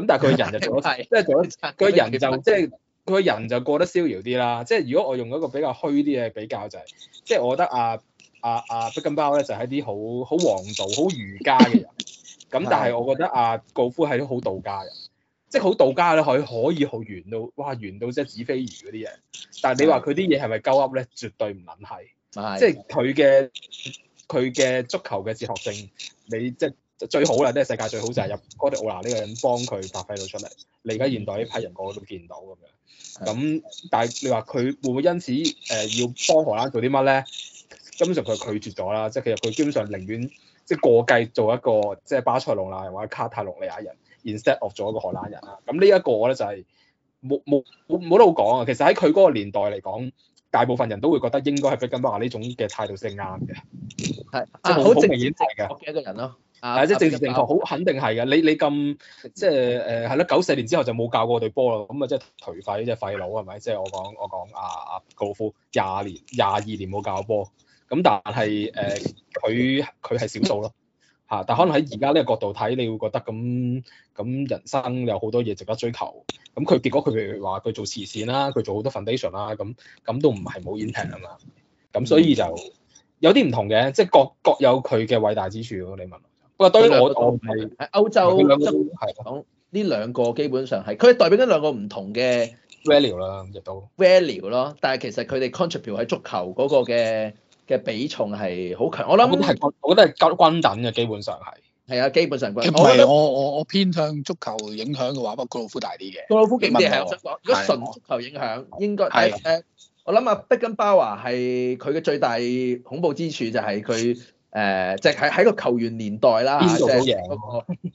咁但係佢嘅人就做得即係做咗，佢嘅人就即係。就是佢個人就過得逍遙啲啦，即係如果我用一個比較虛啲嘅比較就係、係，即係我覺得啊啊啊碧根包咧就係啲好好黃道好儒家嘅人，咁但係我覺得啊告、 *laughs* 啊、夫係啲好道家嘅人，即係好道家咧，佢可以好圓到，哇圓到即係紙飛魚嗰啲嘢，但係你話佢啲嘢係咪鳩噏咧？絕對唔撚係， *laughs* 即係佢嘅佢嘅足球嘅哲學性，你即係。就最好啦，即係世界最好就係入哥迪奧拿呢個人幫佢發揮到出嚟。你而家現代呢批人個個都見到咁樣。咁但係你話佢會唔會因此誒要幫荷蘭做啲乜咧？根本上佢拒絕咗啦，即係其實佢基本上寧願即係過繼做一個即係巴塞羅那人或者卡塔洛利亞人，instead of 做一個荷蘭人啦。咁呢一個咧就係冇冇冇得好講啊。其實喺佢嗰個年代嚟講，大部分人都會覺得應該係碧根包華呢種嘅態度先啱嘅。係，即係好好、啊、明顯嘅。嘅、啊、一個人咯、啊。係即係政治正確好肯定係嘅。你你咁即係誒係咯，九、就、四、是呃、年之後就冇教過隊波啦。咁啊即係頹廢，即、就、係、是、廢佬係咪？即係、就是、我講我講阿阿高夫廿年廿二年冇教波。咁但係誒佢佢係少數咯嚇、啊。但可能喺而家呢個角度睇，你會覺得咁咁人生有好多嘢值得追求。咁佢結果佢譬如話佢做慈善啦，佢做好多 foundation 啦。咁咁都唔係冇演技啊嘛。咁所以就有啲唔同嘅，即、就、係、是、各各有佢嘅偉大之處咯。你問？不過對於我，我係喺歐洲，呢兩個基本上係佢代表緊兩個唔同嘅 value 啦，亦都 value 咯。但係其實佢哋 contribute 喺足球嗰個嘅嘅比重係好強。我諗，我覺得係我覺得係均均等嘅，基本上係。係啊，基本上均等。唔係我我我偏向足球影響嘅話，不過告魯夫大啲嘅。告魯夫勁啲係我想講，如果純足球影響，啊、應該誒誒，我諗啊，碧根包華係佢嘅最大恐怖之處就係佢。誒，即係喺喺個球員年代啦，即係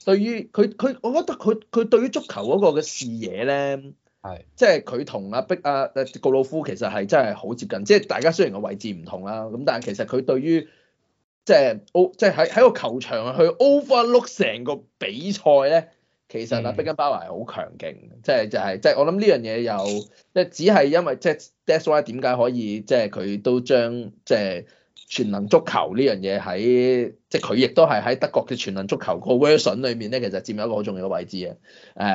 對於佢佢，我覺得佢佢對於足球嗰個嘅視野咧，係即係佢同阿碧阿誒告魯夫其實係真係好接近，即係大家雖然個位置唔同啦，咁但係其實佢對於即係即係喺喺個球場去 overlook 成個比賽咧，其實阿、啊、 *laughs* 碧根包華係好強勁，即係就係即係我諗呢樣嘢有，即係只係因為即係 that's why 點解可以即係佢都將即係。就是全能足球呢樣嘢喺即係佢亦都係喺德國嘅全能足球個 version 裏面咧，其實佔一個好重要嘅位置啊！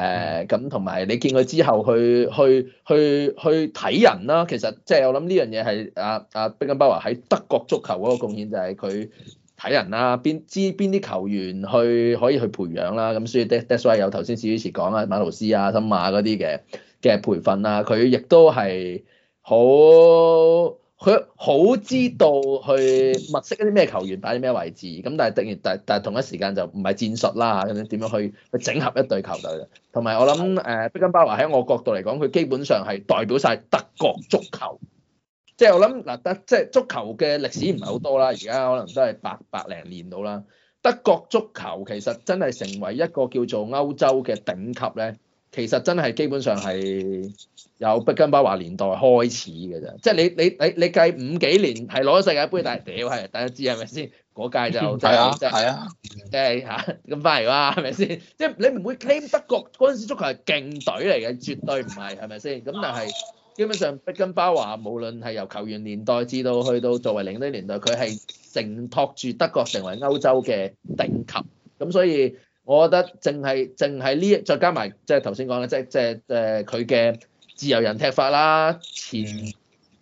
誒咁同埋你見佢之後去去去去睇人啦，其實即係、就是、我諗呢樣嘢係阿阿碧根包華喺德國足球嗰個貢獻就係佢睇人啦，邊知邊啲球員去可以去培養啦，咁所以 that's why 有頭先史主持講啊馬勞斯啊、森馬嗰啲嘅嘅培訓啦，佢亦都係好。佢好知道去物色一啲咩球員擺啲咩位置，咁但係突然但係同一時間就唔係戰術啦，咁樣點樣去去整合一隊球隊。同埋我諗誒，碧根包華喺我角度嚟講，佢基本上係代表晒德國足球，就是、即係我諗嗱德即係足球嘅歷史唔係好多啦，而家可能都係八百零年到啦。德國足球其實真係成為一個叫做歐洲嘅頂級咧。其實真係基本上係由碧根包華年代開始嘅啫，即係你你你你計五幾年係攞咗世界盃，但係屌係大家知係咪先？嗰屆就係啊，係啊，誒嚇咁翻嚟啦，係咪先？即係你唔會 claim 德國嗰陣時足球係勁隊嚟嘅，絕對唔係係咪先？咁但係基本上碧根包華無論係由球員年代至到去到作為領隊年代，佢係承托住德國成為歐洲嘅頂級，咁所以。我覺得淨係淨係呢，再加埋即係頭先講咧，即係即係誒佢嘅自由人踢法啦，前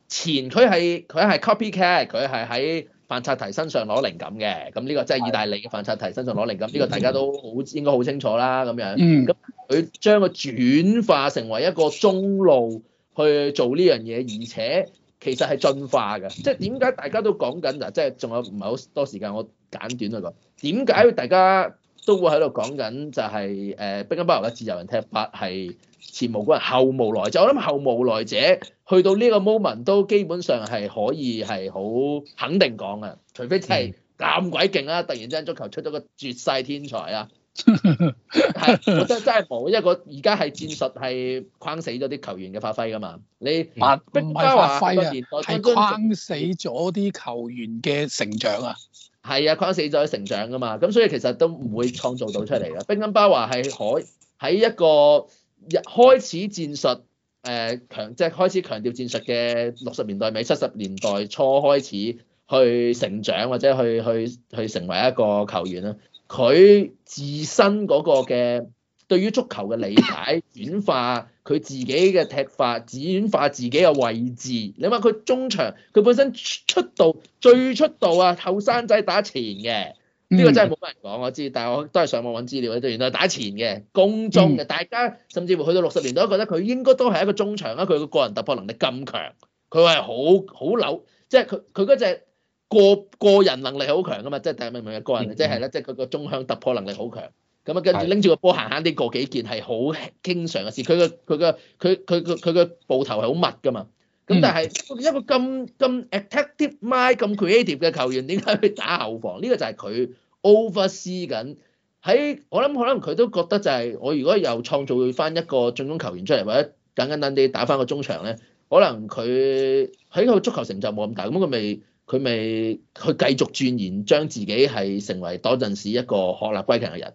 前佢係佢係 copycat，佢係喺范察提身上攞靈感嘅，咁呢個即係意大利嘅范察提身上攞靈感，呢個大家都好應該好清楚啦，咁樣。咁佢將個轉化成為一個中路去做呢樣嘢，而且其實係進化嘅，即係點解大家都講緊嗱，即係仲有唔係好多時間，我簡短去講點解大家？都會喺度講緊、就是，就係誒，碧根包華嘅自由人踢法係前無古人後無來者。我諗後無來者去到呢個 moment 都基本上係可以係好肯定講嘅，除非真係咁鬼勁啦，突然之間足球出咗個絕世天才啊！係， *laughs* 我真真係冇，因為而家係戰術係框死咗啲球員嘅發揮㗎嘛。你、嗯、碧根包華個年代，係、啊、框死咗啲球員嘅成長啊！係啊，靠死咗成長噶嘛，咁所以其實都唔會創造到出嚟嘅。碧根包華係海喺一個一開始戰術，誒、呃、強即係開始強調戰術嘅六十年代尾七十年代初開始去成長或者去去去，去成為一個球員啦。佢自身嗰個嘅。對於足球嘅理解，轉化佢自己嘅踢法，轉化自己嘅位置。你話佢中場，佢本身出道最出道啊，後生仔打前嘅，呢個真係冇乜人講我知，但係我都係上網揾資料咧，原來打前嘅，攻中嘅，大家甚至乎去到六十年代，覺得佢應該都係一個中場啦。佢個個人突破能力咁強，佢係好好扭。即係佢佢嗰隻個人能力係好強噶嘛，即係明唔明啊？個人即係咧，即係佢個中向突破能力好強。咁啊，跟住拎住個波行慳啲過幾件係好經常嘅事。佢嘅佢嘅佢佢佢佢嘅步頭係好密㗎嘛。咁但係、嗯、一個咁咁 active mind、咁 creative 嘅球員，點解去打後防？呢、呢個就係佢 oversee 緊。喺我諗，可能佢都覺得就係、是、我如果又創造翻一個進攻球員出嚟，或者簡簡單啲打翻個中場咧，可能佢喺個足球成就冇咁大。咁佢咪佢咪去繼續轉型，將自己係成為當陣時一個鶴立雞群嘅人。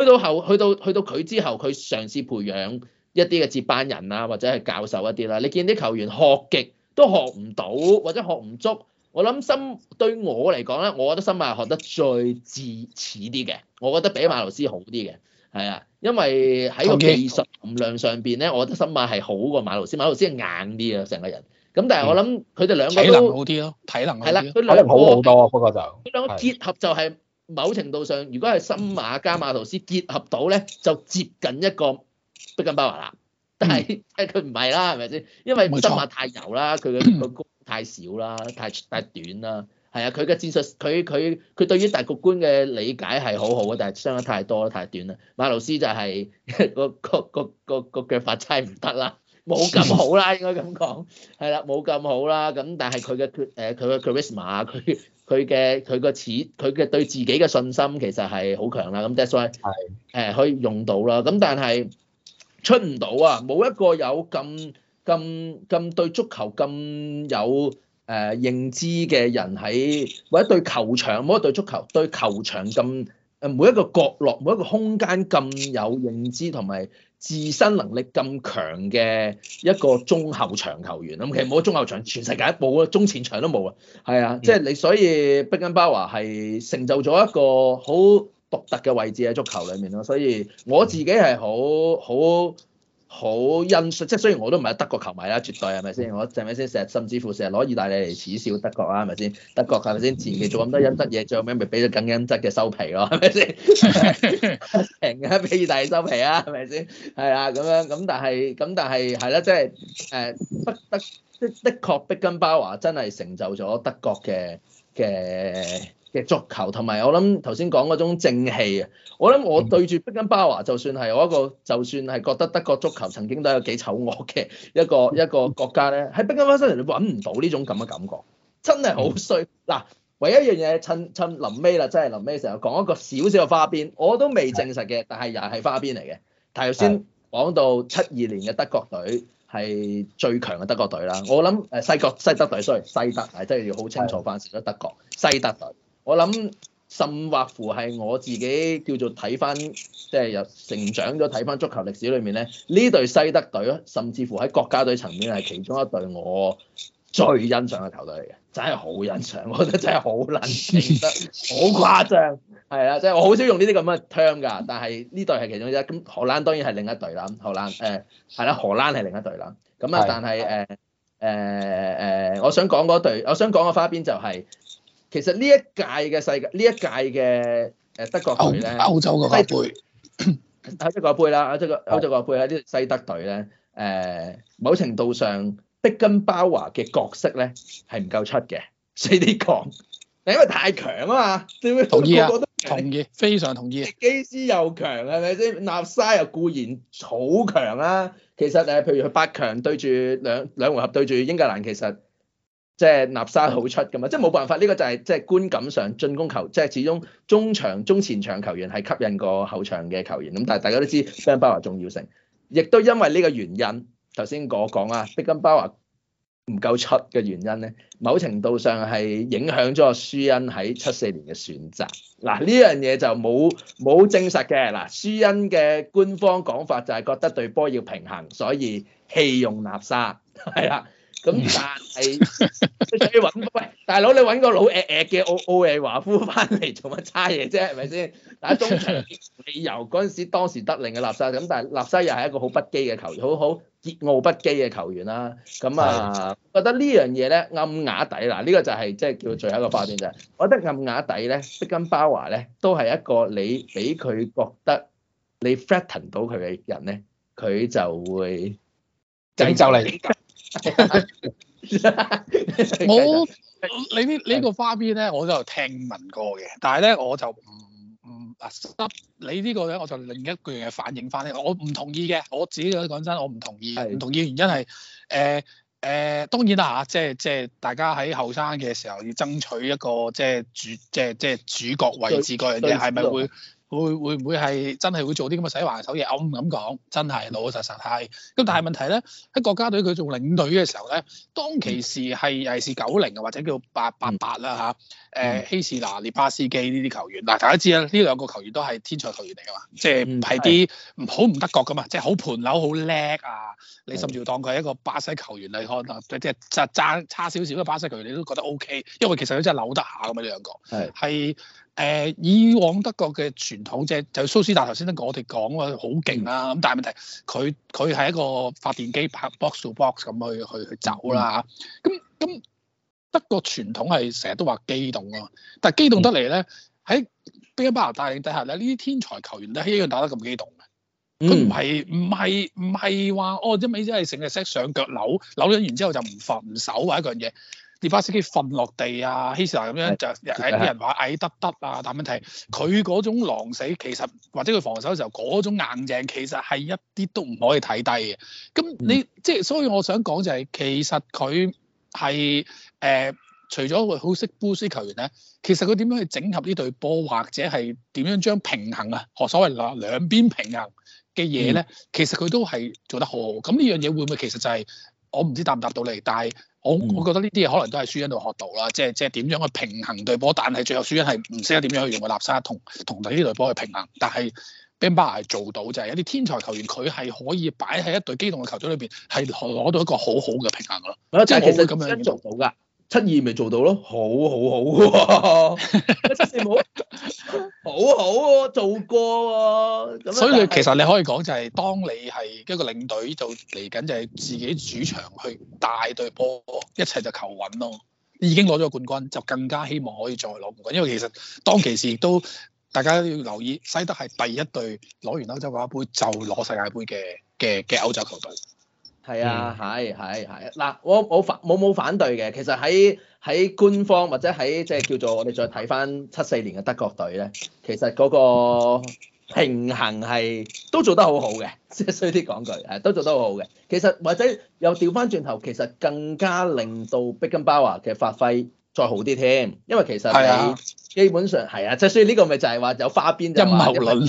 去到後，去到去到佢之後，佢嘗試培養一啲嘅接班人啊，或者係教授一啲啦。你見啲球員學極都學唔到，或者學唔足。我諗森對我嚟講咧，我覺得森馬係學得最似啲嘅，我覺得比馬老斯好啲嘅，係啊，因為喺個技術含量上邊咧，我覺得森馬係好過馬老斯，馬老斯係硬啲啊，成個人。咁但係我諗佢哋兩個都體能好啲咯，體能係啦，佢兩個可能好好多，不過就佢兩個結合就係、係。某程度上，如果係森馬加馬圖斯結合到咧，就接近一個碧根包華啦。但係誒佢唔係啦，係咪先？因為森馬太油啦，佢嘅個高太少啦，太太短啦。係啊，佢嘅戰術，佢佢佢對於大局觀嘅理解係好好嘅，但係傷得太多啦，太短啦。馬圖斯就係個個個個個腳法差唔得啦，冇咁好啦，應該咁講係啦，冇咁、啊、好啦。咁但係佢嘅決誒佢嘅 charisma 佢佢嘅佢個錢，佢嘅對自己嘅信心其實係好強啦，咁 that's why 誒是的、呃、可以用到啦。咁但係出唔到啊！冇一個有咁咁咁對足球咁有誒、呃、認知嘅人喺，或者對球場，唔好話對足球，對球場咁誒每一個角落、每一個空間咁有認知同埋。自身能力咁強嘅一個中後場球員，咁其實冇中後場，全世界都冇啊，中前場都冇啊，係啊，即係你所以，碧根包華係成就咗一個好獨特嘅位置喺足球裏面咯，所以我自己係好好。好欣賞，即係雖然我都唔係德國球迷啦，絕對係咪先？我係咪先？成甚至乎成日攞意大利嚟恥笑德國啦，係咪先？德國係咪先前期做咁多陰質嘢，最後尾咪俾咗更陰質嘅收皮咯，係咪先？平啊， *laughs* *laughs* 俾意大利收皮是是啊，係咪先？係啊，咁樣咁但係咁但係係啦，即係誒，不得即係的確，碧根包華真係成就咗德國嘅嘅。嘅足球同埋我諗頭先講嗰種正氣啊，我諗我對住碧根包華就算係我一個，就算係覺得德國足球曾經都有幾醜惡嘅一個一個，一個國家咧，喺碧根包華身上就揾唔到呢種咁嘅感覺，真係好衰。嗱，唯一一樣嘢，趁趁臨尾啦，真係臨尾嘅時候講一個少少嘅花邊，我都未證實嘅是的，但係又係花邊嚟嘅。但頭先講到七二年嘅德國隊係最強嘅德國隊啦，我諗誒西國西德隊 sorry 西德係真係要好清楚翻，除咗的德國西德隊。我諗甚或乎係我自己叫做睇翻，即係又成長咗睇翻足球歷史裏面咧，呢隊西德隊，甚至乎喺國家隊層面係其中一隊我最欣賞嘅球隊嚟嘅，真係好欣賞，我覺得真係好難得，好 *laughs* 誇張。係啊，即係我好少用呢啲咁嘅 term 㗎，但係呢隊係其中一，咁荷蘭當然係另一隊啦，荷蘭誒係啦，荷蘭係另一隊啦。咁啊，但係誒誒誒，我想講嗰隊，我想講嘅花邊就係、是。其實呢一屆嘅世界，呢一屆嘅誒德國隊咧，歐洲嘅杯，啊德國杯啦，啊德 *coughs* 國歐洲嘅杯，呢啲西德隊咧，誒、呃，某程度上，碧根包華嘅角色咧係唔夠出嘅，所以啲講，但因為太強啊嘛，同意啊，同意，非常同意。基斯又強係咪先？納沙又固然好強啦。其實誒，譬如八強對住兩兩回合對住英格蘭，其實。即係納沙好出㗎嘛，即係冇辦法，呢、這個就係即係觀感上進攻球，即、就、係、是、始終中場、中前場球員係吸引過後場嘅球員。咁但係大家都知碧根包華重要性，亦都因為呢個原因，頭先我講啊，碧根包華唔夠出嘅原因咧，某程度上係影響咗阿舒恩喺七四年嘅選擇。嗱呢樣嘢就冇冇證實嘅。嗱，舒恩嘅官方講法就係覺得對波要平衡，所以棄用納沙係啦。咁但係都要揾喂，大佬你揾個老誒誒嘅奧奧耶華夫翻嚟做乜差嘢啫？係咪先？但係中場遊嗰陣時，當時得令嘅納西咁，但係納西又係一個好不羈嘅球員，好好桀驁不羈嘅球員啦。咁啊，覺得呢樣嘢咧暗瓦底嗱，呢個就係即係叫最後一個發端就係，我覺得暗瓦底咧，碧根包華咧都係一個你俾佢覺得你 threaten 到佢嘅人咧，佢就會拯救你。冇 *laughs* 你呢呢個花邊咧，我都聽聞過嘅。但係咧，我就唔唔啊你呢個咧，我就另一個人反應翻咧，我唔同意嘅。我自己講真，我唔同意。唔的同意原因係誒誒，當然啦嚇，即係即係大家喺後生嘅時候要爭取一個即係主即係即係主角位置嗰樣嘢，係咪最會？會會唔會係真係會做啲咁嘅洗壞手嘢？我唔敢講，真係老老實實係。咁但係問題咧，喺國家隊佢做領隊嘅時候咧，當其時係尤其是九零啊，或者叫八八八啦嚇。誒，希士拿列巴斯基呢啲球員，嗱大家知啊，呢兩個球員都係天才球員嚟㗎嘛，即係係啲好唔德國㗎嘛，即係好盤扭好叻啊！你甚至要當佢係一個巴西球員嚟看啊，即係就是、差少少嘅巴西球員，你都覺得 OK，因為其實佢真係扭得下㗎嘛，呢兩個係係。誒，以往德國嘅傳統即係就蘇斯達頭先都我哋講啊，好勁啦咁，但係問題佢佢係一個發電機 box to box 咁去去去走啦嚇，咁咁、嗯、德國傳統係成日都話機動啊，但係機動得嚟咧喺碧根包華帶領底下咧，呢啲天才球員咧一樣打得咁機動嘅。佢唔係唔係唔係話哦一味即係成日 set 上腳扭扭咗完之後就唔防唔守或一樣嘢。迪巴斯基瞓落地啊，希士拿咁樣就誒啲人話的矮得得啊，但問題佢嗰種狼死其實或者佢防守嘅時候嗰種硬淨其實係一啲都唔可以睇低嘅。咁你即係、嗯、所以我想講就係其實佢係誒除咗好識 push 球員咧，其實佢點樣去整合呢隊波，或者係點樣將平衡啊，何所謂兩兩邊平衡嘅嘢咧，嗯、其實佢都係做得好好。咁呢樣嘢會唔會其實就係、是？我唔知答唔答到你，但係我、嗯、我覺得呢啲嘢可能都係書欣度學到啦，即係即係點樣去平衡隊波，但係最後書欣係唔識得點樣去用個垃圾同同啲隊波去平衡，但係 Ben Bar、er、係做到，就係、是、有啲天才球員，佢係可以擺喺一隊機動嘅球隊裏邊，係攞到一個好好嘅平衡咯。即係、嗯、其實咁樣、嗯、做到㗎。七二咪做到咯，好好好，好、啊，七二冇，好好、啊、做過喎、啊。所以你其實你可以講就係、是，當你係一個領隊，就嚟緊就係自己主場去帶隊波，一切就求穩咯。已經攞咗個冠軍，就更加希望可以再攞冠，冠。因為其實當其時亦都大家要留意，西德係第一隊攞完歐洲國家盃就攞世界盃嘅嘅嘅歐洲球隊。係啊，係係係。嗱、啊啊，我我反冇冇反對嘅。其實喺喺官方或者喺即係叫做我哋再睇翻七四年嘅德國隊咧，其實嗰個平衡係都做得好好嘅，即係衰啲講句，誒、啊、都做得好好嘅。其實或者又調翻轉頭，其實更加令到碧根包華嘅發揮再好啲添，因為其實你。基本上係啊，即係所以呢個咪就係話有花邊就，陰謀論。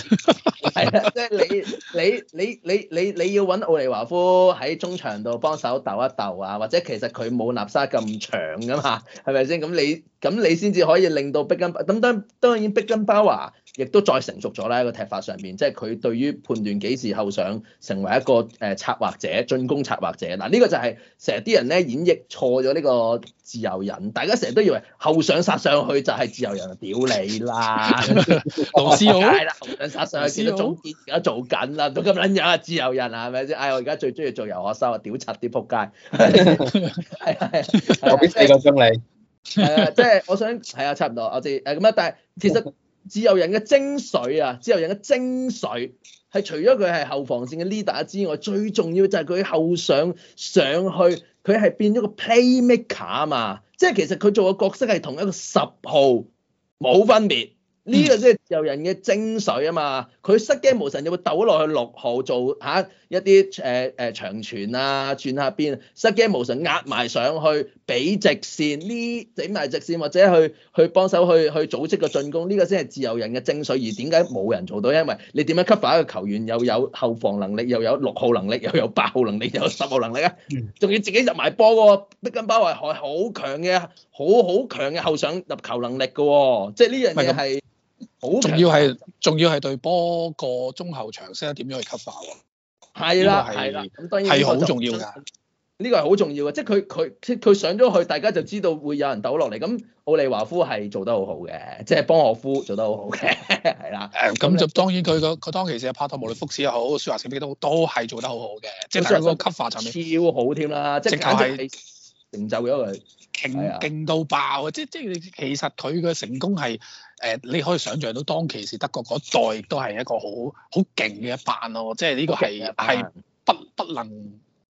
係啊，即、就、係、是、你你你你你你要揾奧利華夫喺中場度幫手鬥一鬥啊，或者其實佢冇納沙咁長噶嘛，係咪先？咁你咁你先至可以令到碧根，咁當當然碧根包華啊。亦都再成熟咗啦，個踢法上面，即係佢對於判斷幾時後上成為一個誒策劃者、進攻策劃者。嗱，呢個就係成日啲人咧演繹錯咗呢個自由人。大家成日都以為後上殺上去就係自由人，屌你啦！老師好。老師好。後上殺上去，知道總結而家做緊啦，都咁撚嘢，自由人係咪先？哎，我而家最中意做遊客收，屌柒啲仆街。係係，我俾四個鐘你。係啊，即係我想係啊，差唔多。我知誒咁啊，但係其實。自由人嘅精髓啊，自由人嘅精髓係除咗佢係後防線嘅 leader 之外，最重要就係佢後上上去，佢係變咗個 playmaker 啊嘛，即係其實佢做嘅角色係同一個十號冇分別。呢個先係自由人嘅精髓啊嘛！佢失驚無神就會竇落去六號做吓一啲誒誒長傳啊，轉下邊，失驚無神壓埋上去俾直線呢，整埋直線或者去去幫手去去組織個進攻，呢、這個先係自由人嘅精髓。而點解冇人做到？因為你點樣 cover 一個球員又有後防能力，又有六號能力，又有八號能力，又有十號能力啊？仲、嗯、要自己入埋波喎，碧根包華好強嘅，好好強嘅後上入球能力嘅喎、啊，即係呢樣嘢係。好重要係，重要係對波個中後場識得點樣去吸 o v e r 係啦係啦，係好重要噶。呢個係好重要嘅，即係佢佢佢上咗去，大家就知道會有人抖落嚟。咁奧利華夫係做得好好嘅，即係邦我夫做得好好嘅，係啦。咁就當然佢個佢當期嘅 p a 無論福士又好，舒華城啲都都係做得好好嘅，即係喺個吸 o v 層面超好添啦。即係就係成就咗佢勁勁到爆啊！即即係其實佢嘅成功係。誒，你可以想象到當其時德國嗰代都係一個好好勁嘅一班咯，哦，即係呢個係係、啊、不不能、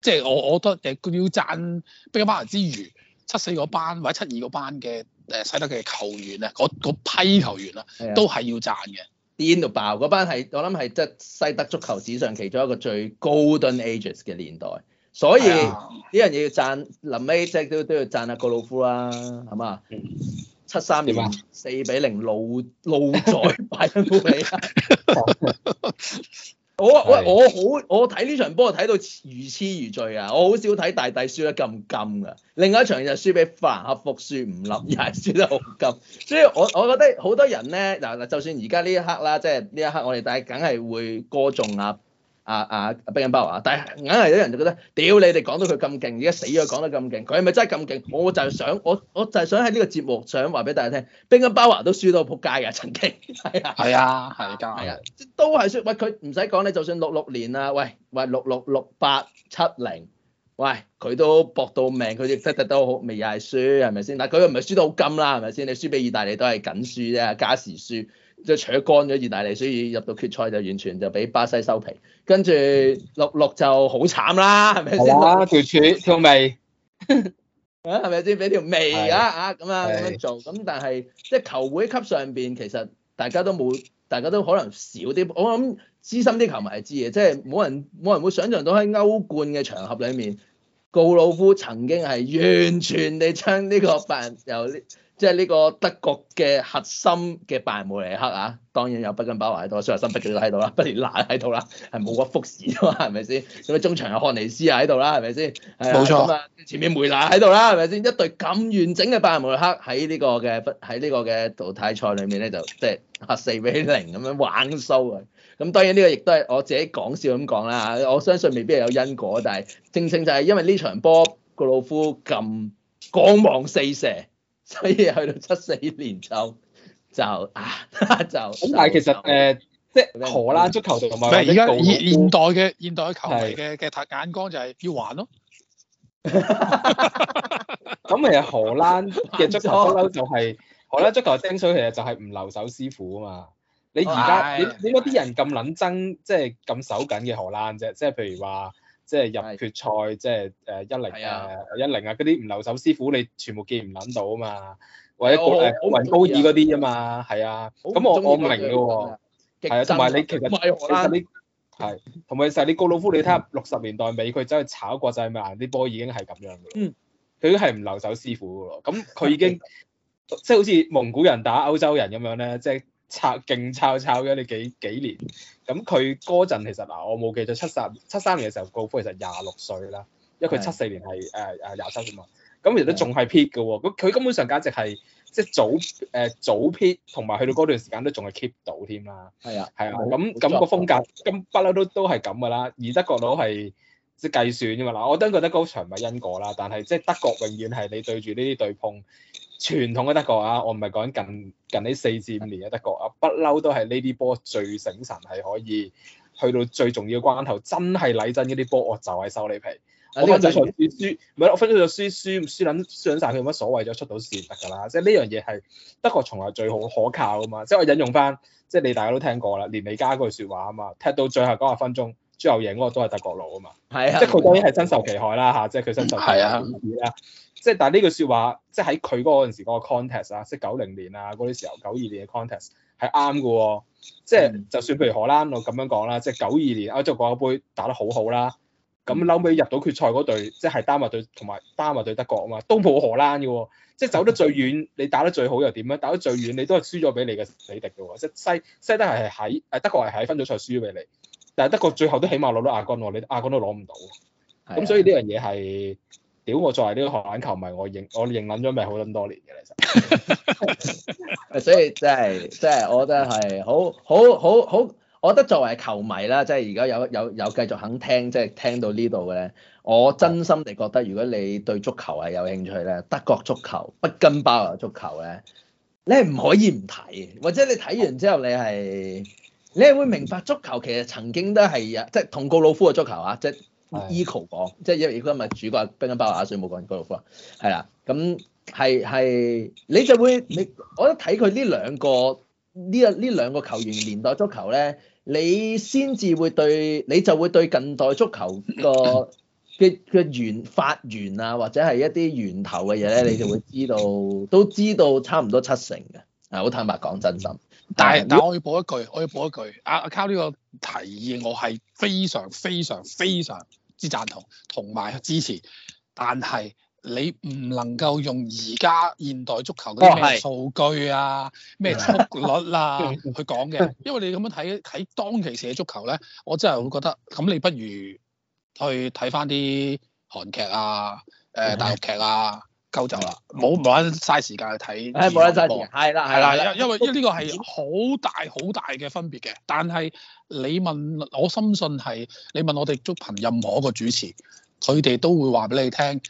即、就、係、是、我我覺得誒要贊碧根包華之餘，七四嗰班或者七二嗰班嘅誒、啊、西德嘅球員啊，嗰批球員都係要贊嘅，癲到爆嗰班係我諗係即係西德足球史上其中一個最 Golden Ages 嘅年代，所以呢，啊、樣嘢要贊，臨尾即係都都要贊阿格魯夫啦，係嘛？嗯七三年啊，四比零，露露在拜登屋企。我我我好，我睇呢場波我睇到如痴如醉啊！我好少睇大帝輸得咁金噶，另外一場就輸俾法蘭克福，輸五粒，又係輸得好金。所以我我覺得好多人咧，嗱嗱，就算而家呢一刻啦，即係呢一刻，就是、一刻我哋大家梗係會歌頌啊。啊啊！碧根包華，但係硬係有啲人就覺得，屌你哋講到佢咁勁，而家死咗講得咁勁，佢係咪真係咁勁？我就係想，我我就係想喺呢個節目想話俾大家聽，碧根包華都輸到仆街嘅，曾經係啊，係啊，係啊，都係輸。喂，佢唔使講咧，就算六六年啊，喂喂六六六八七零，喂佢都搏到命，佢亦都踢得好好，咪又係輸係咪先？但係佢又唔係輸得好金啦，係咪先？你輸俾意大利都係緊輸啫，加時輸。就扯乾咗意大利，所以入到決賽就完全就俾巴西收皮。跟住六六就好慘啦，係咪先？好啦、啊，條柱條眉，啊係咪先？俾條眉啊啊咁啊樣做，咁但係即係球會級上邊，其實大家都冇，大家都可能少啲。我諗資深啲球迷係知嘅，即係冇人冇人會想像到喺歐冠嘅場合裏面，告魯夫曾經係完全地將呢個八由呢。即係呢個德國嘅核心嘅拜仁慕尼克啊，當然有碧根包華喺度，所亞新畢嘅都喺度啦，畢利拿喺度啦，係冇乜輻射啊，嘛，係咪先？咁啊，中場有漢尼斯啊喺度啦，係咪先？冇錯。前面梅拿喺度啦，係咪先？一隊咁完整嘅拜仁慕尼克喺呢個嘅喺呢個嘅淘汰賽裏面咧，就即係嚇四比零咁樣玩 show 啊！咁當然呢個亦都係我自己講笑咁講啦，我相信未必係有因果，但係正正就係因為呢場波，告魯夫咁光芒四射。所以去到七四年就就啊就咁，就但係其實誒、呃，即係荷蘭足球同埋，而家現現代嘅現代球迷嘅眼光就係要玩咯。咁其實荷蘭嘅足球就係、是、荷蘭足球嘅精髓，其實就係唔留守師傅啊嘛。你而家點點解啲人咁撚憎，即係咁守緊嘅荷蘭啫？即係譬如話。即係入決賽，即係誒一零啊，一零啊，嗰啲唔留守師傅，你全部見唔撚到啊嘛 *noise* ，或者高誒、 *noise* 哦、高爾嗰啲啫嘛，係、嗯、啊，咁我我唔明嘅喎，係啊，同埋你其實你實同埋其實你高爾夫你睇下六十年代尾佢走去炒國際硬啲波已經係咁樣嘅，嗯，佢都係唔留守師傅嘅咯，咁佢已經即係好似蒙古人打歐洲人咁樣咧，即係。炒勁炒炒嘅，你幾幾年？咁佢嗰陣其實嗱，我冇記錯，七十七三年嘅時候高飛其實廿六歲啦，因為佢七四年係誒誒廿七添嘛。咁其實都仲係 peak 嘅喎，咁佢根本上簡直係即係早誒、呃、早 peak，同埋去到嗰段時間都仲係 keep 到添啦。係啊，係啊，咁咁個風格咁不嬲都都係咁嘅啦。而德國佬係即係計算咋嘛嗱，我都覺得高翔唔係因果啦，但係即係德國永遠係你對住呢啲對碰。傳統嘅德國啊，我唔係講緊近近呢四至五年嘅德國啊，不嬲都係呢啲波最醒神，係可以去到最重要關頭，真係嚟真呢啲波，我就係收你皮。啊、我分咗就輸，唔係咯，我分咗就輸，輸輸撚輸撚曬，佢有乜所謂？再出到線得㗎啦，即係呢樣嘢係德國從來最好可靠啊嘛。即係我引用翻，即係你大家都聽過啦，連尼加句説話啊嘛，踢到最後嗰九十分鐘。最後贏嗰個都係德國佬啊嘛，的即係佢當然係深受其害啦嚇，即係佢深受其害啦。的即係的但係呢句説話，即係喺佢嗰個陣時嗰個 context 啊 cont、喔，即係九零年啊嗰啲時候，九二年嘅 context 係啱嘅。即係就算譬如荷蘭我咁樣講啦，即係九二年歐洲國家盃打得好好啦，咁嬲尾入到決賽嗰隊即係丹麥隊同埋丹麥對德國啊嘛，都冇荷蘭嘅、喔。即係走得最遠，你打得最好又點啊？打得最遠你都係輸咗俾你嘅死敵嘅、喔。即係西西德係喺誒德國係喺分組賽輸俾你。但係德國最後都起碼攞到亞軍喎，你亞軍都攞唔到，咁的所以呢樣嘢係屌！我作為呢個香港球迷，我認我認諗咗咪好諗多年嘅，其實 *laughs* *laughs* 所以真係真係我覺得係好好好好，我覺得作為球迷啦，即係而家有有有繼續肯聽，即係聽到呢度嘅咧，我真心地覺得，如果你對足球係有興趣咧，德國足球、碧根包華足球咧，你係唔可以唔睇，或者你睇完之後你係。你係會明白足球其實曾經都係啊，即係同高老夫嘅足球啊，即係 Eco 講，即係而而家咪主角碧根包華冇講高老夫啊，係啊，咁係係你就會你，我覺得睇佢呢兩個呢個呢兩個球員年代足球咧，你先至會對，你就會對近代足球個嘅嘅源發源啊，或者係一啲源頭嘅嘢咧，你就會知道都知道差唔多七成嘅，啊好坦白講真心。但係，但我要補一句，我要補一句，阿阿 Karl 呢個提議，我係非常非常非常之贊同同埋支持。但係你唔能夠用而家現代足球啲咩數據啊、咩速率啊 *laughs* 去講嘅，因為你咁樣睇喺當其時嘅足球咧，我真係會覺得咁你不如去睇翻啲韓劇啊、誒、呃、大陸劇啊。夠就啦，冇唔好嘥時間去睇，冇得嘥時間。係啦係啦，因為呢個係好大好大嘅分別嘅。但係你問我深信係，你問我哋足壇任何一個主持，佢哋都會話俾你聽，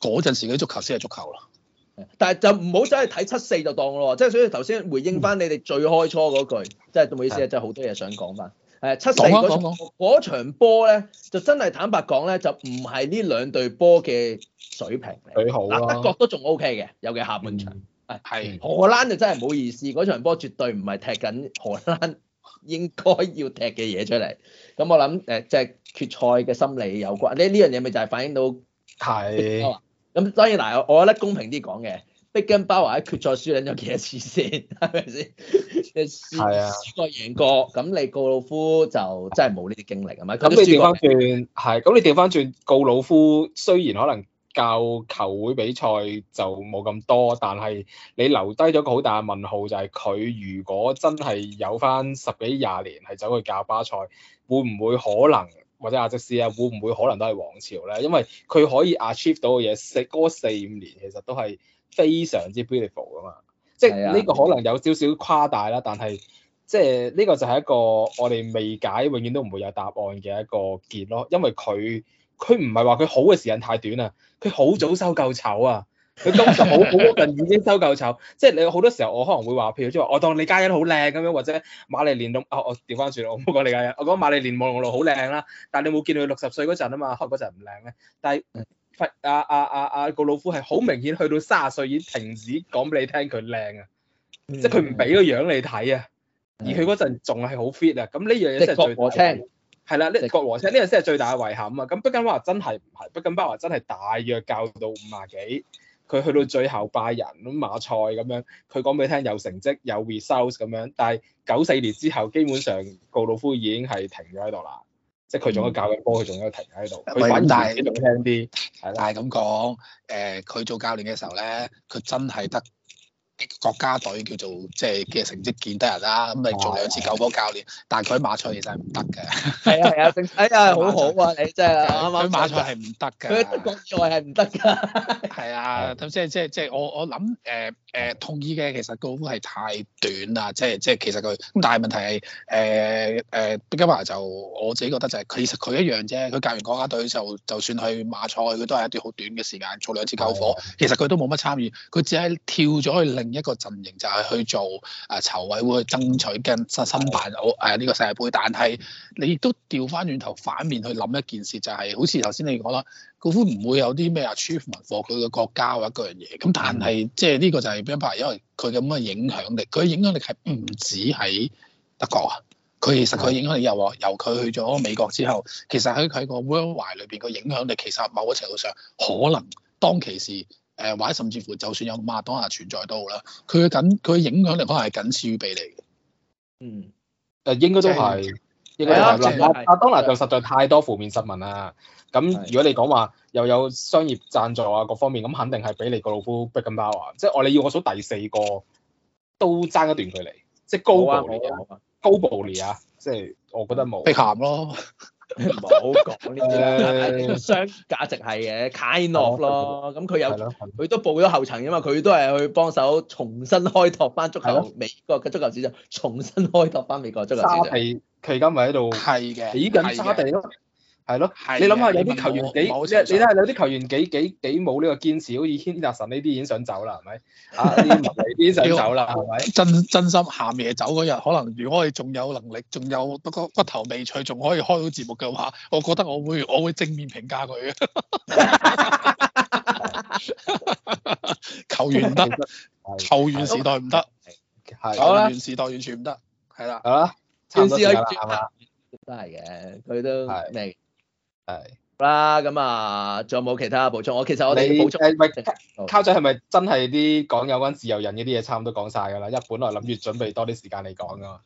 嗰陣時嘅足球先係足球啦。但係就唔好真係睇七四就當咯，即係所以頭先回應翻你哋最開初嗰句，即係唔好意思，即係好多嘢想講翻。誒七四嗰嗰場波咧，就真係坦白講咧，就唔係呢兩隊波嘅水平嚟。幾好啦！德國都仲 OK 嘅，尤其下半場。係荷蘭就真係冇意思，嗰場波絕對唔係踢緊荷蘭應該要踢嘅嘢出嚟。咁我諗誒，即係決賽嘅心理有關。呢呢樣嘢咪就係反映到係。咁當然嗱，我覺得公平啲講嘅。碧根包華喺決賽輸緊咗幾多次先，係咪先？輸輸過贏過，咁你告魯夫就真係冇呢啲經歷係咪？咁你調翻轉，係咁你調翻轉，告魯夫雖然可能教球會比賽就冇咁多，但係你留低咗個好大嘅問號，就係佢如果真係有翻十幾廿年係走去教巴塞，會唔會可能或者阿積士啊，會唔會可能都係王朝咧？因為佢可以 achieve 到嘅嘢，食嗰四五年其實都係。非常之 beautiful 噶嘛，即係呢個可能有少少誇大啦，但係即係呢個就係一個我哋未解，永遠都唔會有答案嘅一個結咯。因為佢佢唔係話佢好嘅時間太短啊，佢好早收夠醜啊，佢今時好好近已經收夠醜。 *laughs* 即係你好多時候我可能會話，譬如即係我當李嘉欣好靚咁樣，或者瑪麗蓮龍啊，我調翻轉，我唔講李嘉欣，我講瑪麗蓮望龍露好靚啦。但係你冇見佢六十歲嗰陣啊嘛，可能嗰陣唔靚咧。但係阿阿阿阿告魯夫係好明顯去到三十歲已經停止，講俾你聽佢靚啊，即係佢唔俾個樣你睇啊，而佢嗰陣仲係好 fit 啊，咁呢樣嘢真係最我聽係啦，呢個和聲呢樣先係最大嘅遺憾啊！咁碧根包華真係唔係，碧根包華真係大約教到五啊幾，佢去到最後拜仁咁馬賽咁樣，佢講俾你聽有成績有 results 咁樣，但係九四年之後基本上告魯夫已經係停咗喺度啦。即係佢仲可以教緊波，佢仲可以停喺度。佢係但，但係仲輕啲。係啦的，但係咁講，誒、呃，佢做教練嘅時候咧，佢真係得。國家隊叫做即係嘅成績見得人啦，咁嚟做兩次救火教練，但係佢喺馬賽其實係唔得嘅。係啊，係啊，成啊、哎、好好啊，你真係啱啱？佢 *laughs* 馬賽係唔得嘅，佢德國賽係唔得㗎。係 *laughs* 啊，咁即係即係即係我我諗誒誒同意嘅，其實高峰係太短啦，即係即係其實佢咁，但係問題係誒誒碧根包華就我自己覺得就係、是、佢其實佢一樣啫，佢教完國家隊就就算去馬賽，佢都係一段好短嘅時間做兩次救火，嗯、其實佢都冇乜參與，佢只係跳咗去另一個陣營就係去做誒籌、呃、委會去爭取跟申申辦好誒呢個世界盃，但係你亦都調翻轉頭反面去諗一件事，就係，就係好似頭先你講啦，高夫唔會有啲咩啊 achievement for 佢嘅國家或者嗰樣嘢，咁但係即係呢個就係邊一排，因為佢咁嘅影響力，佢影響力係唔止喺德國啊，佢其實佢影響力由由佢去咗美國之後，其實喺佢個 worldwide 裏邊嘅影響力，其實某個程度上可能當其時。誒或者甚至乎就算有馬當娜存在都好啦，佢嘅緊佢嘅影響力可能係僅次於比利嘅。嗯，誒應該都係，應該都係啦。馬馬當娜就實在太多負面新聞啦。咁如果你講話又有商業贊助啊，各方面，咁肯定係比利古老夫、碧根包華，即係我哋要我數第四個都爭一段距離，即係高布利啊，高布利啊，即係我覺得冇。碧鹹咯。唔好講呢啲啦，商價值係嘅，kind of、哦就是、咯，咁、嗯、佢有佢了都報咗後層噶嘛，佢都係去幫手重新開拓翻足球，了美國嘅足球市場，重新開拓翻美國足球市場。沙地佢而家咪喺度係嘅，睇緊的沙地咯。係咯，你諗下有啲球員幾，沒你睇下有啲球員幾幾幾冇呢個堅持，好似軒達臣呢啲已經想走啦，係咪？ *laughs* 啊，已經想走啦，係咪？真真心喊嘢走嗰日，可能如果我仲有能力，仲有不過骨頭未脆，仲可以開到節目嘅話，我覺得我會我會正面評價佢嘅、嗯。 *laughs* *laughs* 球員唔得，球員時代唔得，球員時代行行、 *laughs* 嗯、 *laughs* 完全唔得，係啦。真係嘅，佢 *laughs* 都咩？ *laughs* 係啦，咁啊，仲有冇其他補充？我其實我哋補充，係咪係，卡仔係咪真係啲講有關自由人嗰啲嘢，差唔多講晒噶啦，因為本來諗住準備多啲時間嚟講噶。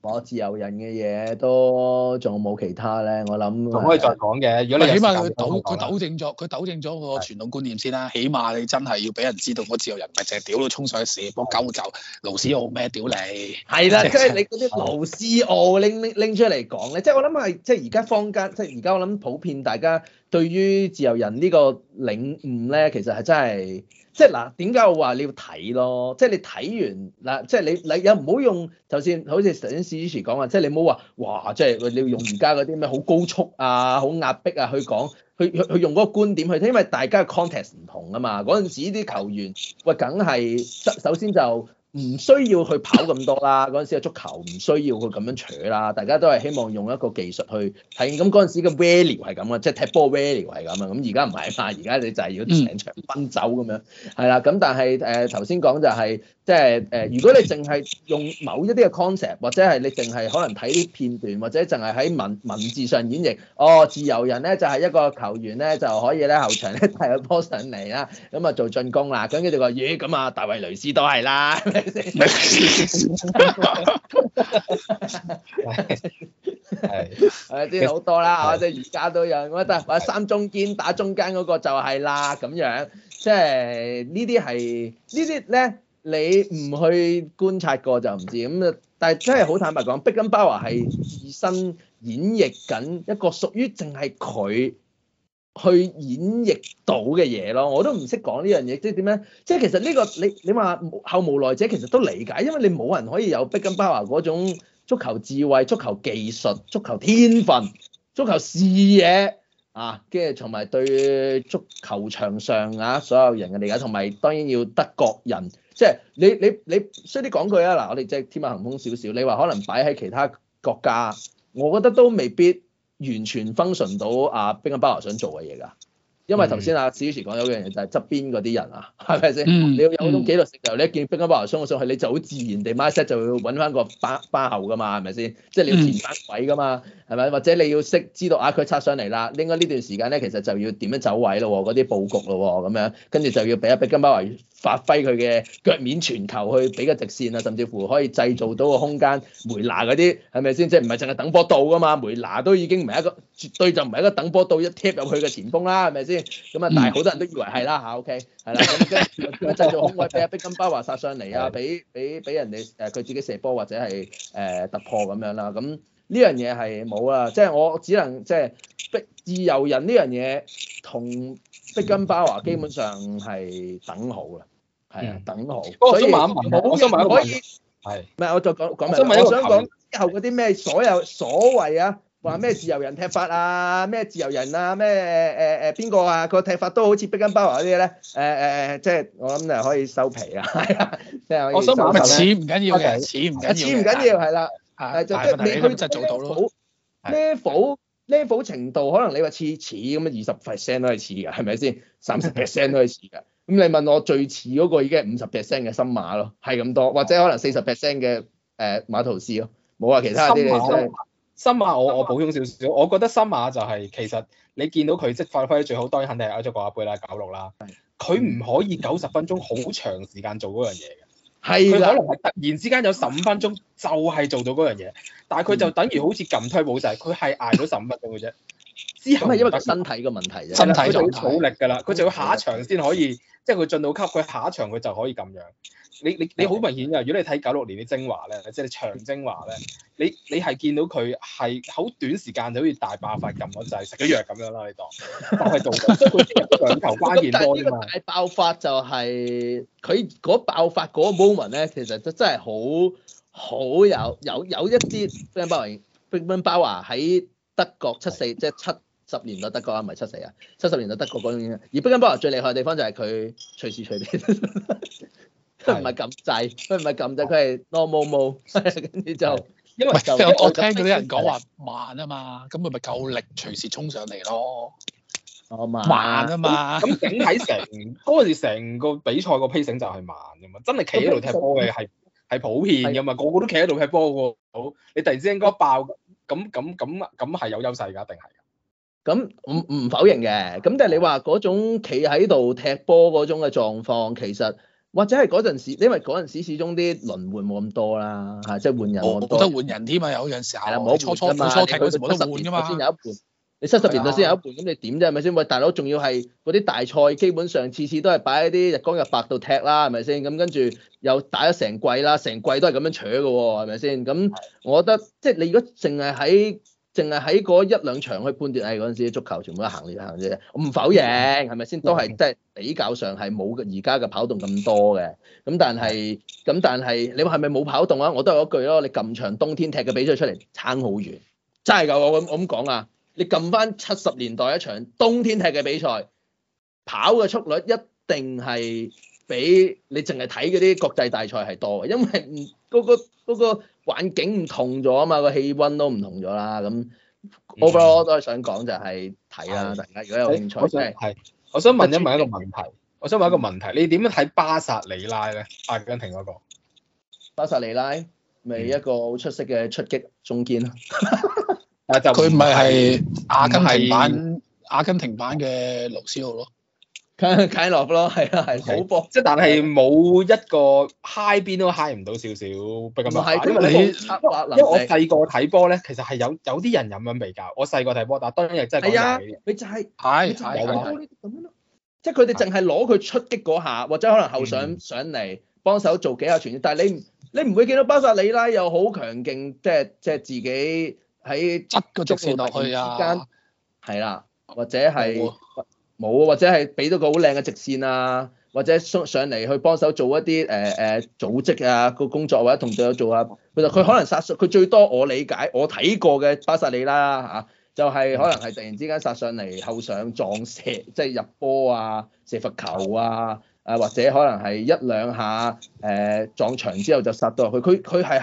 我自由人嘅嘢都仲冇其他咧，我諗仲可以再講嘅。如果你起碼佢糾佢糾正咗佢糾正咗是的 個傳統觀念先啦、啊。起碼你真係要俾人知道，我自由人咪係淨係屌到衝上嚟，幫鳩就勞斯奧咩屌你。係啦，即係你嗰啲勞斯奧拎拎拎出嚟講咧，即係我諗係即係而家坊間，即係而家我諗普遍大家對於自由人呢個領悟咧，其實係真係。即係嗱，點解我話你要睇咯？即係你睇完嗱，即係你你又唔好用，就算好似史主持講話，即係你唔好話，哇！即係你要用而家嗰啲咩好高速啊、好壓迫啊去講，去去去用嗰個觀點去聽，因為大家嘅 context 唔同啊嘛。嗰陣時啲球員喂，梗係首先就。唔需要去跑咁多啦，嗰陣時嘅足球唔需要佢咁樣取啦，大家都係希望用一個技術去睇。咁嗰陣時嘅 value 係咁啊，即係踢波 value 係咁啊，咁而家唔係啊，而家你就係要成場奔走咁樣係啦，咁但係誒頭先講就係即係誒，如果你淨係用某一啲嘅 concept，或者係你淨係可能睇啲片段，或者淨係喺文文字上演繹，哦，自由人咧就係一個球員咧就可以咧後場咧帶個波上嚟啦，咁啊做進攻啦，咁跟住話咦咁啊大衛雷斯都係啦。 *laughs* 係係係，好多啦，即係而家都有咁啊！但係三中堅打中間嗰個就係啦，咁樣即係呢啲係呢啲咧，你唔去觀察過就唔知咁，但係真係好坦白講，碧根包華係自身演繹緊一個屬於淨係佢。去演繹到嘅嘢咯，我都唔識講呢樣嘢，即係點樣？即係其實呢個你你話後無來者其實都理解，因為你冇人可以有碧根包華嗰種足球智慧、足球技術、足球天分、足球視野啊，跟住同埋對足球場上啊所有人嘅理解，同埋當然要德國人。即係你你你衰啲講句啊！嗱，我哋即係天馬行空少少，你話可能擺喺其他國家，我覺得都未必。完全 function 到啊，碧根包華想做嘅嘢噶。因為頭先阿史女士講有樣嘢就係側邊嗰啲人啊，係咪先？嗯、你要有嗰種紀律性，嗯、你一見冰 gem b o x 上去，你就好自然地 m i n d e t 就要揾翻個巴反後噶嘛，係咪先？嗯、即係你要前翻位噶嘛，係咪？或者你要識知道啊佢插上嚟啦，應該呢段時間咧其實就要點樣走位咯、啊，嗰啲佈局咯咁、啊、樣，跟住就要俾一俾金 e m b o 發揮佢嘅腳面全球去俾個直線啊，甚至乎可以製造到個空間，梅拿嗰啲係咪先？即係唔係淨係等波到噶嘛？梅拿都已經唔係一個絕對就唔係一個等波到一 t 入去嘅前鋒啦，係咪先？咁啊，但係好多人都以為係啦嚇，OK，係啦，咁樣製造空位俾啊碧根包華殺上嚟啊，俾俾俾人哋誒佢自己射波或者係誒突破咁樣啦。咁呢樣嘢係冇啊，即係我只能即係畢自由人呢樣嘢同碧根包華基本上係等號啊，係啊，等號。個中文唔好，個中文可以係。唔係，我再講講埋。個中文可以。係。唔係，我再講講埋。我想講之後嗰啲咩？所有所謂啊。咩自由人踢法啊？咩自由人啊？咩誒誒誒邊個啊？個、呃呃呃、踢法都好似碧根包華嗰啲咧。誒、呃、誒、呃，即係我諗你可以收皮啊。係啦、啊，我想問錢唔緊要嘅，錢唔緊要，唔緊要係啦。就即、是、係你就做到咯。Level, 的 level level 程度可能你話似似咁啊，二十 percent 都係似嘅，係咪先？三十 percent 都係似嘅。咁 *laughs* 你問我最似嗰個已經係五十 percent 嘅森馬咯，係咁多，或者可能四十 percent 嘅誒馬圖斯咯。冇啊，其他啲深毛 森馬，馬，我我補充少少，我覺得森馬就係、是、其實你見到佢即係發揮得最好，當然肯定係歐洲國家杯啦九六啦。佢唔可以九十分鐘好長時間做嗰樣嘢嘅，佢的可能係突然之間有十五分鐘就係做到嗰樣嘢，但係佢就等於好似撳推保製、就是，佢係挨咗十五分鐘嘅啫。 *laughs* 之後係因為佢身體嘅問題啫，身體就好冇力㗎啦，佢就要下一場先可以，即係佢進到級，佢下一場佢就可以咁樣。你你你好明顯㗎，如果你睇九六年啲精華咧，即係長精華咧，你你係見到佢係好短時間就好似大爆發咁咯，就係食咗藥咁樣啦，你當當係做長頭關鍵波啊嘛！但係呢個大爆發就係佢嗰爆發嗰 moment 咧，其實就真係好好有有有一啲 Beckenbauer Beckenbauer 喺德國七四的，即係七十年代德國啊，唔係七四啊，七十年代德國嗰種嘢。而 Beckenbauer 最厲害嘅地方就係佢隨時隨地。 *laughs* 佢唔係撳掣，佢唔係撳掣，佢係多毛毛，跟住 *laughs* 就因為就我聽嗰啲人講話是慢啊嘛，咁佢咪夠力隨時衝上嚟咯。慢啊嘛，咁 *laughs* 整體成嗰陣時，成個比賽個 pacing 就係慢噶嘛，真係企喺度踢波嘅係係普遍噶嘛，是個個都企喺度踢波嘅喎。你突然之間嗰一爆，咁咁咁咁係有優勢㗎，定係？咁唔唔否認嘅，咁但係你話嗰種企喺度踢波嗰種嘅狀況，其實。或者係嗰陣時，因為嗰陣時始終啲輪換冇咁多啦，係即係換人冇咁多。冇得換人添啊！有陣時係啦，冇的初初冇初踢，冇得換㗎嘛。先有一半。的你七十年代先有一半，咁你點啫？係咪先？喂，大佬仲要係嗰啲大賽，基本上次次都係擺喺啲日光日白度踢啦，係咪先？咁跟住又打咗成季啦，成季都係咁樣坐嘅喎，係咪先？咁我覺得即係你如果淨係喺。淨係喺嗰一兩場去判斷，哎嗰陣時足球全部都行嚟行啫，我唔否認係咪先？都係即係比較上係冇而家嘅跑動咁多嘅。咁但係咁但係你話係咪冇跑動啊？我都係嗰句咯，你撳場冬天踢嘅比賽出嚟，撐好遠，真係㗎！我咁我咁講啊，你撳翻七十年代一場冬天踢嘅比賽，跑嘅速率一定係比你淨係睇嗰啲國際大賽係多嘅，因為唔。嗰個嗰個環境唔同咗啊嘛，個氣溫都唔同咗啦，咁我我都係想講就係睇啦，大家如果有興趣，係，我想問一問一個問題，我想問一個問題，你點樣睇巴薩里拉咧？阿根廷嗰個巴薩里拉，咪一個好出色嘅出擊中堅咯，佢唔係係阿根廷版阿根廷版嘅盧斯號咯。睇睇落咯，係啊係好搏即係但係冇一個嗨邊都嗨唔到少少，不咁是快。因為你 *laughs* 因為我細個睇波咧，其實係有有啲人咁樣比較。我細個睇波，但係當然係真係講緊呢啲。係啊，你就係係咁即係佢哋淨係攞佢出擊嗰下，的或者可能後上上嚟、嗯、幫手做幾下傳，但係你唔你唔會見到巴薩里拉又好強勁，即係即係自己喺一個足球落去之間係啦、啊，或者係。冇啊，或者係俾到個好靚嘅直線啊，或者上上嚟去幫手做一啲誒誒組織啊個工作，或者同隊友做啊。其實佢可能殺，佢最多我理解我睇過嘅巴薩利啦吓、啊，就係、是、可能係突然之間殺上嚟後上撞射，即、就、係、是、入波啊，射罰球啊，啊或者可能係一兩下誒、呃、撞牆之後就殺到落去。佢佢係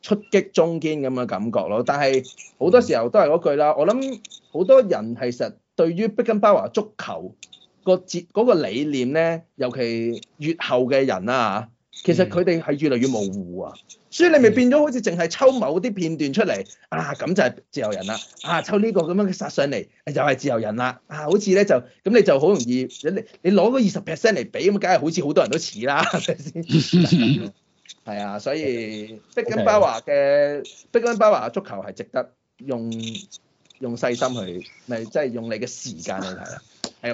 出擊中堅咁嘅感覺咯。但係好多時候都係嗰句啦，我諗好多人係實。對於 b 根巴 n 足球個節嗰個理念咧，尤其越後嘅人啊，其實佢哋係越嚟越模糊啊，所以你咪變咗好似淨係抽某啲片段出嚟啊，咁就係自由人啦啊，抽呢個咁樣嘅殺上嚟、啊、又係自由人啦啊，好似咧就咁你就好容易你你攞嗰二十 percent 嚟比咁，梗係好似好多人都似啦，係 *laughs* 啊，所以 b 根巴 n 嘅 b 根巴 n 足球係值得用。用細心去，咪即係用你嘅時間去睇啦。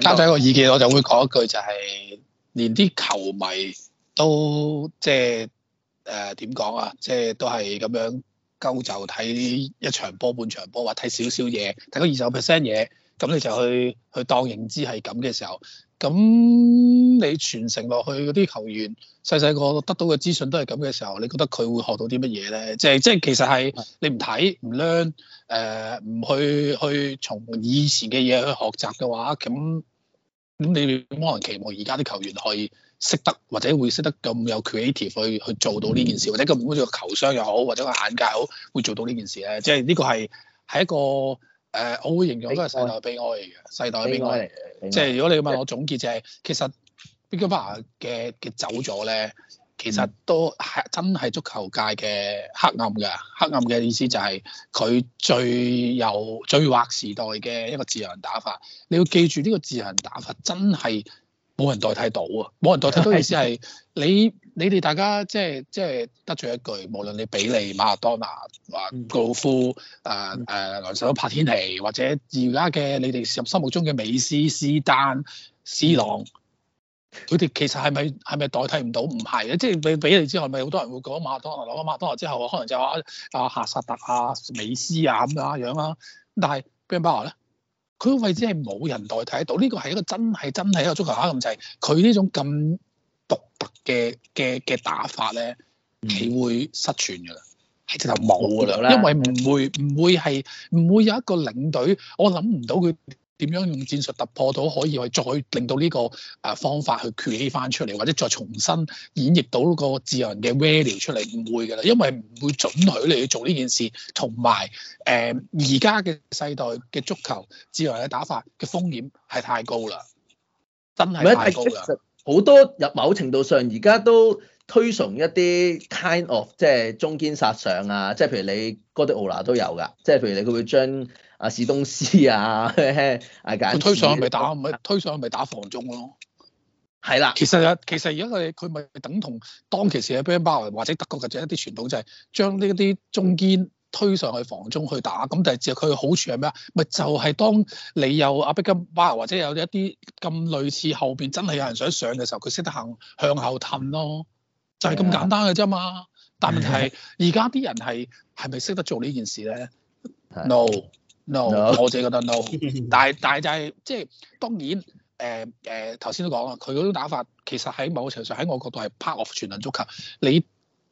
家長嘅意見，我就會講一句就係、是，連啲球迷都即係誒點講啊，即係都係咁樣鳩就睇一場波，半場波，或睇少少嘢，睇個二十個 percent 嘢，咁你就去去當認知係咁嘅時候。咁你傳承落去嗰啲球員細細個得到嘅資訊都係咁嘅時候，你覺得佢會學到啲乜嘢咧？即係即係其實係你唔睇唔 learn，誒唔去去從以前嘅嘢去學習嘅話，咁咁你點可能期望而家啲球員可以識得或者會識得咁有 creative 去去做到呢件事，或者好似個球商又好，或者個眼界好會做到呢件事咧？即係呢個係係一個。誒，我會形容都係世代悲哀嚟嘅，世代悲哀。悲哀即係如果你問我、就係、我總結、就係，就係其實 Beckenbauer 嘅嘅走咗咧，其實都係真係足球界嘅黑暗㗎。黑暗嘅意思就係佢最有最劃時代嘅一個自由人打法。你要記住呢個自由人打法真，真係～冇人代替到啊！冇人代替到意思係 *laughs* 你你哋大家即係即係得罪一句，無論你比利、馬爾多拿、華高夫、啊啊、萊塞帕天尼，或者而家嘅你哋心目中嘅美斯、斯丹、斯朗，佢哋其實係咪係咪代替唔到？唔係啊。即係比比利之外，咪好多人會講馬爾多拿。攞咗馬爾多拿之後，可能就阿阿夏薩特、阿、啊、美斯啊咁樣啊樣，但係碧根包華咧？佢個位置係冇人代替得到，呢個係一個真係真係一個足球客咁滯。佢呢種咁獨特嘅嘅嘅打法咧，佢會失傳㗎喇，係直頭冇㗎喇，因為唔會唔會係唔會有一個領隊，我諗唔到佢。點樣用戰術突破到可以去再令到呢個誒方法去崛起返出嚟，或者再重新演繹到個自由人嘅 value 出嚟，唔會㗎啦，因為唔會準許你去做呢件事，同埋誒而家嘅世代嘅足球自由人嘅打法嘅風險係太高啦，真係太高啦。好多入某程度上，而家都推崇一啲 kind of 即係中堅殺上啊，即係譬如你哥迪奧拿都有㗎，即係譬如你佢會將。阿史東斯啊，阿、啊、簡，推上去咪打，咪 *laughs* 推上去咪打防中咯。係啦的，其實啊，其實而家佢佢咪等同當其時嘅碧根包華或者德國嘅一啲傳統就係將呢啲中堅推上去防中去打。咁第二，只佢嘅好處係咩啊？咪就係、是、當你有阿碧根包華或者有一啲咁類似後邊真係有人想上嘅時候，佢識得行向後褪咯。的就係咁簡單嘅啫嘛。但係而家啲人係係咪識得做呢件事咧？No。no, no. *laughs* 我自己覺得 no，但係但係就係即係當然誒誒頭先都講喇，佢嗰種打法其實喺某程度上喺我角度係 part of 全能足球。你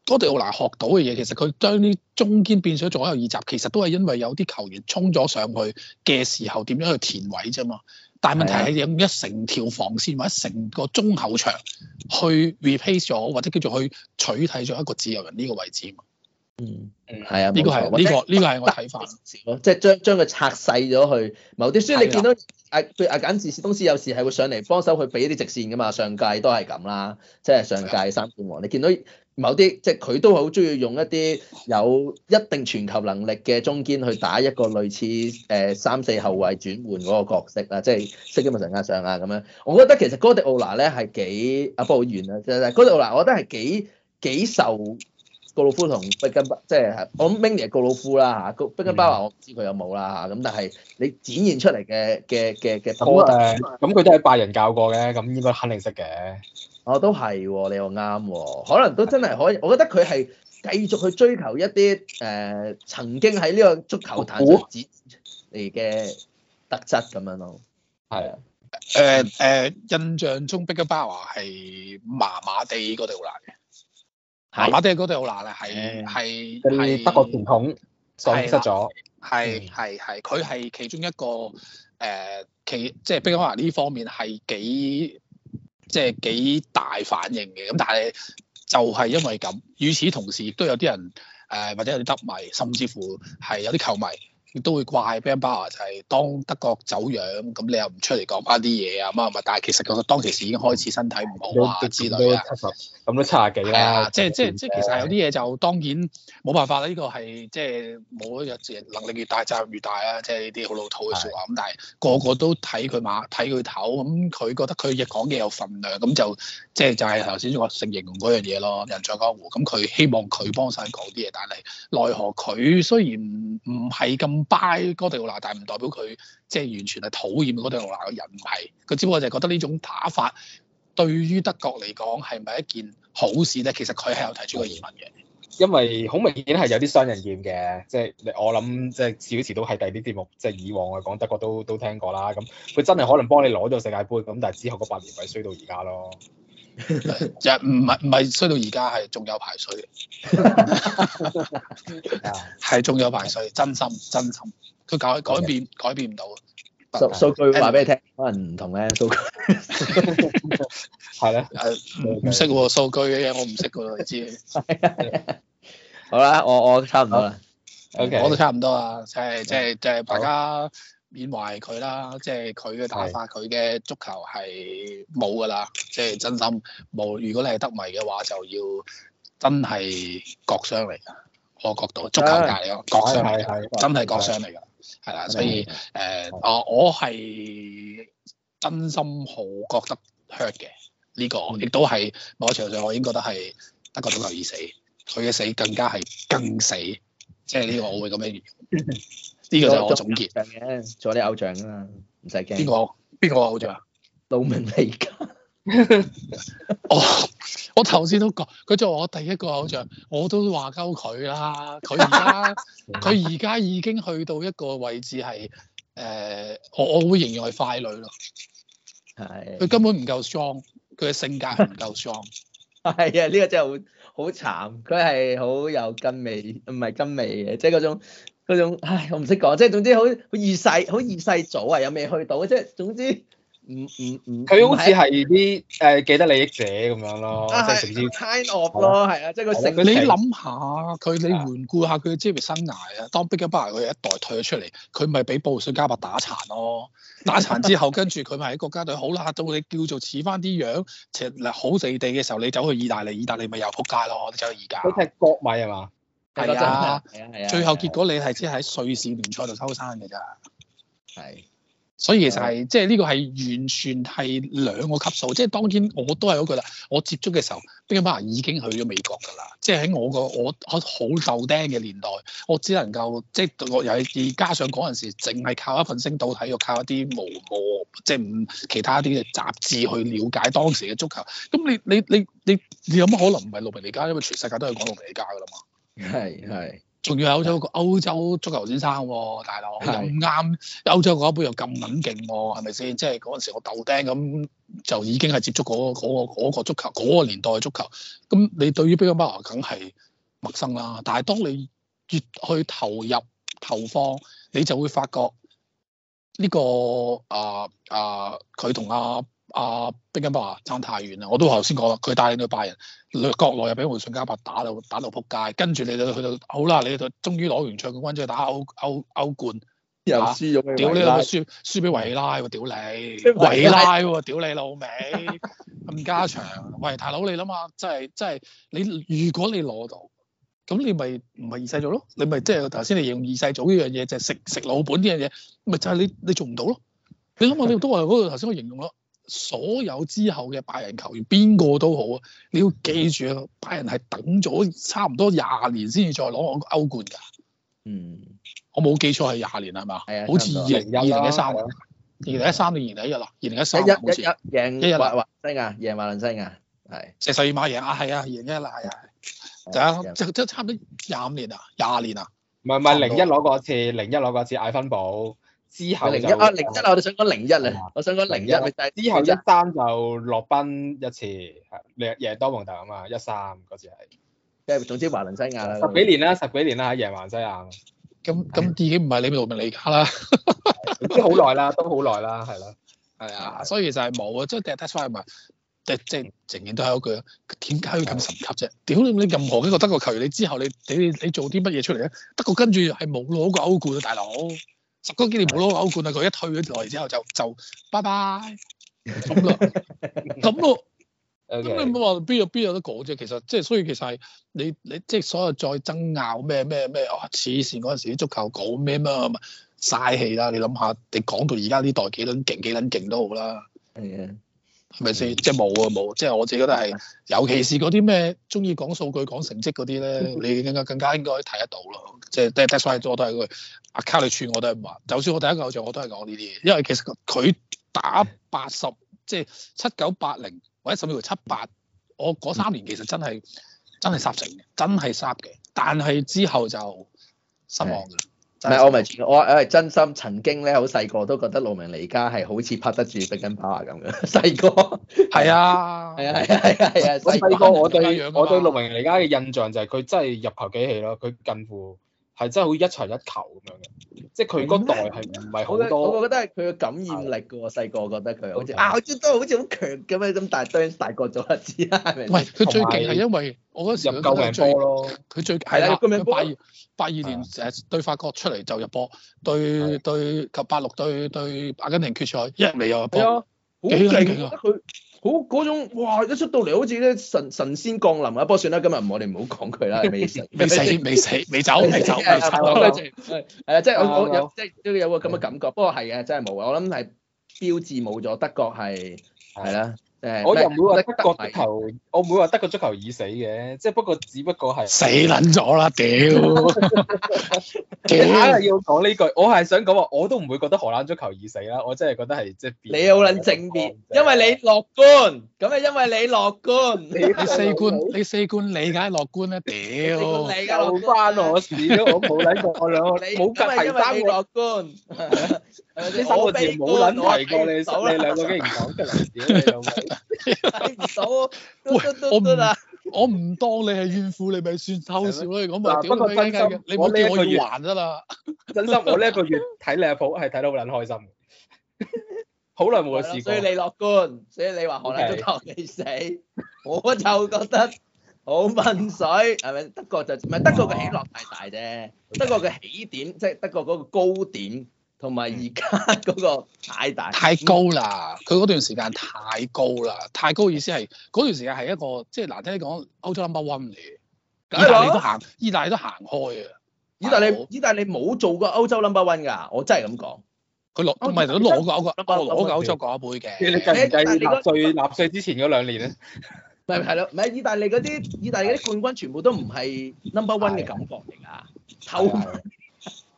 嗰隊奧蘭學到嘅嘢，其實佢將啲中堅變咗做右二閘，其實都係因為有啲球員衝咗上去嘅時候點樣去填位啫嘛。但係問題係有一成條防線或者成個中後場去 replace 咗，或者叫做去取替咗一個自由人呢個位置嗯，係啊，呢個係呢個呢個係我睇法咯，即係將將佢拆細咗去某啲，所以你見到誒，譬如阿簡治，史東斯有時係會上嚟幫手去俾一啲直線噶嘛，上屆都係咁啦，即係上屆三冠王，你見到某啲即係佢都好中意用一啲有一定傳球能力嘅中堅去打一個類似誒三四後衛轉換嗰個角色啦，即係識咗咪陣間上啊咁樣。我覺得其實哥迪奧拿咧係幾啊，不過好遠啦，哥迪奧拿我覺得係幾幾受。格魯夫同碧根包，即、就、係、是、我諗 Mingya 格魯夫啦嚇，碧根包華我唔知佢有冇啦嚇，咁但係你展現出嚟嘅嘅嘅嘅咁佢都喺拜仁教過嘅，咁應該肯定識嘅。我、啊、都係，你又啱，可能都真係可以，的我覺得佢係繼續去追求一啲誒、呃、曾經喺呢個足球壇上展嚟嘅特質咁樣咯。係啊。誒誒，印象中碧根包華係麻麻地嗰度難嘅。麻麻哥都好又難啦，係係係德國傳統喪失咗，係係係佢係其中一個誒企、呃就是，即係碧可能呢方面係幾即係幾大反應嘅。咁但係就係因為咁，與此同時亦都有啲人誒、呃、或者有啲得迷，甚至乎係有啲球迷，亦都會怪 Beckenbauer 就係當德國走樣，咁你又唔出嚟講返啲嘢啊？咁啊，但係其實佢當其時已經開始身體唔好都知啦。咁都七十幾啦？即係即係即係其實有啲嘢就當然冇辦法啦。呢、呢個係即係冇一日能力越大責任越大啊！即係啲好老土嘅説話咁，的但係個個都睇佢馬睇佢頭咁，佢、嗯、覺得佢亦講嘢有份量咁、嗯、就即係就係頭先我成形容嗰樣嘢咯，人在人江湖咁，佢希望佢幫曬講啲嘢，但係奈何佢雖然唔唔係咁。拜哥迪奧拿，但係唔代表佢即係完全係討厭哥迪奧拿嘅人，唔係，佢只不過就係覺得呢種打法對於德國嚟講，係咪一件好事咧？其實佢係有提出個疑問嘅，因為好明顯係有啲雙刃劍嘅，即係我諗，即係少時都係第二啲節目，即係以往我講德國都都聽過啦。咁佢真係可能幫你攞到世界杯咁，但係之後嗰八年咪衰到而家咯。又唔係唔係衰到而家係仲有排水，係仲有排水，真心真心，佢改改變改變唔到啊。數數據話俾你聽， *laughs* 可能唔同咧。數據係咧 *laughs* 嗎，唔識數據嘅嘢，我唔識噶，你知。 *laughs* 好啦，我我差唔多啦。Okay. 我都差唔多啦，即係即係即係大家。Okay. 緬懷佢啦，即係佢嘅打法，佢嘅是足球係冇噶啦，即、就、係、是、真心冇。如果你係得迷嘅話，就要真係割傷嚟噶，我覺得足球界嚟講，割傷嚟噶，真係割傷嚟噶，係啦。所以誒，啊、呃，我係真心好覺得 hurt 嘅呢、這個，亦都係我場上我已經覺得係德國足球已死，佢嘅死更加係更死。即係呢個我會咁樣呢個就我總結嘅。做啲偶像啊，唔使驚。邊個？邊個偶像啊？魯明尼加。 *laughs* oh, 我我頭先都講，佢做我第一個偶像，我都話鳩佢啦。佢而家佢而家已經去到一個位置係誒、呃，我我會形容係傀儡咯。係。佢根本唔夠 strong，佢性格唔夠 strong。 *laughs* 係啊，呢個真係好。好慘，佢係好有金味，唔係金味嘅，即係嗰種，嗰種，唉，我唔識講。即係總之好好二世，好二世祖啊！有咩去到，即係總之。唔唔唔，佢好似係啲誒既得利益者咁樣咯，即係直接 kind of 咯，係啊，即係佢食。你諗下佢，你回顧下佢嘅職業生涯啊，當碧根包華佢一代退咗出嚟，佢咪俾布魯塞加伯打殘咯？打殘之後，跟住佢咪喺國家隊好啦，到你叫做似翻啲樣，其實好地地嘅時候，你走去意大利，意大利咪又撲街咯，你走去意甲。佢踢國米係嘛？係啊係啊係啊，最後結果你係只係喺瑞士聯賽度收山嘅咋。係。所以其實係即係呢個係完全係兩個級數，即係當然我都係嗰句啦。我接觸嘅時候，乒乓 p 已經去咗美國㗎啦。即係喺我個我，我好好鬥釘嘅年代，我只能夠即係我又係而加上嗰陣時，淨係靠一份星島體育，又靠一啲無無即係其他啲嘅雜誌去了解當時嘅足球。咁你你你你你有乜可能唔係六皮尼加？因為全世界都係講六皮尼加㗎啦嘛。係係。仲要係歐洲個的歐洲足球先生喎、啊，大佬咁啱歐洲嗰一杯又咁撚勁喎、啊，係咪先？即係嗰陣時我豆釘咁就已經係接觸嗰、那、嗰、個那個那個足球嗰、那個年代嘅足球。咁你對於碧根包華梗係陌生啦，但係當你越去投入投放，你就會發覺呢、這個啊啊佢同阿阿碧、啊、根包爭太遠啦！我都頭先講啦，佢帶領到拜仁，內國內又俾慕遜加柏打到打到撲街，跟住你就去到好啦，你哋終於攞完賽冠，去打歐歐歐冠又輸咗。屌、啊、你，輸輸俾維拉喎！屌你，維拉喎！屌你老味，咁加長喂，大佬你諗下，真係真係你如果你攞到，咁你咪唔係二世祖咯？你咪即係頭先你形容二世祖呢樣嘢，就係食食老本呢樣嘢，咪就係、是、你你做唔到咯？你諗下，你都話嗰度頭先我形容咯。所有之後嘅拜仁球員，邊個都好啊！你要記住啊，拜仁係等咗差唔多廿年先至再攞我個歐冠㗎。嗯，我冇記錯係廿年係嘛？係啊，好似二零二零一三年，二零一三年二零一一啦，二零一三。一一一贏馬來西亞啊，贏馬來西亞係。十二碼贏啊，係啊，贏一啦，係啊，就即差唔多廿五年啊，廿年啊。唔係唔係，零一攞過一次，零一攞過一次艾芬堡。之後零一啊，零一啊，我哋想講零一啊，我想講零一咪係之後一三就落班一次，係日日多蒙特啊嘛，一三嗰時係，即係總之華倫西亞，十幾年啦， *laughs* 十幾年啦，贏華倫西亞，咁咁已經唔係你老未你家啦，都好耐啦，都好耐啦，係咯，係啊，所以其實係冇啊，即係 testify 咪，即即係仍然都係嗰句，點解要咁神級啫？屌你你任何一個德國球員，你之後你你你做啲乜嘢出嚟啊？德國跟住係冇攞過歐冠啊，大佬。十嗰幾年冇攞歐冠啦，佢一退咗落嚟之後就就拜拜咁咯，咁咯，咁 *laughs* Okay. 你唔好話邊有邊有得講啫。其實即係所以其實係你你即係所有再爭拗咩咩咩啊，黐線嗰陣時啲足球講咩咩咁啊，嘥氣啦！你諗下，你講到而家呢代幾撚勁幾撚勁都好啦。係啊。係咪先？即係冇啊，冇！即係我自己覺得係，尤其是嗰啲咩中意講數據、講成績嗰啲咧，你更加更加應該睇得到咯。即係 data science 我都係佢 account 率串，我都係咁話。就算我第一個偶像，我都係講呢啲嘢。因為其實佢打八十，即係七九八零，或者甚至乎七八，我嗰三年其實真係真係蝨成嘅，真係蝨嘅。但係之後就失望唔係，我咪住我誒真心曾經咧，好細個都覺得陸明嚟家係好似拍得住碧根包華咁樣，細個係啊，係 *laughs* 啊，係啊，係啊。我細個我對、啊、我對陸明嚟家嘅印象就係佢真係入球幾起咯，佢近乎。係真係好似一場一球咁樣嘅，即係佢嗰代係唔係好多。我覺得係佢嘅感染力嘅喎，細個覺得佢好似，啊，佢都好似好強嘅咩咁，但係當然大個咗一知啦。唔係，佢最勁係因為我嗰陣時佢入救命波咯。佢最係啦，佢八二八二年成日對法國出嚟就入波，對對及八六對對阿根廷決賽一嚟又入波，係啊，好勁啊！佢。好嗰種哇！一出到嚟好似咧神神仙降臨啊！不過算啦，今日我哋唔好講佢啦，未死未死未 *laughs* 死未走未走，係啊，即係我我 *laughs* 有即係都有個咁嘅感覺。的不過係嘅，真係冇啊！我諗係標誌冇咗，德國係係啦。我又唔會話德國足球，我唔會話德國足球已死嘅，即係不過只不過係死捻咗啦，屌！你硬係要講呢句，我係想講話，我都唔會覺得荷蘭足球已死啦，我真係覺得係即係變。你又捻正面？因為你樂觀，咁啊因為你樂觀。你你悲觀，你悲觀你梗係樂觀啦，屌！你嘅樂觀關我事，我冇捻過我兩個冇隔係三樂觀。呢三個字冇捻為過你，你兩個竟然講得嚟，點你兩個？都都都唔得，我唔當你係怨婦，你咪算偷笑咯。你咁啊，不過真心，我呢一個月還得啦。真心，我呢一個月睇你阿婆係睇到好捻開心。好耐冇嘅事。所以你樂觀，所以你話可能都托你死，我就覺得好問水，係咪？德國就唔係德國嘅起落太大啫，德國嘅起點即係德國嗰個高點。同埋而家嗰個太大太高啦！佢嗰段時間太高啦，太高意思係嗰段時間係一個即係難聽啲講歐洲 number one 嚟。意大利都行，意大利都行開啊！意大利意大利冇做過歐洲 number one 噶，我真係咁講。佢攞唔係都攞過歐洲攞過歐洲冠軍杯嘅。你計唔計納稅納稅之前嗰兩年咧？咪係咯，咪意大利嗰啲意大利嗰啲冠軍全部都唔係 number one 嘅感覺嚟噶，偷。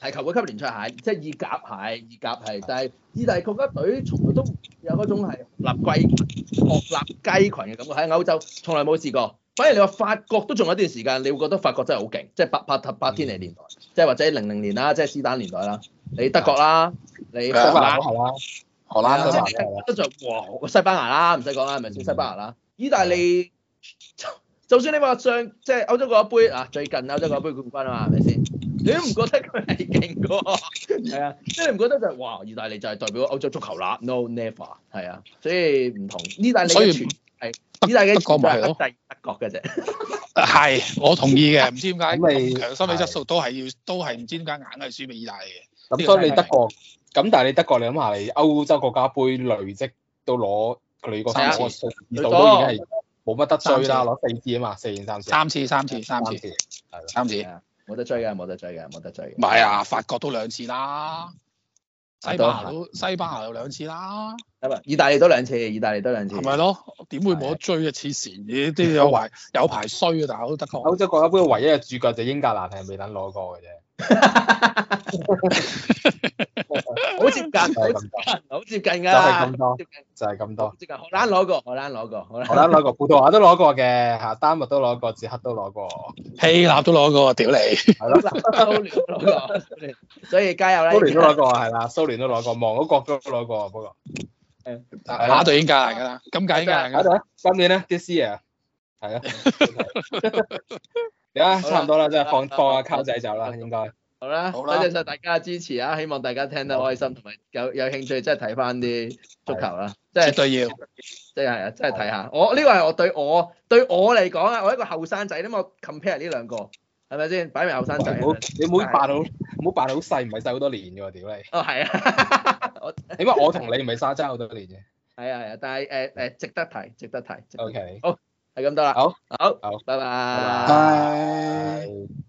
係球會級聯賽蟹，即係意甲蟹，意甲蟹，但係意大利國家隊從來都有嗰種係鶴立雞群鶴立雞群嘅感覺，喺歐洲從來冇試過。反而你話法國都仲有一段時間，你會覺得法國真係好勁，即係八八突八天嚟年代，即係或者零零年啦，即係施丹年代啦，你德國啦，你德國，德國你德國德國荷蘭荷蘭都係。跟住西班牙啦唔使講啦，係咪先？西班牙啦，意大利就，就算你話上即係歐洲嗰個杯啊，最近歐洲嗰個杯，杯冠軍啊嘛，係咪先？你都唔覺得佢係勁喎？係啊，即係唔覺得就係哇！意大利就係代表歐洲足球啦，no never 係啊，所以唔同。意大利全係德國咪係咯？德國嘅啫。係，我同意嘅。唔知點解強心體質素都係要，都係唔知點解硬係輸俾意大利嘅。咁所以你德國咁，但係你德國，你諗下，你歐洲國家杯累積都攞佢攞三次，二度都已經係冇乜得追啦，攞四次啊嘛，四三次。三次，三次，三三次。冇得追嘅，冇得追嘅，冇得追。唔係啊，法國都兩次啦，西班牙都西班牙有兩次啦。唔係，意大利都兩次，意大利都兩次。係咪咯？點會冇得追啊？黐線嘅，都有排有排衰啊！但係歐洲球，歐洲國家杯唯一嘅主角就英格蘭係未等攞過嘅啫。哈哈哈！哈哈，好接近，好接近噶，就係咁多，接近就係咁多，接近荷蘭攞過，荷蘭攞過，荷蘭攞過葡萄牙都攞過嘅，吓丹麥都攞過，捷克都攞過，希臘都攞過，屌你，係咯，蘇聯都攞過，所以加油啦，蘇聯都攞過，係啦，蘇聯都攞過，望到各國都攞過，不過，誒，下對已經艱難噶啦，咁簡單，下對，今年咧，D C 啊，係啊。而家差唔多啦，即係放放阿溝仔走啦，應該好啦，多謝晒大家嘅支持啊！希望大家聽得開心，同埋有有興趣，即係睇翻啲足球啦，即係絕對要，即係啊，即係睇下我呢個係我對我對我嚟講啊，我一個後生仔，咁我 compare 呢兩個係咪先？擺明後生仔，好，你唔好扮到唔好扮到好細，唔係細好多年嘅喎，屌你！哦，係啊，起碼我同你唔係相差好多年啫？係啊，係啊，但係誒誒，值得睇，值得睇，OK，好。係咁多啦，好好，拜拜，拜。